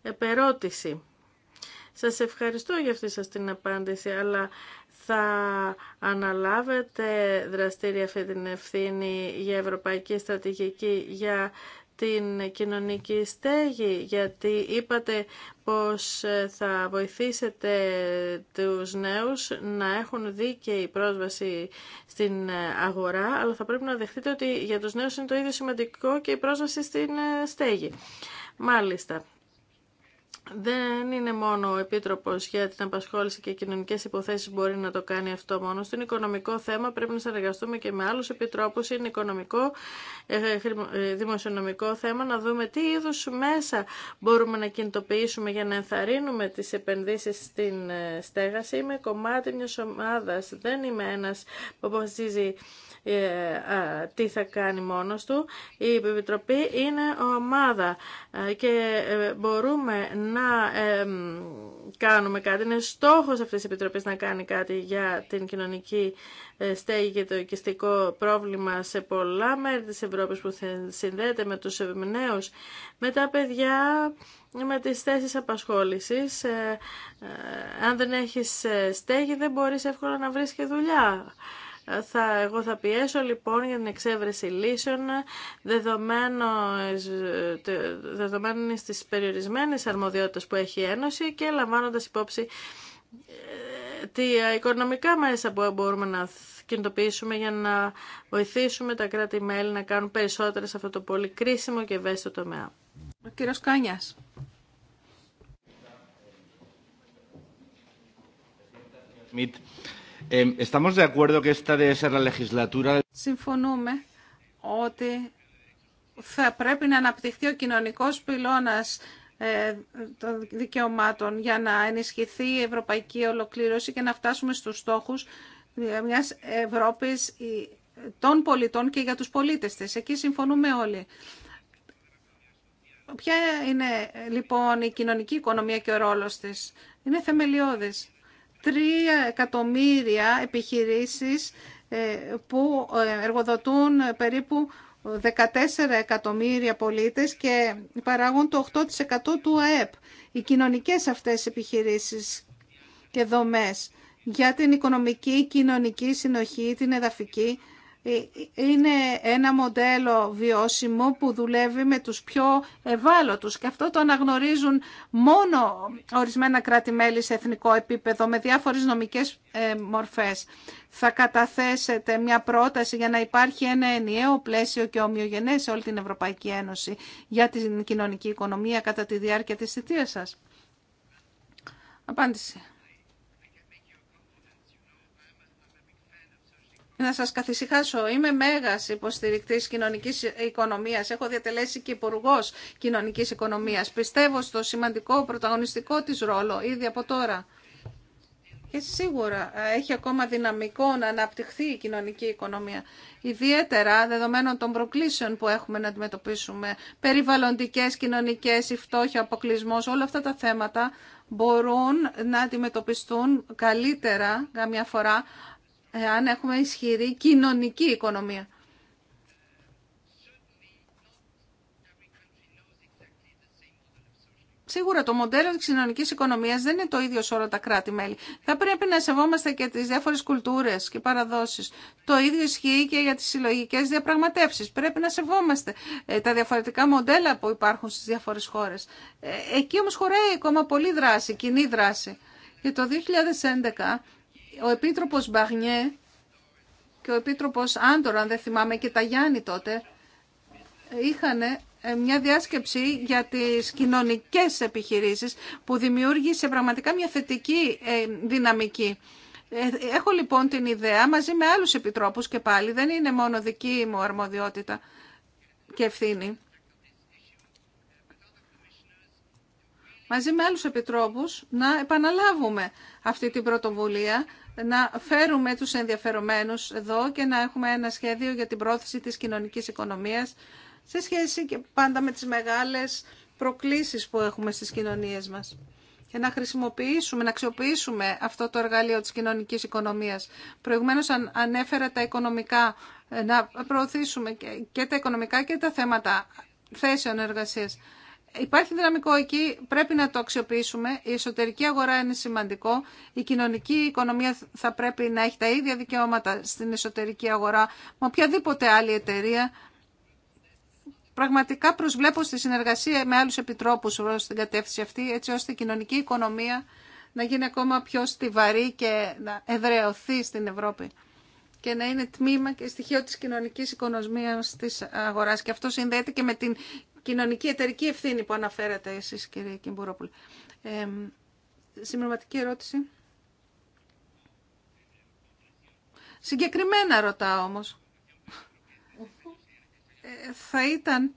Επερώτηση. Σας ευχαριστώ για αυτή σας την απάντηση, αλλά θα αναλάβετε δραστήρια αυτή την ευθύνη για ευρωπαϊκή στρατηγική για την κοινωνική στέγη, γιατί είπατε πως ε, θα βοηθήσετε τους νέους να έχουν δίκαιη πρόσβαση στην ε, αγορά, αλλά θα πρέπει να δεχτείτε ότι για τους νέους είναι το ίδιο σημαντικό και η πρόσβαση στην ε, στέγη. Μάλιστα δεν είναι μόνο ο Επίτροπο για την Απασχόληση και Κοινωνικέ Υποθέσει μπορεί να το κάνει αυτό μόνο. Στον οικονομικό θέμα πρέπει να συνεργαστούμε και με άλλου επιτρόπου. Είναι οικονομικό, ε, ε, δημοσιονομικό θέμα να δούμε τι είδου μέσα μπορούμε να κινητοποιήσουμε για να ενθαρρύνουμε τι επενδύσει στην ε, στέγαση. Είμαι κομμάτι μια ομάδα. Δεν είμαι ένα που αποφασίζει ε, τι θα κάνει μόνος του. Η Επιτροπή είναι ομάδα ε, και ε, μπορούμε να κάνουμε κάτι. Είναι στόχος αυτής της Επιτροπής να κάνει κάτι για την κοινωνική στέγη και το οικιστικό πρόβλημα σε πολλά μέρη της Ευρώπης που συνδέεται με τους νέους, με τα παιδιά, με τις θέσεις απασχόλησης. αν δεν έχεις στέγη δεν μπορείς εύκολα να βρεις και δουλειά. Θα, εγώ θα πιέσω λοιπόν για την εξέβρεση λύσεων δεδομένων στις περιορισμένες αρμοδιότητες που έχει η Ένωση και λαμβάνοντας υπόψη ε, τι ε, οικονομικά μέσα που μπορούμε να κινητοποιήσουμε για να βοηθήσουμε τα κράτη-μέλη να κάνουν περισσότερα σε αυτό το πολύ κρίσιμο και ευαίσθητο τομέα. Ο κύριος Κάνιας
estamos de acuerdo que esta ser Συμφωνούμε ότι θα πρέπει να αναπτυχθεί ο κοινωνικός πυλώνας ε, των δικαιωμάτων για να ενισχυθεί η ευρωπαϊκή ολοκλήρωση και να φτάσουμε στους στόχους μιας Ευρώπης ε, των πολιτών και για τους πολίτες της. Εκεί συμφωνούμε όλοι. Ποια είναι λοιπόν η κοινωνική οικονομία και ο ρόλος της. Είναι θεμελιώδης τρία εκατομμύρια επιχειρήσεις ε, που ε, εργοδοτούν ε, περίπου 14 εκατομμύρια πολίτες και παράγουν το 8% του ΑΕΠ. Οι κοινωνικές αυτές επιχειρήσεις και δομές για την οικονομική, κοινωνική συνοχή, την εδαφική είναι ένα μοντέλο βιώσιμο που δουλεύει με τους πιο ευάλωτους και αυτό το αναγνωρίζουν μόνο ορισμένα κράτη-μέλη σε εθνικό επίπεδο με διάφορες νομικές ε, μορφές. Θα καταθέσετε μια πρόταση για να υπάρχει ένα ενιαίο πλαίσιο και ομοιογενές σε όλη την Ευρωπαϊκή Ένωση για την κοινωνική οικονομία κατά τη διάρκεια της θητείας σας. Απάντηση. Να σας καθησυχάσω, είμαι μέγας υποστηρικτής κοινωνικής οικονομίας. Έχω διατελέσει και υπουργό κοινωνικής οικονομίας. Πιστεύω στο σημαντικό πρωταγωνιστικό της ρόλο ήδη από τώρα. Και σίγουρα έχει ακόμα δυναμικό να αναπτυχθεί η κοινωνική οικονομία. Ιδιαίτερα δεδομένων των προκλήσεων που έχουμε να αντιμετωπίσουμε, περιβαλλοντικές, κοινωνικές, η φτώχεια, αποκλεισμό, όλα αυτά τα θέματα μπορούν να αντιμετωπιστούν καλύτερα καμιά φορά αν έχουμε ισχυρή κοινωνική οικονομία. Σίγουρα το μοντέλο τη κοινωνική οικονομία δεν είναι το ίδιο σε όλα τα κράτη-μέλη. Θα πρέπει να σεβόμαστε και τι διάφορε κουλτούρε και παραδόσεις. Το ίδιο ισχύει και για τι συλλογικέ διαπραγματεύσει. Πρέπει να σεβόμαστε ε, τα διαφορετικά μοντέλα που υπάρχουν στι διάφορε χώρε. Ε, εκεί όμω χωράει ακόμα πολύ δράση, κοινή δράση. Και το 2011 ο Επίτροπος Μπαγνιέ και ο Επίτροπος Άντορα, αν δεν θυμάμαι, και τα Γιάννη τότε, είχαν ε, μια διάσκεψη για τις κοινωνικές επιχειρήσεις που δημιούργησε πραγματικά μια θετική ε, δυναμική. Ε, έχω λοιπόν την ιδέα μαζί με άλλους επιτρόπους και πάλι, δεν είναι μόνο δική μου αρμοδιότητα και ευθύνη. Μαζί με άλλους επιτρόπους να επαναλάβουμε αυτή την πρωτοβουλία να φέρουμε τους ενδιαφερομένους εδώ και να έχουμε ένα σχέδιο για την πρόθεση της κοινωνικής οικονομίας σε σχέση και πάντα με τις μεγάλες προκλήσεις που έχουμε στις κοινωνίες μας και να χρησιμοποιήσουμε, να αξιοποιήσουμε αυτό το εργαλείο της κοινωνικής οικονομίας. Προηγουμένως ανέφερα τα οικονομικά, ε, να προωθήσουμε και τα οικονομικά και τα θέματα θέσεων εργασίας. Υπάρχει δυναμικό εκεί, πρέπει να το αξιοποιήσουμε. Η εσωτερική αγορά είναι σημαντικό. Η κοινωνική οικονομία θα πρέπει να έχει τα ίδια δικαιώματα στην εσωτερική αγορά με οποιαδήποτε άλλη εταιρεία. Πραγματικά προσβλέπω στη συνεργασία με άλλους επιτρόπους στην κατεύθυνση αυτή, έτσι ώστε η κοινωνική οικονομία να γίνει ακόμα πιο στιβαρή και να εδρεωθεί στην Ευρώπη και να είναι τμήμα και στοιχείο της κοινωνικής οικονομίας της αγοράς. Και αυτό συνδέεται και με την κοινωνική εταιρική ευθύνη που αναφέρατε εσείς κύριε Κιμπουρόπουλη. Ε, συμπληρωματική ερώτηση. Συγκεκριμένα ρωτάω όμως. Ε, θα ήταν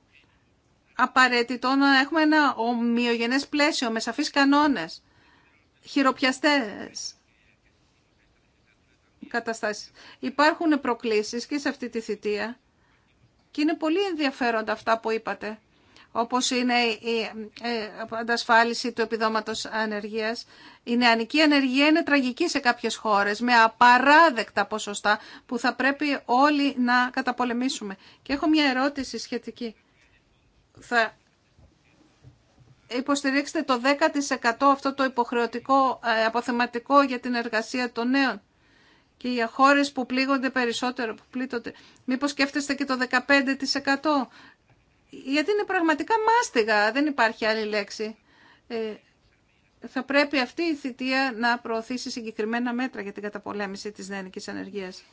απαραίτητο να έχουμε ένα ομοιογενές πλαίσιο με σαφείς κανόνες, χειροπιαστές καταστάσεις. Υπάρχουν προκλήσεις και σε αυτή τη θητεία και είναι πολύ ενδιαφέροντα αυτά που είπατε όπως είναι ε, η αντασφάλιση του επιδόματος ανεργίας. Η νεανική ανεργία είναι τραγική σε κάποιες χώρες, με απαράδεκτα ποσοστά που θα πρέπει όλοι να καταπολεμήσουμε. Και έχω μια ερώτηση σχετική. Θα υποστηρίξετε το 10% αυτό το υποχρεωτικό ε, αποθεματικό για την εργασία των νέων και για χώρες που πλήγονται περισσότερο, που πλήττονται. Μήπως σκέφτεστε και το 15% γιατί είναι πραγματικά μάστιγα, δεν υπάρχει άλλη λέξη. Ε, θα πρέπει αυτή η θητεία να προωθήσει συγκεκριμένα μέτρα για την καταπολέμηση της νεανικής ανεργίας.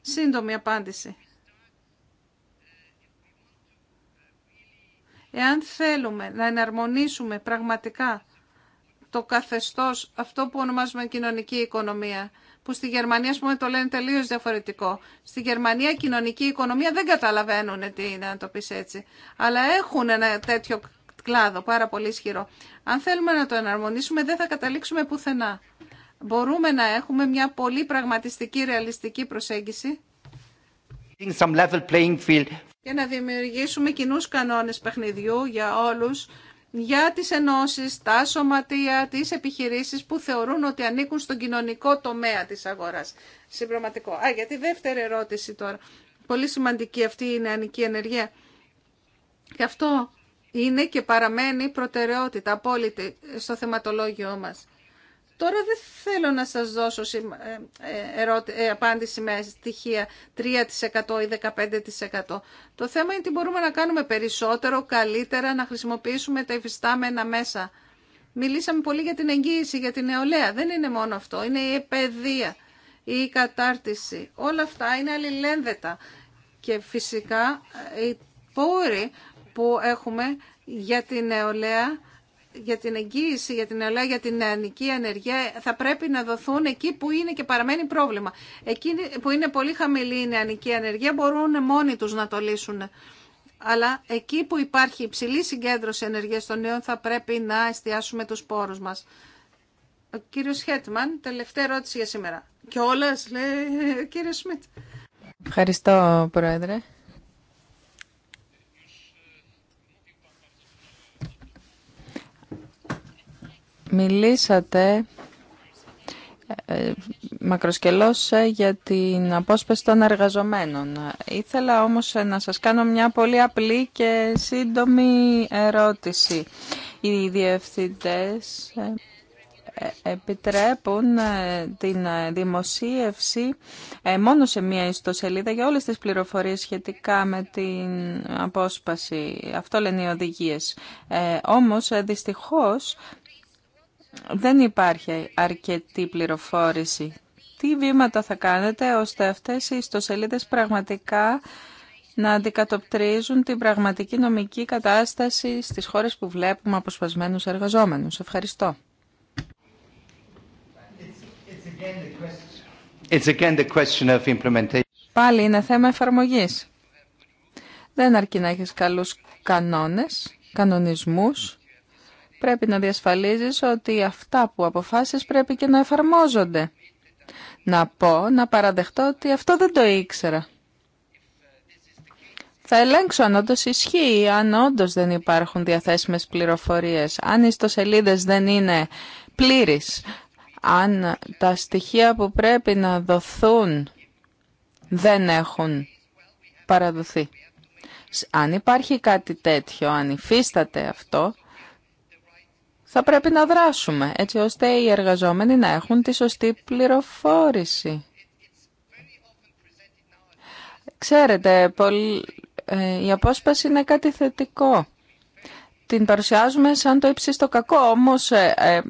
Σύντομη απάντηση. Εάν θέλουμε να εναρμονίσουμε πραγματικά το καθεστώς αυτό που ονομάζουμε κοινωνική οικονομία που στη Γερμανία πούμε, το λένε τελείω διαφορετικό. Στη Γερμανία η κοινωνική οικονομία δεν καταλαβαίνουν τι είναι, να το πει έτσι. Αλλά έχουν ένα τέτοιο κλάδο πάρα πολύ ισχυρό. Αν θέλουμε να το εναρμονίσουμε δεν θα καταλήξουμε πουθενά. Μπορούμε να έχουμε μια πολύ πραγματιστική, ρεαλιστική προσέγγιση και να δημιουργήσουμε κοινού κανόνε παιχνιδιού για όλου για τις ενώσεις, τα σωματεία, τις επιχειρήσεις που θεωρούν ότι ανήκουν στον κοινωνικό τομέα της αγοράς. Συμπροματικό. Α, για τη δεύτερη ερώτηση τώρα. Πολύ σημαντική αυτή η νεανική ενεργεία. Και αυτό είναι και παραμένει προτεραιότητα απόλυτη στο θεματολόγιο μας. Τώρα δεν θέλω να σας δώσω ε, ε, ε, απάντηση με στοιχεία 3% ή 15%. Το θέμα είναι τι μπορούμε να κάνουμε περισσότερο, καλύτερα, να χρησιμοποιήσουμε τα υφιστάμενα μέσα. Μιλήσαμε πολύ για την εγγύηση, για την νεολαία. Δεν είναι μόνο αυτό. Είναι η επαιδεία, η κατάρτιση. Όλα αυτά είναι αλληλένδετα. Και φυσικά οι πόροι που έχουμε για την νεολαία για την εγγύηση, για την αλλαγή, για την νεανική ανεργία θα πρέπει να δοθούν εκεί που είναι και παραμένει πρόβλημα. Εκεί που είναι πολύ χαμηλή η νεανική ανεργία μπορούν μόνοι τους να το λύσουν. Αλλά εκεί που υπάρχει υψηλή συγκέντρωση ενεργείας των νέων θα πρέπει να εστιάσουμε τους πόρους μας. Ο κύριος Χέτμαν, τελευταία ερώτηση για σήμερα. Και όλες, λέει ο κύριος Σμιτ.
Ευχαριστώ, Πρόεδρε. Μιλήσατε ε, μακροσκελώς ε, για την απόσπαση των εργαζομένων. Ήθελα όμως ε, να σας κάνω μια πολύ απλή και σύντομη ερώτηση. Οι διευθυντές επιτρέπουν την δημοσίευση μόνο σε μία ιστοσελίδα για όλες τις πληροφορίες σχετικά με την απόσπαση. Αυτό λένε οι οδηγίες. Όμως, δυστυχώς, δεν υπάρχει αρκετή πληροφόρηση. Τι βήματα θα κάνετε ώστε αυτές οι ιστοσελίδες πραγματικά να αντικατοπτρίζουν την πραγματική νομική κατάσταση στις χώρες που βλέπουμε αποσπασμένους εργαζόμενους. Ευχαριστώ. It's again question of implementation. Πάλι είναι θέμα εφαρμογής. Δεν αρκεί να έχεις καλούς κανόνες, κανονισμούς, Πρέπει να διασφαλίζεις ότι αυτά που αποφάσεις πρέπει και να εφαρμόζονται. Να πω, να παραδεχτώ ότι αυτό δεν το ήξερα. Θα ελέγξω αν όντω ισχύει, αν όντω δεν υπάρχουν διαθέσιμες πληροφορίες, αν οι ιστοσελίδες δεν είναι πλήρεις, αν τα στοιχεία που πρέπει να δοθούν δεν έχουν παραδοθεί. Αν υπάρχει κάτι τέτοιο, αν υφίσταται αυτό, θα πρέπει να δράσουμε έτσι ώστε οι εργαζόμενοι να έχουν τη σωστή πληροφόρηση. Ξέρετε, ε, η απόσπαση είναι κάτι θετικό. Την παρουσιάζουμε σαν το ύψιστο κακό, όμως ε, ε,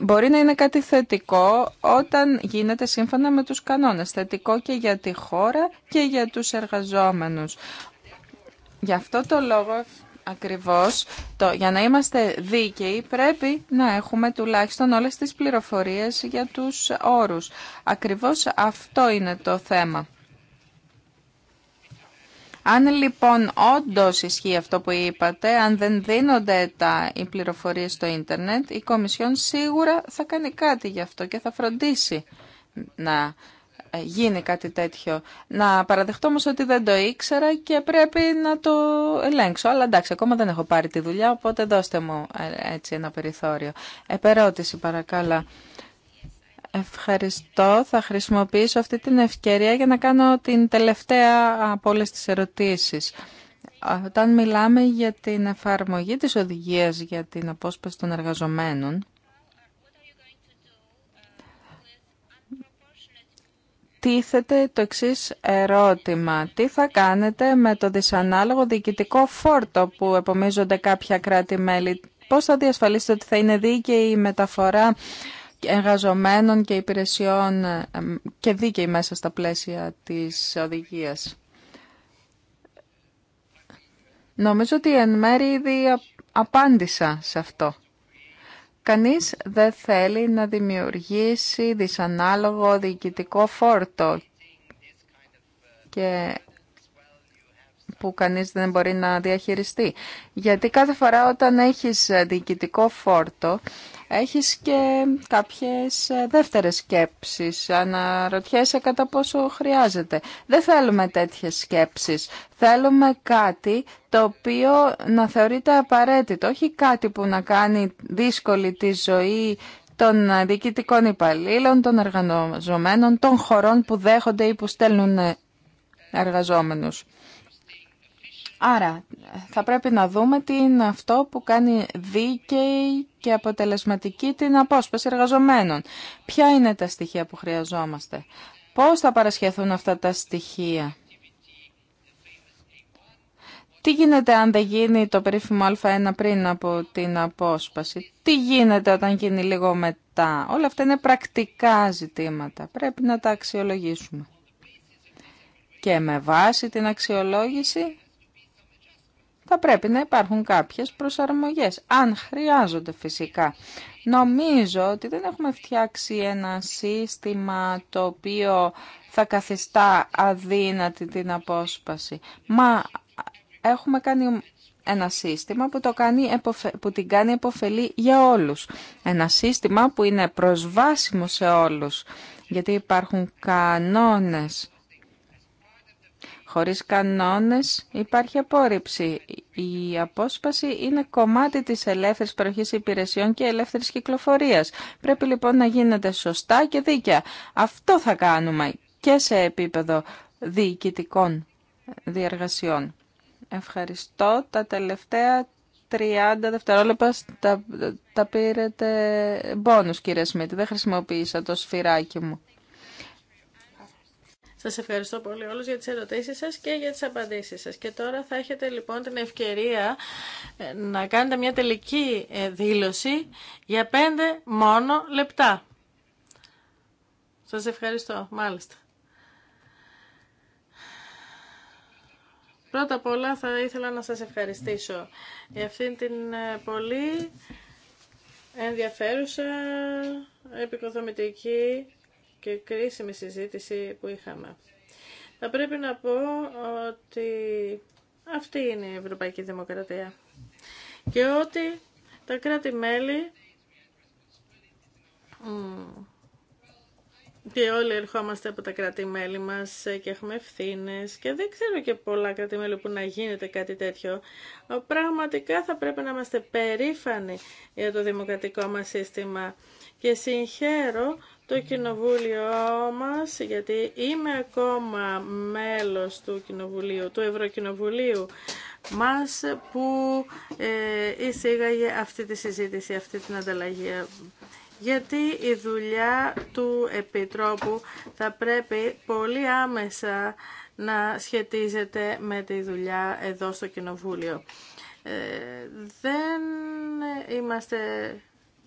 μπορεί να είναι κάτι θετικό όταν γίνεται σύμφωνα με τους κανόνες. Θετικό και για τη χώρα και για τους εργαζόμενους. Γι' αυτό το λόγο Ακριβώς. Το, για να είμαστε δίκαιοι πρέπει να έχουμε τουλάχιστον όλες τις πληροφορίες για τους όρους. Ακριβώς αυτό είναι το θέμα. Αν λοιπόν όντω ισχύει αυτό που είπατε, αν δεν δίνονται τα, οι πληροφορίες στο ίντερνετ, η Κομισιόν σίγουρα θα κάνει κάτι γι' αυτό και θα φροντίσει να ε, γίνει κάτι τέτοιο. Να παραδεχτώ όμως ότι δεν το ήξερα και πρέπει να το ελέγξω. Αλλά εντάξει, ακόμα δεν έχω πάρει τη δουλειά, οπότε δώστε μου ε, έτσι ένα περιθώριο. Επερώτηση παρακαλώ. Ευχαριστώ. Θα χρησιμοποιήσω αυτή την ευκαιρία για να κάνω την τελευταία από όλε τις ερωτήσεις. Όταν μιλάμε για την εφαρμογή της οδηγίας για την απόσπαση των εργαζομένων, τίθεται το εξή ερώτημα. Τι θα κάνετε με το δυσανάλογο διοικητικό φόρτο που επομίζονται κάποια κράτη-μέλη. Πώς θα διασφαλίσετε ότι θα είναι δίκαιη η μεταφορά εργαζομένων και υπηρεσιών και δίκαιη μέσα στα πλαίσια της οδηγίας. Νομίζω ότι εν μέρη ήδη απάντησα σε αυτό. Κανείς δεν θέλει να δημιουργήσει δυσανάλογο διοικητικό φόρτο και που κανείς δεν μπορεί να διαχειριστεί. Γιατί κάθε φορά όταν έχεις διοικητικό φόρτο, έχεις και κάποιες δεύτερες σκέψεις. Αναρωτιέσαι κατά πόσο χρειάζεται. Δεν θέλουμε τέτοιες σκέψεις. Θέλουμε κάτι το οποίο να θεωρείται απαραίτητο. Όχι κάτι που να κάνει δύσκολη τη ζωή των διοικητικών υπαλλήλων, των εργαζομένων, των χωρών που δέχονται ή που στέλνουν εργαζόμενους. Άρα θα πρέπει να δούμε τι είναι αυτό που κάνει δίκαιη και αποτελεσματική την απόσπαση εργαζομένων. Ποια είναι τα στοιχεία που χρειαζόμαστε. Πώς θα παρασχεθούν αυτά τα στοιχεία. Τι γίνεται αν δεν γίνει το περίφημο Α1 πριν από την απόσπαση. Τι γίνεται όταν γίνει λίγο μετά. Όλα αυτά είναι πρακτικά ζητήματα. Πρέπει να τα αξιολογήσουμε. Και με βάση την αξιολόγηση θα πρέπει να υπάρχουν κάποιες προσαρμογές, αν χρειάζονται φυσικά. Νομίζω ότι δεν έχουμε φτιάξει ένα σύστημα το οποίο θα καθιστά αδύνατη την απόσπαση. Μα έχουμε κάνει ένα σύστημα που, το κάνει, που την κάνει επωφελή για όλους. Ένα σύστημα που είναι προσβάσιμο σε όλους, γιατί υπάρχουν κανόνες Χωρίς κανόνες υπάρχει απόρριψη. Η απόσπαση είναι κομμάτι της ελεύθερης παροχής υπηρεσιών και ελεύθερης κυκλοφορίας. Πρέπει λοιπόν να γίνεται σωστά και δίκαια. Αυτό θα κάνουμε και σε επίπεδο διοικητικών διεργασιών. Ευχαριστώ. Τα τελευταία 30 δευτερόλεπτα τα, τα πήρετε μπόνους κύριε Σμίτη. Δεν χρησιμοποίησα το σφυράκι μου.
Σας ευχαριστώ πολύ όλους για τις ερωτήσεις σας και για τις απαντήσεις σας. Και τώρα θα έχετε λοιπόν την ευκαιρία ε, να κάνετε μια τελική ε, δήλωση για πέντε μόνο λεπτά. Σας ευχαριστώ, μάλιστα. Πρώτα απ' όλα θα ήθελα να σας ευχαριστήσω για αυτήν την ε, πολύ ενδιαφέρουσα επικοδομητική και κρίσιμη συζήτηση που είχαμε. Θα πρέπει να πω ότι αυτή είναι η Ευρωπαϊκή Δημοκρατία και ότι τα κράτη-μέλη και όλοι ερχόμαστε από τα κράτη-μέλη μας και έχουμε ευθύνε και δεν ξέρω και πολλά κράτη-μέλη που να γίνεται κάτι τέτοιο. Πραγματικά θα πρέπει να είμαστε περήφανοι για το δημοκρατικό μας σύστημα και συγχαίρω το κοινοβούλιο μας, γιατί είμαι ακόμα μέλος του κοινοβουλίου, του Ευρωκοινοβουλίου μας που ε, εισήγαγε αυτή τη συζήτηση, αυτή την ανταλλαγή. Γιατί η δουλειά του Επιτρόπου θα πρέπει πολύ άμεσα να σχετίζεται με τη δουλειά εδώ στο Κοινοβούλιο. Ε, δεν είμαστε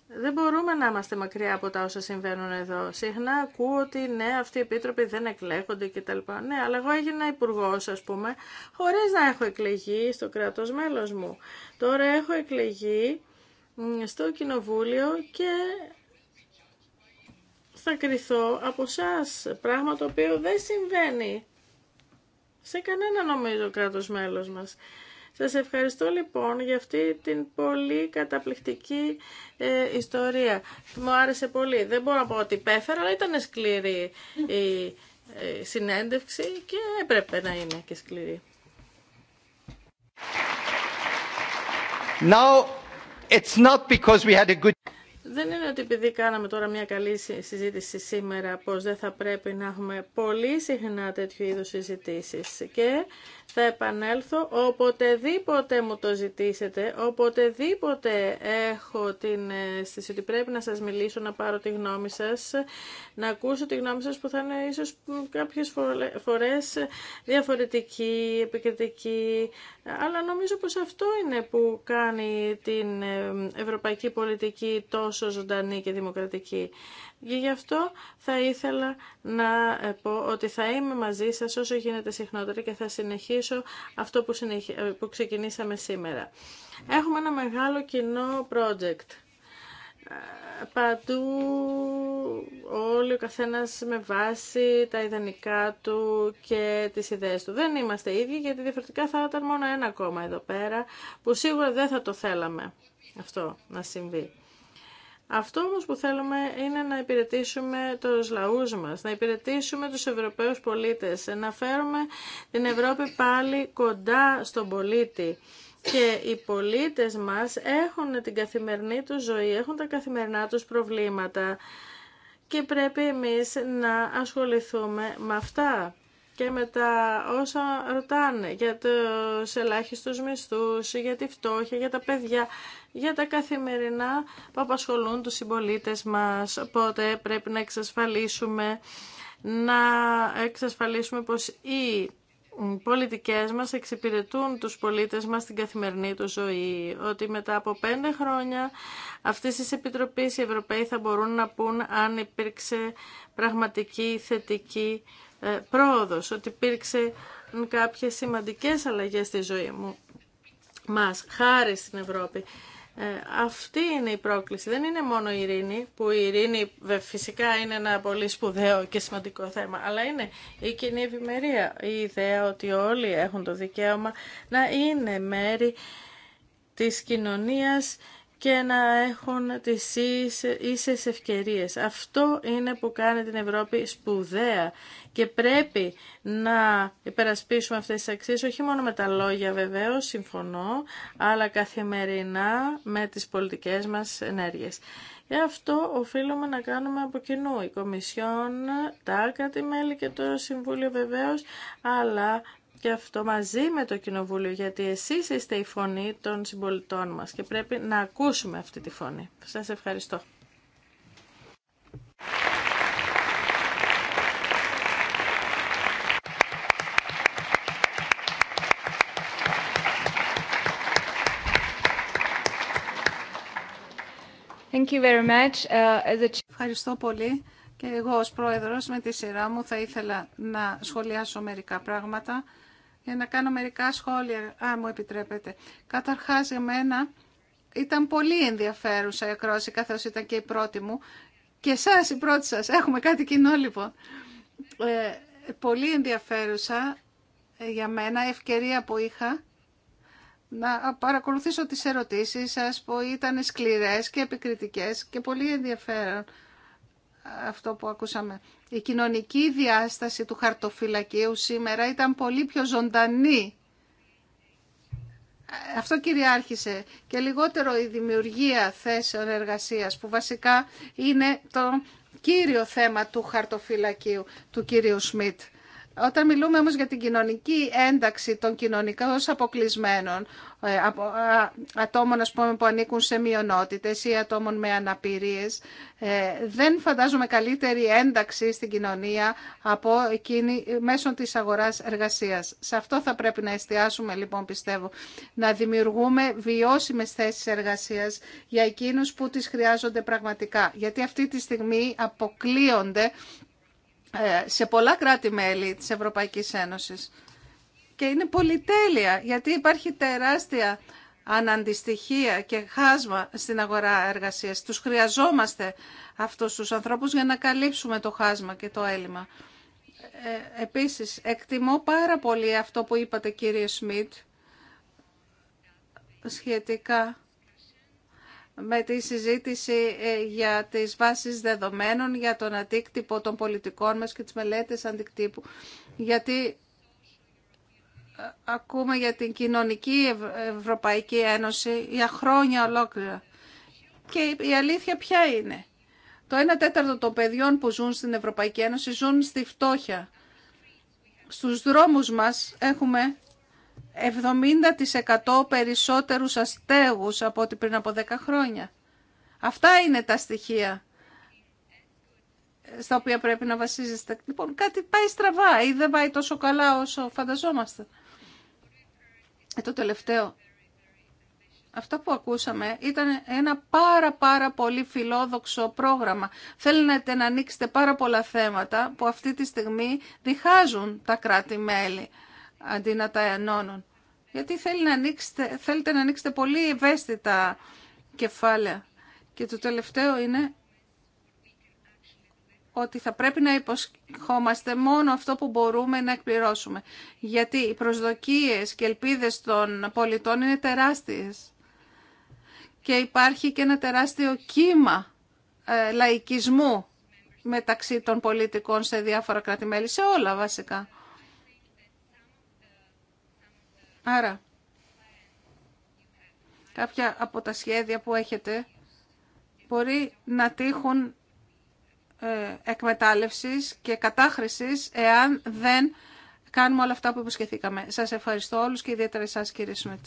δεν μπορούμε να είμαστε μακριά από τα όσα συμβαίνουν εδώ. Συχνά ακούω ότι ναι, αυτοί οι επίτροποι δεν εκλέγονται κτλ. Ναι, αλλά εγώ έγινα υπουργό, α πούμε, χωρί να έχω εκλεγεί στο κράτο μέλο μου. Τώρα έχω εκλεγεί στο κοινοβούλιο και θα κρυθώ από εσά. Πράγμα το οποίο δεν συμβαίνει σε κανένα νομίζω κράτος μέλος μας. Σας ευχαριστώ λοιπόν για αυτή την πολύ καταπληκτική ε, ιστορία. Μου άρεσε πολύ. Δεν μπορώ να πω ότι πέφερα, αλλά ήταν σκληρή η ε, συνέντευξη και έπρεπε να είναι και σκληρή.
Now, it's not because we had a good...
Δεν είναι ότι επειδή κάναμε τώρα μια καλή συζήτηση σήμερα πως δεν θα πρέπει να έχουμε πολύ συχνά τέτοιου είδους συζητήσεις και θα επανέλθω οποτεδήποτε μου το ζητήσετε, οποτεδήποτε έχω την αίσθηση ότι πρέπει να σας μιλήσω, να πάρω τη γνώμη σας, να ακούσω τη γνώμη σας που θα είναι ίσως κάποιες φορές διαφορετική, επικριτική, αλλά νομίζω πως αυτό είναι που κάνει την ευρωπαϊκή πολιτική τόσο ζωντανή και δημοκρατική. Και γι' αυτό θα ήθελα να ε, πω ότι θα είμαι μαζί σας όσο γίνεται συχνότερα και θα συνεχίσω αυτό που, ε, ξεκινήσαμε σήμερα. Έχουμε ένα μεγάλο κοινό project. Ε, παντού όλοι ο καθένας με βάση τα ιδανικά του και τις ιδέες του. Δεν είμαστε ίδιοι γιατί διαφορετικά θα ήταν μόνο ένα κόμμα εδώ πέρα που σίγουρα δεν θα το θέλαμε αυτό να συμβεί. Αυτό όμως που θέλουμε είναι να υπηρετήσουμε τους λαούς μας, να υπηρετήσουμε τους Ευρωπαίους πολίτες, να φέρουμε την Ευρώπη πάλι κοντά στον πολίτη. Και οι πολίτες μας έχουν την καθημερινή τους ζωή, έχουν τα καθημερινά τους προβλήματα και πρέπει εμείς να ασχοληθούμε με αυτά και με τα όσα ρωτάνε για τους ελάχιστους μισθούς, για τη φτώχεια, για τα παιδιά, για τα καθημερινά που απασχολούν τους συμπολίτε μας. Οπότε πρέπει να εξασφαλίσουμε να εξασφαλίσουμε πως οι οι πολιτικές μας εξυπηρετούν τους πολίτες μας στην καθημερινή του ζωή. Ότι μετά από πέντε χρόνια αυτή τη επιτροπή οι Ευρωπαίοι θα μπορούν να πούν αν υπήρξε πραγματική θετική ε, πρόοδος, ότι υπήρξε κάποιες σημαντικές αλλαγές στη ζωή μου μας, χάρη στην Ευρώπη. Ε, αυτή είναι η πρόκληση. Δεν είναι μόνο η ειρήνη, που η ειρήνη φυσικά είναι ένα πολύ σπουδαίο και σημαντικό θέμα, αλλά είναι η κοινή ευημερία, η ιδέα ότι όλοι έχουν το δικαίωμα να είναι μέρη της κοινωνίας και να έχουν τις ίσες ευκαιρίες. Αυτό είναι που κάνει την Ευρώπη σπουδαία και πρέπει να υπερασπίσουμε αυτές τις αξίες, όχι μόνο με τα λόγια βεβαίως, συμφωνώ, αλλά καθημερινά με τις πολιτικές μας ενέργειες. αυτό οφείλουμε να κάνουμε από κοινού η Κομισιόν, τα κράτη-μέλη και το Συμβούλιο βεβαίως, αλλά και αυτό μαζί με το Κοινοβούλιο, γιατί εσείς είστε η φωνή των συμπολιτών μας και πρέπει να ακούσουμε αυτή τη φωνή. Σας ευχαριστώ.
Thank you uh, Ευχαριστώ πολύ. Και εγώ ως πρόεδρος με τη σειρά μου θα ήθελα να σχολιάσω μερικά πράγματα για να κάνω μερικά σχόλια, αν μου επιτρέπετε. Καταρχάς, για μένα ήταν πολύ ενδιαφέρουσα η ακρόαση, καθώς ήταν και η πρώτη μου. Και εσάς η πρώτη σας. Έχουμε κάτι κοινό, λοιπόν. Ε, πολύ ενδιαφέρουσα ε, για μένα η ευκαιρία που είχα να παρακολουθήσω τις ερωτήσεις σας που ήταν σκληρές και επικριτικές και πολύ ενδιαφέρον αυτό που ακούσαμε. Η κοινωνική διάσταση του χαρτοφυλακίου σήμερα ήταν πολύ πιο ζωντανή. Αυτό κυριάρχησε και λιγότερο η δημιουργία θέσεων εργασίας που βασικά είναι το κύριο θέμα του χαρτοφυλακίου του κύριου Σμιτ. Όταν μιλούμε όμως για την κοινωνική ένταξη των κοινωνικών αποκλεισμένων ε, ατόμων ας πούμε, που ανήκουν σε μειονότητες ή ατόμων με αναπηρίες, ε, δεν φαντάζομαι καλύτερη ένταξη στην κοινωνία από εκείνη μέσω της αγοράς εργασίας. Σε αυτό θα πρέπει να εστιάσουμε λοιπόν πιστεύω, να δημιουργούμε βιώσιμες θέσεις εργασίας για εκείνους που τις χρειάζονται πραγματικά. Γιατί αυτή τη στιγμή αποκλείονται ε, σε πολλά κράτη-μέλη της Ευρωπαϊκής Ένωσης. Και είναι πολυτέλεια, γιατί υπάρχει τεράστια αναντιστοιχεία και χάσμα στην αγορά εργασίας. Τους χρειαζόμαστε αυτούς τους ανθρώπους για να καλύψουμε το χάσμα και το έλλειμμα. Ε, επίσης, εκτιμώ πάρα πολύ αυτό που είπατε κύριε Σμιτ σχετικά με τη συζήτηση ε, για τις βάσεις δεδομένων, για τον αντίκτυπο των πολιτικών μας και τις μελέτες αντικτύπου. Γιατί ε, ακούμε για την Κοινωνική Ευρωπαϊκή Ένωση για χρόνια ολόκληρα. Και η αλήθεια ποια είναι. Το 1 τέταρτο των παιδιών που ζουν στην Ευρωπαϊκή Ένωση ζουν στη φτώχεια. Στους δρόμους μας έχουμε 70% περισσότερους αστέγους από ό,τι πριν από 10 χρόνια. Αυτά είναι τα στοιχεία στα οποία πρέπει να βασίζεστε. Λοιπόν, κάτι πάει στραβά ή δεν πάει τόσο καλά όσο φανταζόμαστε. Ε, το τελευταίο. Αυτό που ακούσαμε ήταν ένα πάρα πάρα πολύ φιλόδοξο πρόγραμμα. Θέλετε να ανοίξετε πάρα πολλά θέματα που αυτή τη στιγμή διχάζουν τα κράτη-μέλη αντί να τα ενώνουν. Γιατί θέλει να θέλετε να ανοίξετε πολύ ευαίσθητα κεφάλαια. Και το τελευταίο είναι ότι θα πρέπει να υποσχόμαστε μόνο αυτό που μπορούμε να εκπληρώσουμε. Γιατί οι προσδοκίες και ελπίδες των πολιτών είναι τεράστιες. Και υπάρχει και ένα τεράστιο κύμα ε, λαϊκισμού μεταξύ των πολιτικών σε διάφορα κράτη-μέλη, σε όλα βασικά. Άρα, κάποια από τα σχέδια που έχετε μπορεί να τύχουν ε, εκμετάλλευσης και κατάχρησης εάν δεν κάνουμε όλα αυτά που υποσχεθήκαμε. Σας ευχαριστώ όλους και ιδιαίτερα εσάς κύριε Σμιτ.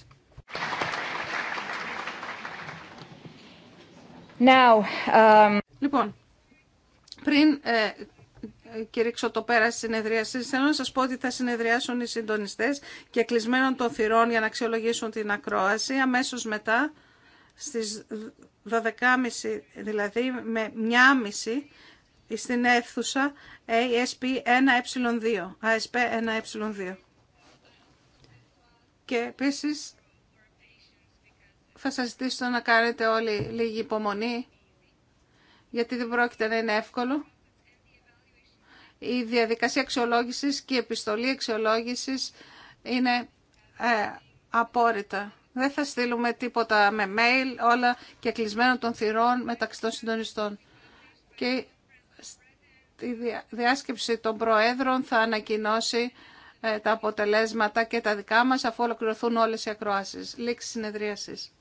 Um, λοιπόν, πριν ε, κηρύξω το πέρα τη συνεδρίαση. Θέλω να σα πω ότι θα συνεδριάσουν οι συντονιστέ και κλεισμένων των θυρών για να αξιολογήσουν την ακρόαση. Αμέσω μετά στι 12.30 δηλαδή με 1.30 στην αίθουσα ASP 1Ε2. ASP 1Ε2. Και επίση θα σας ζητήσω να κάνετε όλοι λίγη υπομονή γιατί δεν πρόκειται να είναι εύκολο η διαδικασία αξιολόγησης και η επιστολή αξιολόγησης είναι ε, απόρριτα. Δεν θα στείλουμε τίποτα με mail, όλα και κλεισμένο των θυρών μεταξύ των συντονιστών. Και η διάσκεψη των προέδρων θα ανακοινώσει ε, τα αποτελέσματα και τα δικά μας αφού ολοκληρωθούν όλες οι ακροάσεις. Λήξη συνεδρίασης.